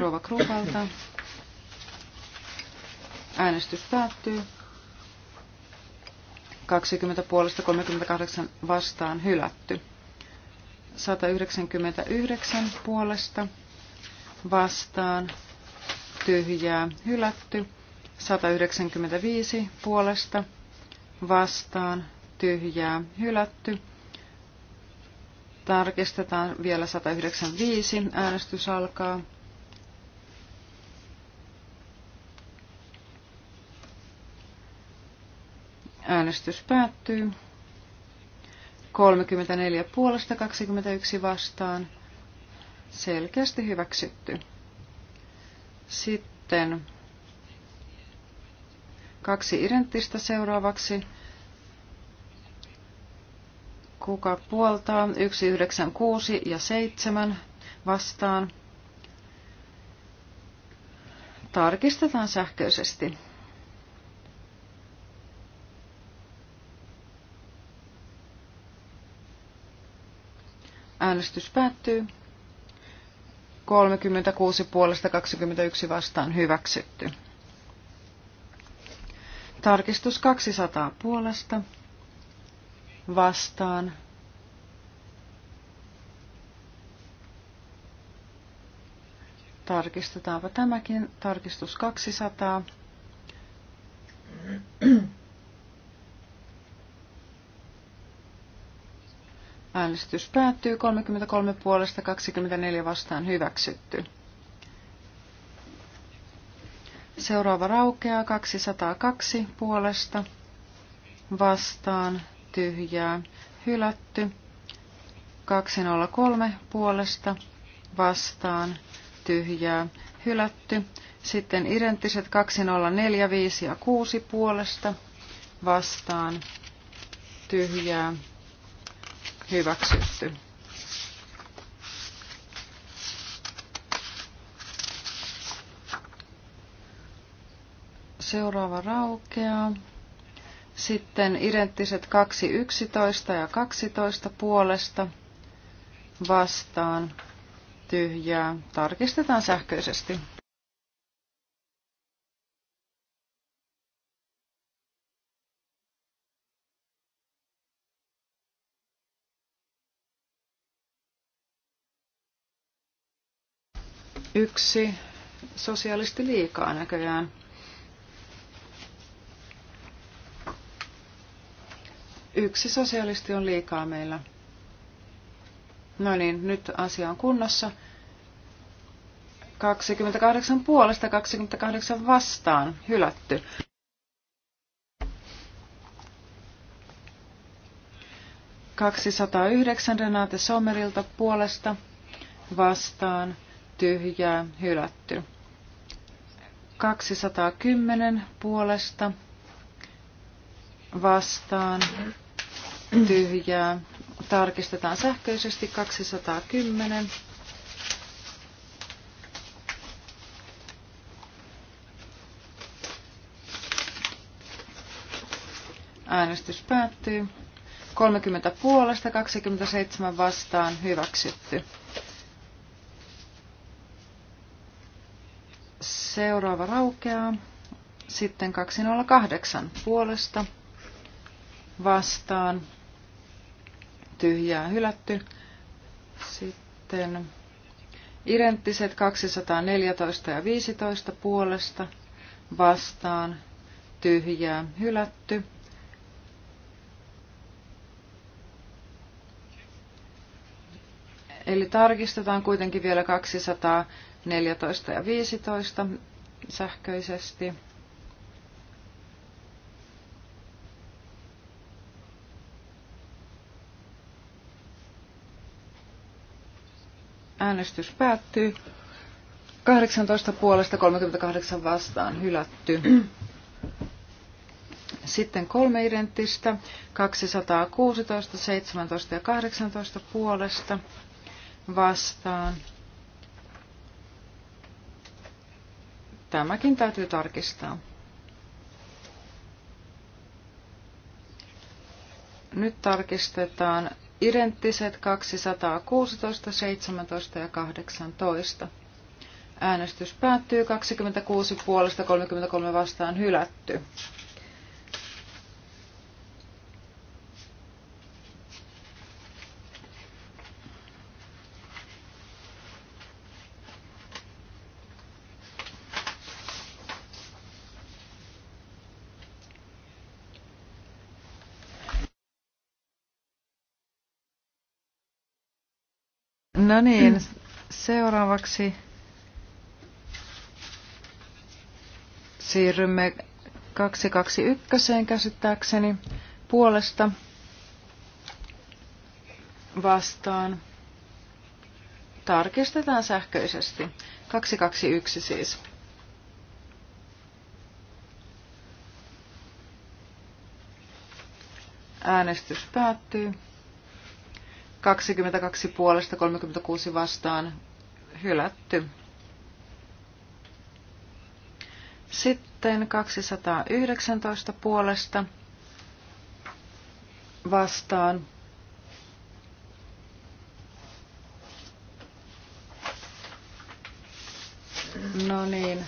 Rova Kruupalta. Äänestys päättyy. 20 puolesta 38 vastaan hylätty. 199 puolesta vastaan tyhjää hylätty. 195 puolesta vastaan tyhjää hylätty. Tarkistetaan vielä 195. Äänestys alkaa. Äänestys päättyy. 34 puolesta 21 vastaan. Selkeästi hyväksytty. Sitten kaksi identtistä seuraavaksi. Kuka puoltaa? 1, 9, 6 ja 7 vastaan. Tarkistetaan sähköisesti. Äänestys päättyy. 36 puolesta 21 vastaan hyväksytty. Tarkistus 200 puolesta vastaan. Tarkistetaanpa tämäkin. Tarkistus 200. Äänestys päättyy 33 puolesta 24 vastaan hyväksytty. Seuraava raukeaa 202 puolesta vastaan tyhjää hylätty. 203 puolesta vastaan tyhjää hylätty. Sitten identtiset 204, 5 ja 6 puolesta vastaan tyhjää hyväksytty. Seuraava raukea. Sitten identtiset 2.11 ja 12 puolesta vastaan tyhjää. Tarkistetaan sähköisesti. Yksi sosiaalisti liikaa näköjään. Yksi sosiaalisti on liikaa meillä. No niin, nyt asia on kunnossa. 28 puolesta, 28 vastaan, hylätty. Kaksisataayhdeksän Renate Sommerilta puolesta vastaan tyhjää, hylätty. 210 puolesta vastaan tyhjää. Tarkistetaan sähköisesti 210. Äänestys päättyy. 30 puolesta, 27 vastaan, hyväksytty. Seuraava raukeaa. Sitten 208 puolesta vastaan. Tyhjää hylätty. Sitten identtiset 214 ja 15 puolesta vastaan. Tyhjää hylätty. Eli tarkistetaan kuitenkin vielä 214 ja 15 sähköisesti. Äänestys päättyy. 18 puolesta 38 vastaan hylätty. Sitten kolme identtistä, 216, 17 ja 18 puolesta vastaan. Tämäkin täytyy tarkistaa. Nyt tarkistetaan identtiset 216, 17 ja 18. Äänestys päättyy 26 puolesta 33 vastaan hylätty. No niin, seuraavaksi siirrymme 221 käsittääkseni puolesta vastaan. Tarkistetaan sähköisesti. 221 siis. Äänestys päättyy. 22 puolesta 36 vastaan hylätty. Sitten 219 puolesta vastaan No niin.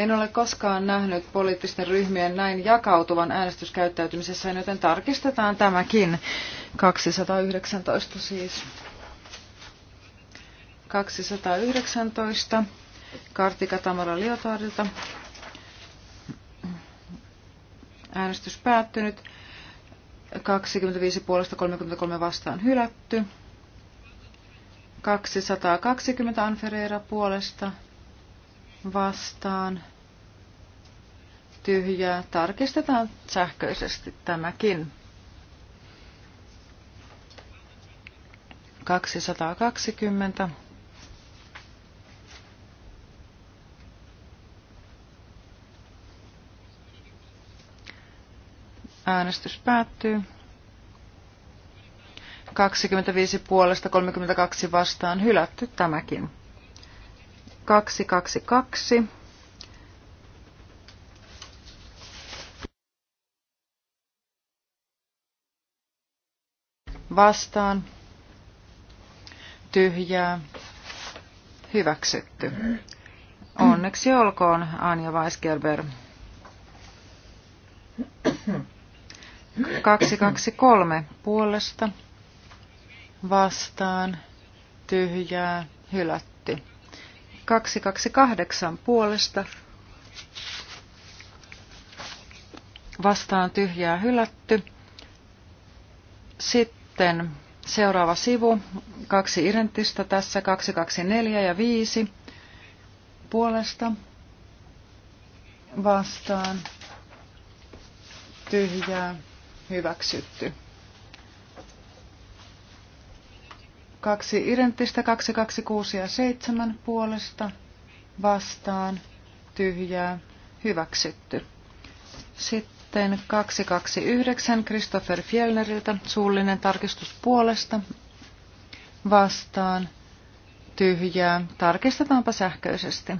En ole koskaan nähnyt poliittisten ryhmien näin jakautuvan äänestyskäyttäytymisessä, joten tarkistetaan tämäkin. 219 siis. 219. Kartika Tamara Liotardilta. Äänestys päättynyt. 25 puolesta 33 vastaan hylätty. 220 Anfereera puolesta vastaan tyhjää. Tarkistetaan sähköisesti tämäkin. 220. Äänestys päättyy. 25 puolesta 32 vastaan hylätty tämäkin. 222. Vastaan. Tyhjää. Hyväksytty. Onneksi olkoon, Anja Weisgerber. 223 puolesta vastaan tyhjää hylätty. 228 puolesta vastaan tyhjää hylätty. Sitten seuraava sivu, kaksi identtistä tässä, 224 ja 5 puolesta vastaan tyhjää hyväksytty. Kaksi identtistä, 226 ja 7 puolesta vastaan tyhjää hyväksytty. Sitten 229 Christopher Fjellneriltä suullinen tarkistus puolesta vastaan tyhjää. Tarkistetaanpa sähköisesti.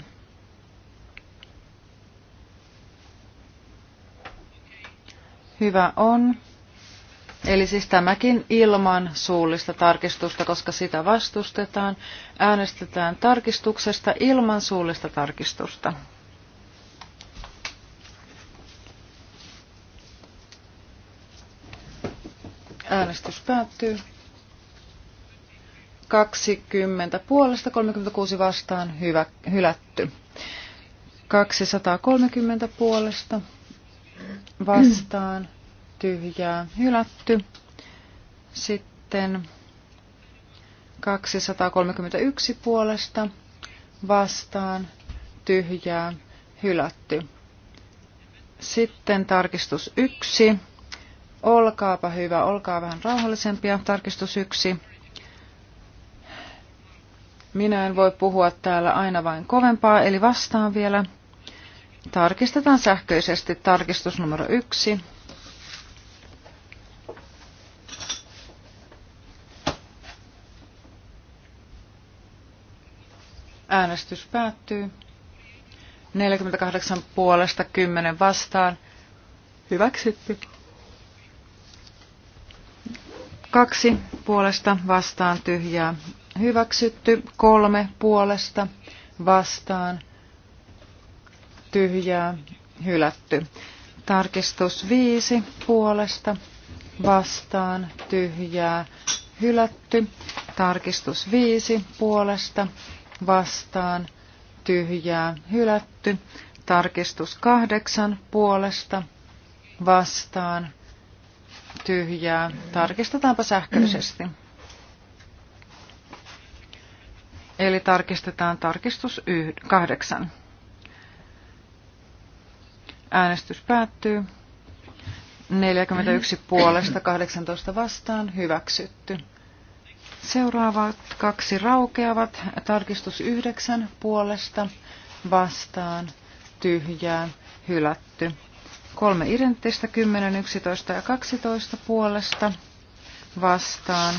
Hyvä on. Eli siis tämäkin ilman suullista tarkistusta, koska sitä vastustetaan, äänestetään tarkistuksesta ilman suullista tarkistusta. Äänestys päättyy. 20 puolesta, 36 vastaan hyvä, hylätty. 230 puolesta vastaan tyhjää hylätty. Sitten 231 puolesta vastaan tyhjää hylätty. Sitten tarkistus 1. Olkaapa hyvä, olkaa vähän rauhallisempia. Tarkistus 1. Minä en voi puhua täällä aina vain kovempaa, eli vastaan vielä. Tarkistetaan sähköisesti tarkistus numero 1. Äänestys päättyy. 48 puolesta 10 vastaan. Hyväksytty. Kaksi puolesta vastaan tyhjää. Hyväksytty. Kolme puolesta vastaan tyhjää. Hylätty. Tarkistus viisi puolesta vastaan tyhjää. Hylätty. Tarkistus viisi puolesta vastaan tyhjää hylätty. Tarkistus kahdeksan puolesta vastaan tyhjää. Tarkistetaanpa sähköisesti. Eli tarkistetaan tarkistus kahdeksan. Äänestys päättyy. 41 puolesta 18 vastaan hyväksytty. Seuraavat kaksi raukeavat. Tarkistus yhdeksän puolesta vastaan tyhjää hylätty. Kolme identtistä 10, 11 ja 12 puolesta vastaan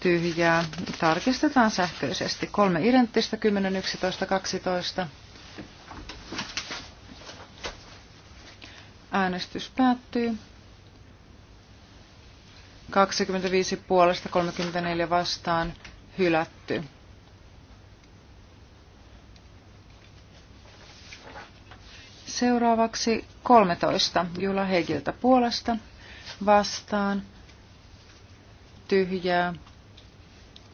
tyhjää. Tarkistetaan sähköisesti. Kolme identtistä 10, 11, 12. Äänestys päättyy. 25 puolesta 34 vastaan hylätty. Seuraavaksi 13 Jula Hegiltä puolesta vastaan tyhjää.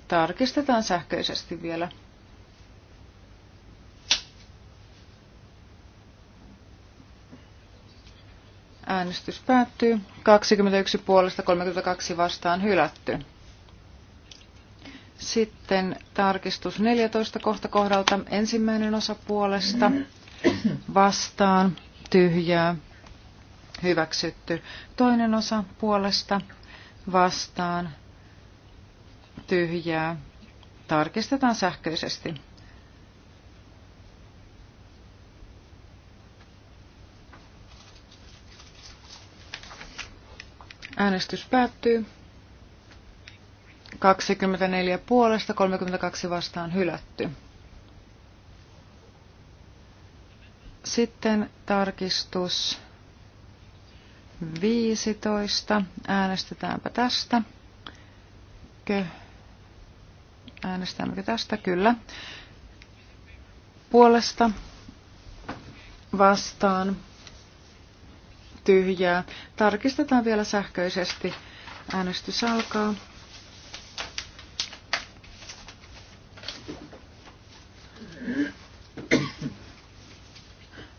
Tarkistetaan sähköisesti vielä. Äänestys päättyy. 21 puolesta 32 vastaan hylätty. Sitten tarkistus 14 kohta kohdalta ensimmäinen osa puolesta vastaan tyhjää hyväksytty. Toinen osa puolesta vastaan tyhjää tarkistetaan sähköisesti. Äänestys päättyy. 24 puolesta, 32 vastaan hylätty. Sitten tarkistus 15. Äänestetäänpä tästä. Kö? Äänestäänkö tästä? Kyllä. Puolesta vastaan tyhjää. Tarkistetaan vielä sähköisesti. Äänestys alkaa.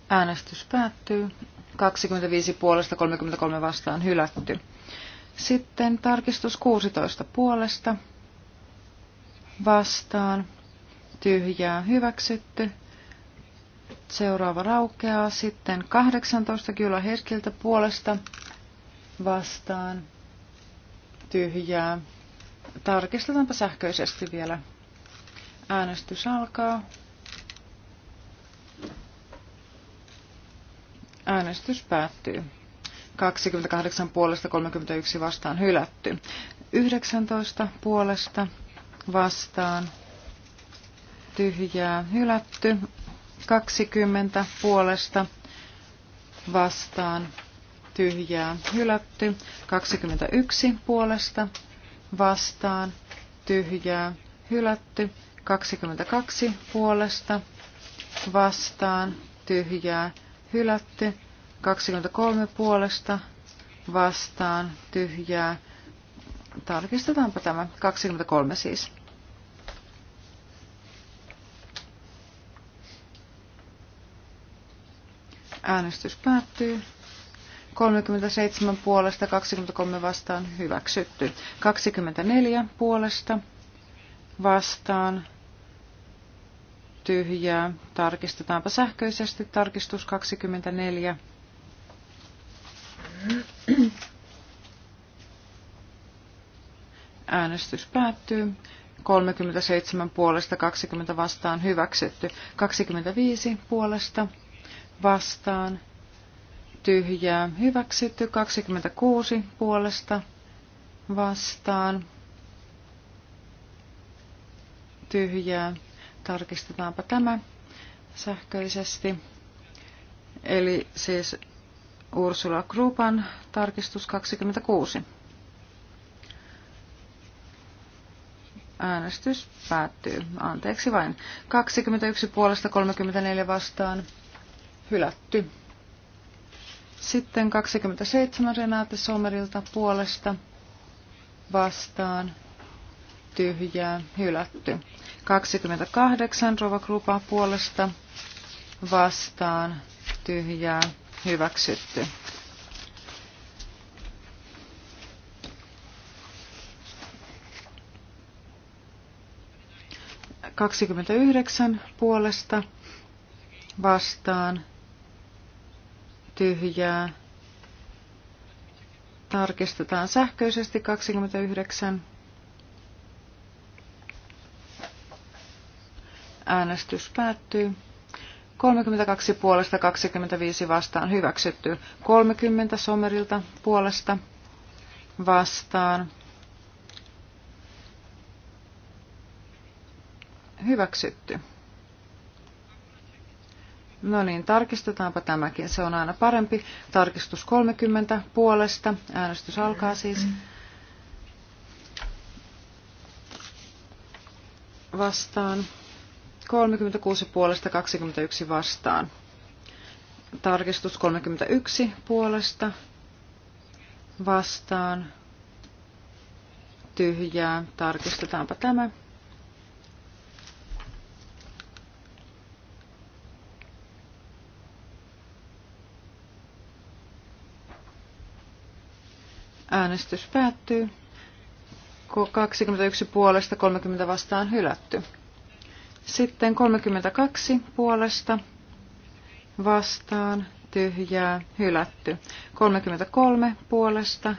Äänestys päättyy. 25 puolesta 33 vastaan hylätty. Sitten tarkistus 16 puolesta vastaan tyhjää hyväksytty. Seuraava raukeaa. Sitten 18 kyllä herkiltä puolesta vastaan tyhjää. Tarkistetaanpa sähköisesti vielä. Äänestys alkaa. Äänestys päättyy. 28 puolesta 31 vastaan hylätty. 19 puolesta vastaan tyhjää hylätty. 20 puolesta vastaan tyhjää hylätty. 21 puolesta vastaan tyhjää hylätty. 22 puolesta vastaan tyhjää hylätty. 23 puolesta vastaan tyhjää. Tarkistetaanpa tämä. 23 siis. Äänestys päättyy. 37 puolesta, 23 vastaan hyväksytty. 24 puolesta vastaan tyhjää. Tarkistetaanpa sähköisesti tarkistus 24. Äänestys päättyy. 37 puolesta, 20 vastaan hyväksytty. 25 puolesta vastaan tyhjää hyväksytty. 26 puolesta vastaan tyhjää. Tarkistetaanpa tämä sähköisesti. Eli siis Ursula Krupan tarkistus 26. Äänestys päättyy. Anteeksi vain. 21 puolesta 34 vastaan hylätty. Sitten 27 Renate somerilta puolesta vastaan tyhjää hylätty. 28 Rova Krupa puolesta vastaan tyhjää hyväksytty. yhdeksän puolesta vastaan tyhjää. Tarkistetaan sähköisesti 29. Äänestys päättyy. 32 puolesta 25 vastaan hyväksytty. 30 somerilta puolesta vastaan. Hyväksytty. No niin, tarkistetaanpa tämäkin. Se on aina parempi. Tarkistus 30 puolesta. Äänestys alkaa siis. Vastaan. 36 puolesta, 21 vastaan. Tarkistus 31 puolesta. Vastaan. Tyhjää. Tarkistetaanpa tämä. Äänestys päättyy. 21 puolesta 30 vastaan hylätty. Sitten 32 puolesta vastaan tyhjää hylätty. 33 puolesta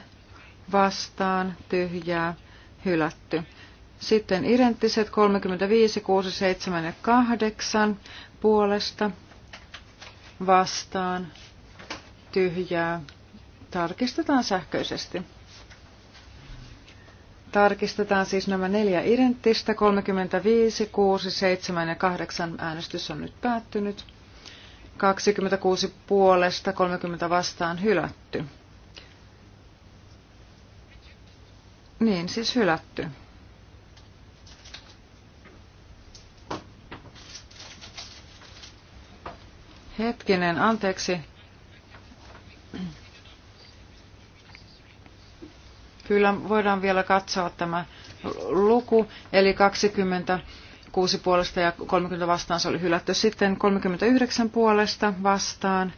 vastaan tyhjää hylätty. Sitten identtiset 35, 6, 7 ja 8 puolesta vastaan tyhjää Tarkistetaan sähköisesti. Tarkistetaan siis nämä neljä identtistä, 35, 6, 7 ja 8 äänestys on nyt päättynyt. 26 puolesta, 30 vastaan hylätty. Niin, siis hylätty. Hetkinen, anteeksi. Kyllä voidaan vielä katsoa tämä luku, eli 20 6 puolesta ja 30 vastaan se oli hylätty. Sitten 39 puolesta vastaan.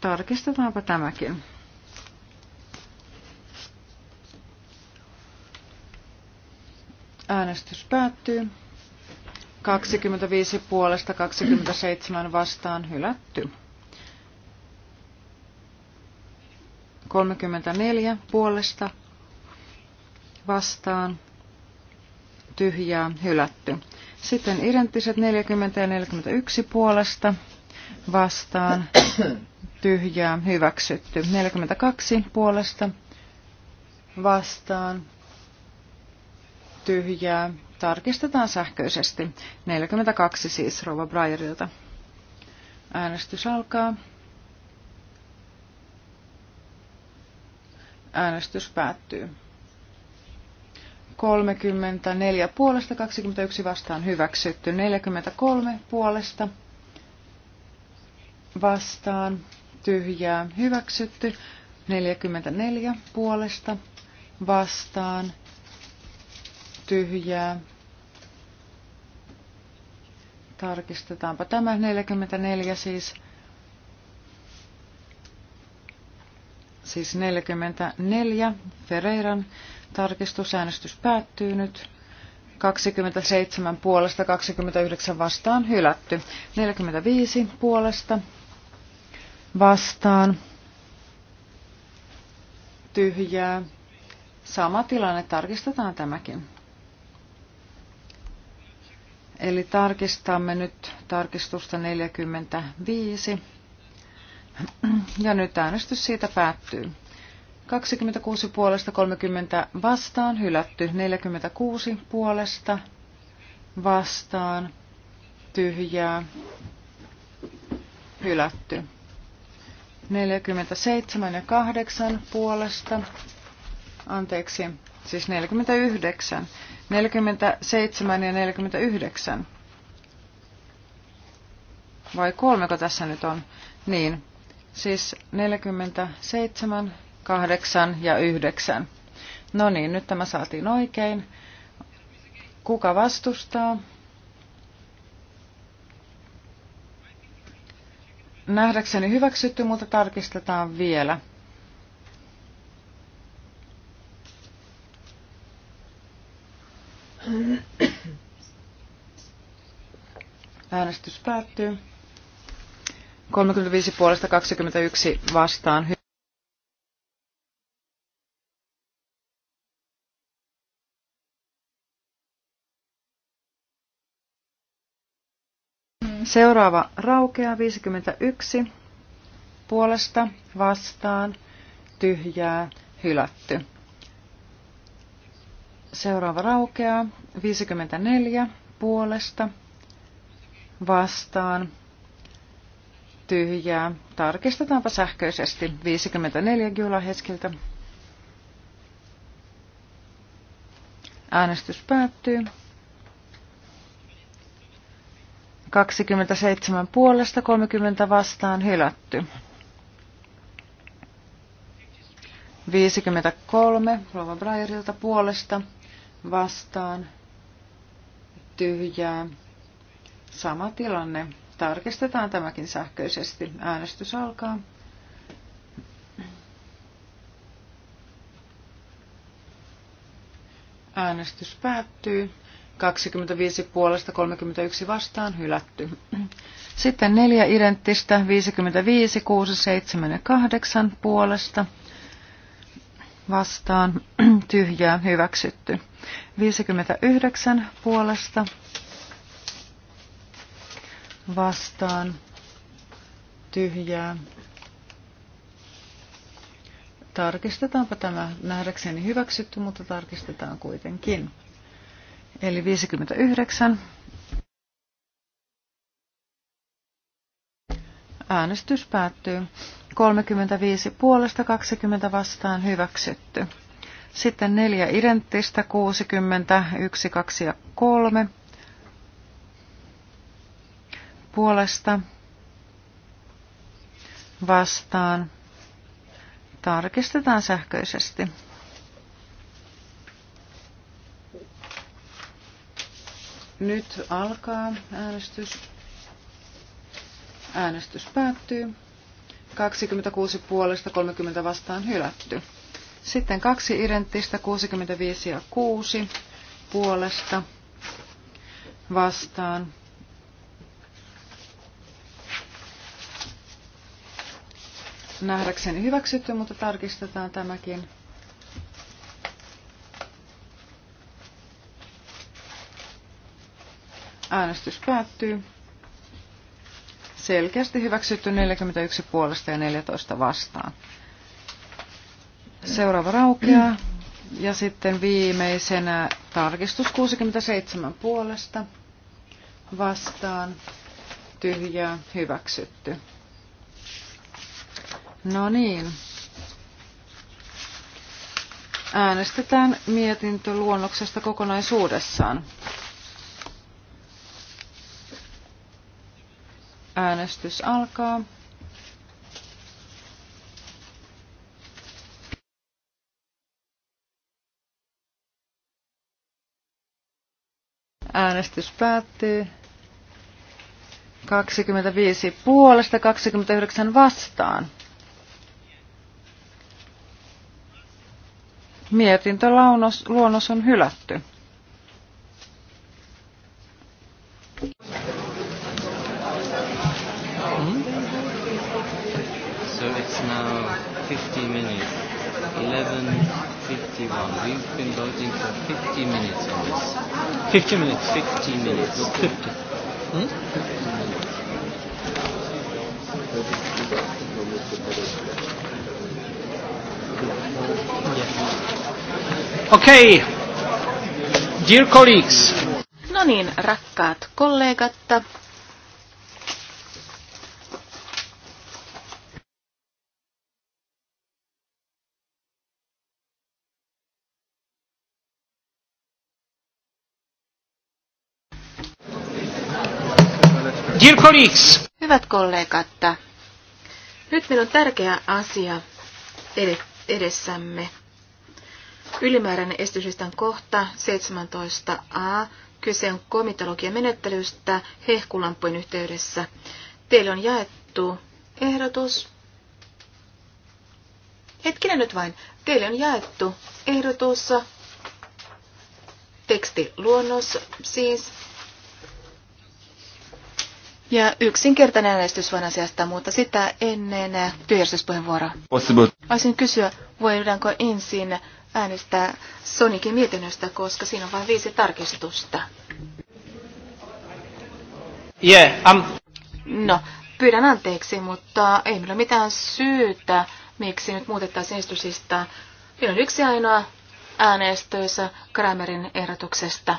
Tarkistetaanpa tämäkin. Äänestys päättyy. 25 puolesta 27 vastaan hylätty. 34 puolesta vastaan tyhjää hylätty. Sitten identtiset 40 ja 41 puolesta vastaan *coughs* tyhjää hyväksytty. 42 puolesta vastaan tyhjää tarkistetaan sähköisesti. 42 siis Rova Breyerilta. Äänestys alkaa. Äänestys päättyy. 34 puolesta, 21 vastaan hyväksytty, 43 puolesta vastaan tyhjää hyväksytty, 44 puolesta vastaan tyhjää. Tarkistetaanpa tämä 44 siis Siis 44 Ferreiran tarkistusäänestys päättyy nyt. 27 puolesta, 29 vastaan hylätty. 45 puolesta vastaan tyhjää. Sama tilanne, tarkistetaan tämäkin. Eli tarkistamme nyt tarkistusta 45. Ja nyt äänestys siitä päättyy. 26 puolesta 30 vastaan, hylätty 46 puolesta vastaan, tyhjää, hylätty. 47 ja 8 puolesta, anteeksi, siis 49, 47 ja 49. Vai kolmeko tässä nyt on? Niin, Siis 47, 8 ja 9. No niin, nyt tämä saatiin oikein. Kuka vastustaa? Nähdäkseni hyväksytty, mutta tarkistetaan vielä. Äänestys päättyy. 35 puolesta 21 vastaan. Seuraava raukea 51 puolesta vastaan tyhjää hylätty. Seuraava raukeaa 54 puolesta vastaan tyhjää. Tarkistetaanpa sähköisesti. 54 Gyula Äänestys päättyy. 27 puolesta 30 vastaan hylätty. 53 Rova Breyerilta puolesta vastaan tyhjää. Sama tilanne. Tarkistetaan tämäkin sähköisesti. Äänestys alkaa. Äänestys päättyy. 25 puolesta 31 vastaan hylätty. Sitten neljä identtistä 55, 6, 7 ja 8 puolesta vastaan tyhjää hyväksytty. 59 puolesta vastaan tyhjää. Tarkistetaanpa tämä nähdäkseni hyväksytty, mutta tarkistetaan kuitenkin. Eli 59. Äänestys päättyy. 35 puolesta 20 vastaan hyväksytty. Sitten neljä identtistä, 60, 1, 2 ja 3 puolesta vastaan. Tarkistetaan sähköisesti. Nyt alkaa äänestys. Äänestys päättyy. 26 puolesta 30 vastaan hylätty. Sitten kaksi identtistä 65 ja 6 puolesta vastaan nähdäkseni hyväksytty, mutta tarkistetaan tämäkin. Äänestys päättyy. Selkeästi hyväksytty 41 puolesta ja 14 vastaan. Seuraava raukeaa. Ja sitten viimeisenä tarkistus 67 puolesta vastaan tyhjää hyväksytty. No niin. Äänestetään mietintö luonnoksesta kokonaisuudessaan. Äänestys alkaa. Äänestys päättyy. 25 puolesta, 29 vastaan. Mietintöluonnos luonnos on hylätty. Hmm? So it's now 50 minutes. 11.51. We've been voting for 50 minutes on this. 50 minutes. 50 minutes. 50. Hmm? 50. minutes. Okei, okay. dear colleagues. No niin, rakkaat kollegat. Dear colleagues. Hyvät kollegat, nyt meillä on tärkeä asia edessämme. Ylimääräinen esityslistan kohta 17a. Kyse on komitologian menettelystä hehkulampujen yhteydessä. Teille on jaettu ehdotus. Hetkinen nyt vain. Teille on jaettu ehdotus. Tekstiluonnos siis. Ja yksinkertainen äänestys voin asiasta, mutta sitä ennen työjärjestyspuheenvuoroa. Voisin kysyä, voidaanko ensin äänestää Sonikin mietinnöstä, koska siinä on vain viisi tarkistusta. Yeah, I'm... No, pyydän anteeksi, mutta ei meillä ole mitään syytä, miksi nyt muutettaisiin esitysistä. Meillä on yksi ainoa äänestöissä Kramerin ehdotuksesta.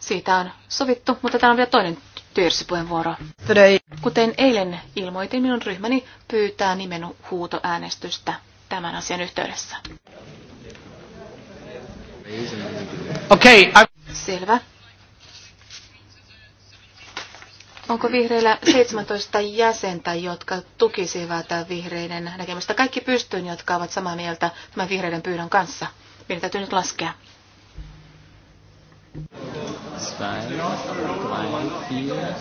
Siitä on sovittu, mutta tämä on vielä toinen työrsipuheenvuoro. Kuten eilen ilmoitin, minun ryhmäni pyytää nimen huutoäänestystä tämän asian yhteydessä. Okay, I... Selvä. Onko vihreillä 17 jäsentä, jotka tukisivat vihreiden näkemystä? Kaikki pystyyn, jotka ovat samaa mieltä tämän vihreiden pyydön kanssa. Meidän täytyy nyt laskea. Zwei, drei, vier,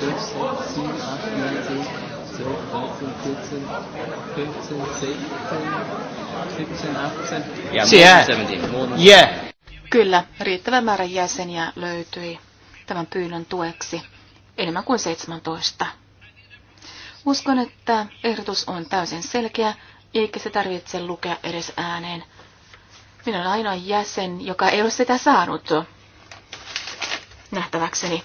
fünf, sechs, sieben, acht, neun, zehn, 12, 13, 14, 15, 16, 17, 18. Yeah, more than 70. yeah. Kyllä, riittävä määrä jäseniä löytyi tämän pyynnön tueksi, enemmän kuin 17. Uskon, että ehdotus on täysin selkeä, eikä se tarvitse lukea edes ääneen. Minä olen ainoa jäsen, joka ei ole sitä saanut nähtäväkseni.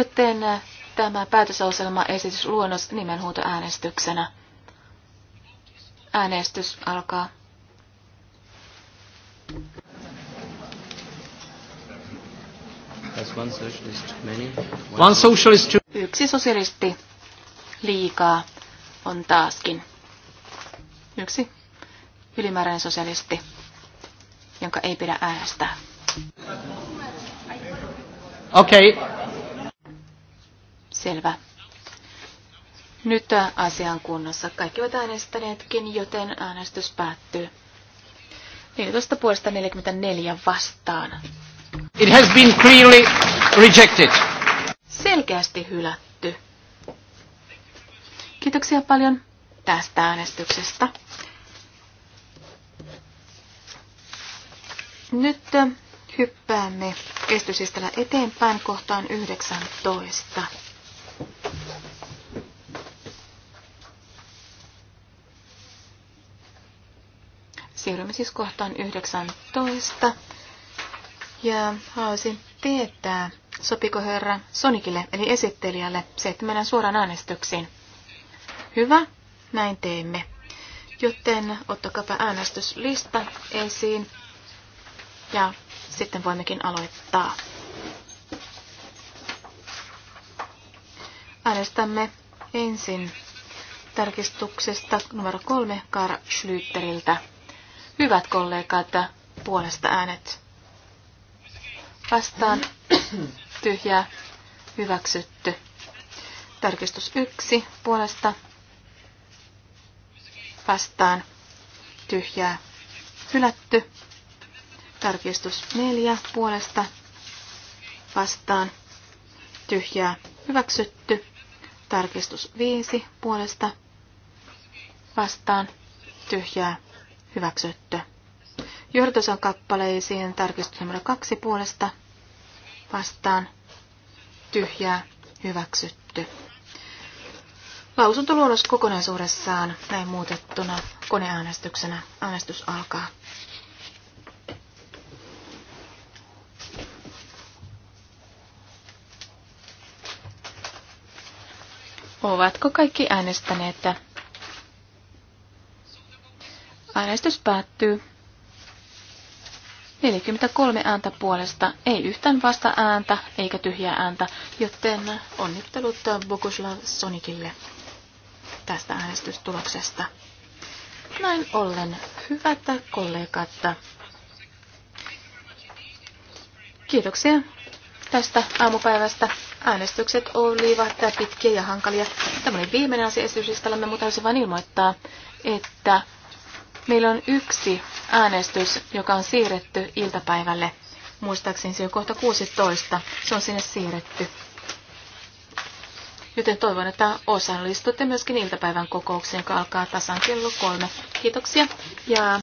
Joten äh, tämä esitys luonnos äänestyksenä. Äänestys alkaa. One socialist, many, one... Yksi sosialisti liikaa on taaskin. Yksi ylimääräinen sosialisti, jonka ei pidä äänestää. Okei, okay. Selvä. Nyt asia on kunnossa. Kaikki ovat äänestäneetkin, joten äänestys päättyy. 14 puolesta 44 vastaan. It has been clearly rejected. Selkeästi hylätty. Kiitoksia paljon tästä äänestyksestä. Nyt hyppäämme estysistellä eteenpäin kohtaan 19. Siirrymme siis kohtaan 19. Ja haluaisin tietää, sopiko herra Sonikille, eli esittelijälle, se, että mennään suoraan äänestyksiin. Hyvä, näin teemme. Joten ottakapa äänestyslista esiin ja sitten voimmekin aloittaa. Äänestämme ensin tarkistuksesta numero kolme Karl Schlüteriltä. Hyvät kollegat, puolesta äänet. Vastaan tyhjä hyväksytty. Tarkistus yksi puolesta vastaan tyhjää hylätty. Tarkistus neljä puolesta vastaan tyhjää hyväksytty. Tarkistus viisi puolesta vastaan tyhjää Hyväksytty. Johdatus kappaleisiin tarkistus numero kaksi puolesta vastaan tyhjää hyväksytty. Lausuntoluonnos kokonaisuudessaan näin muutettuna koneäänestyksenä. Äänestys alkaa. Ovatko kaikki äänestäneet Äänestys päättyy. 43 ääntä puolesta, ei yhtään vasta ääntä eikä tyhjää ääntä, joten onnittelut Boguslav Sonikille tästä äänestystuloksesta. Näin ollen, hyvät kollegat, kiitoksia tästä aamupäivästä. Äänestykset olivat pitkiä ja hankalia. Tämä oli viimeinen asia esityslistallamme, mutta olisi vain ilmoittaa, että Meillä on yksi äänestys, joka on siirretty iltapäivälle. Muistaakseni se on kohta 16. Se on sinne siirretty. Joten toivon, että osallistutte myöskin iltapäivän kokoukseen, joka alkaa tasan kello kolme. Kiitoksia ja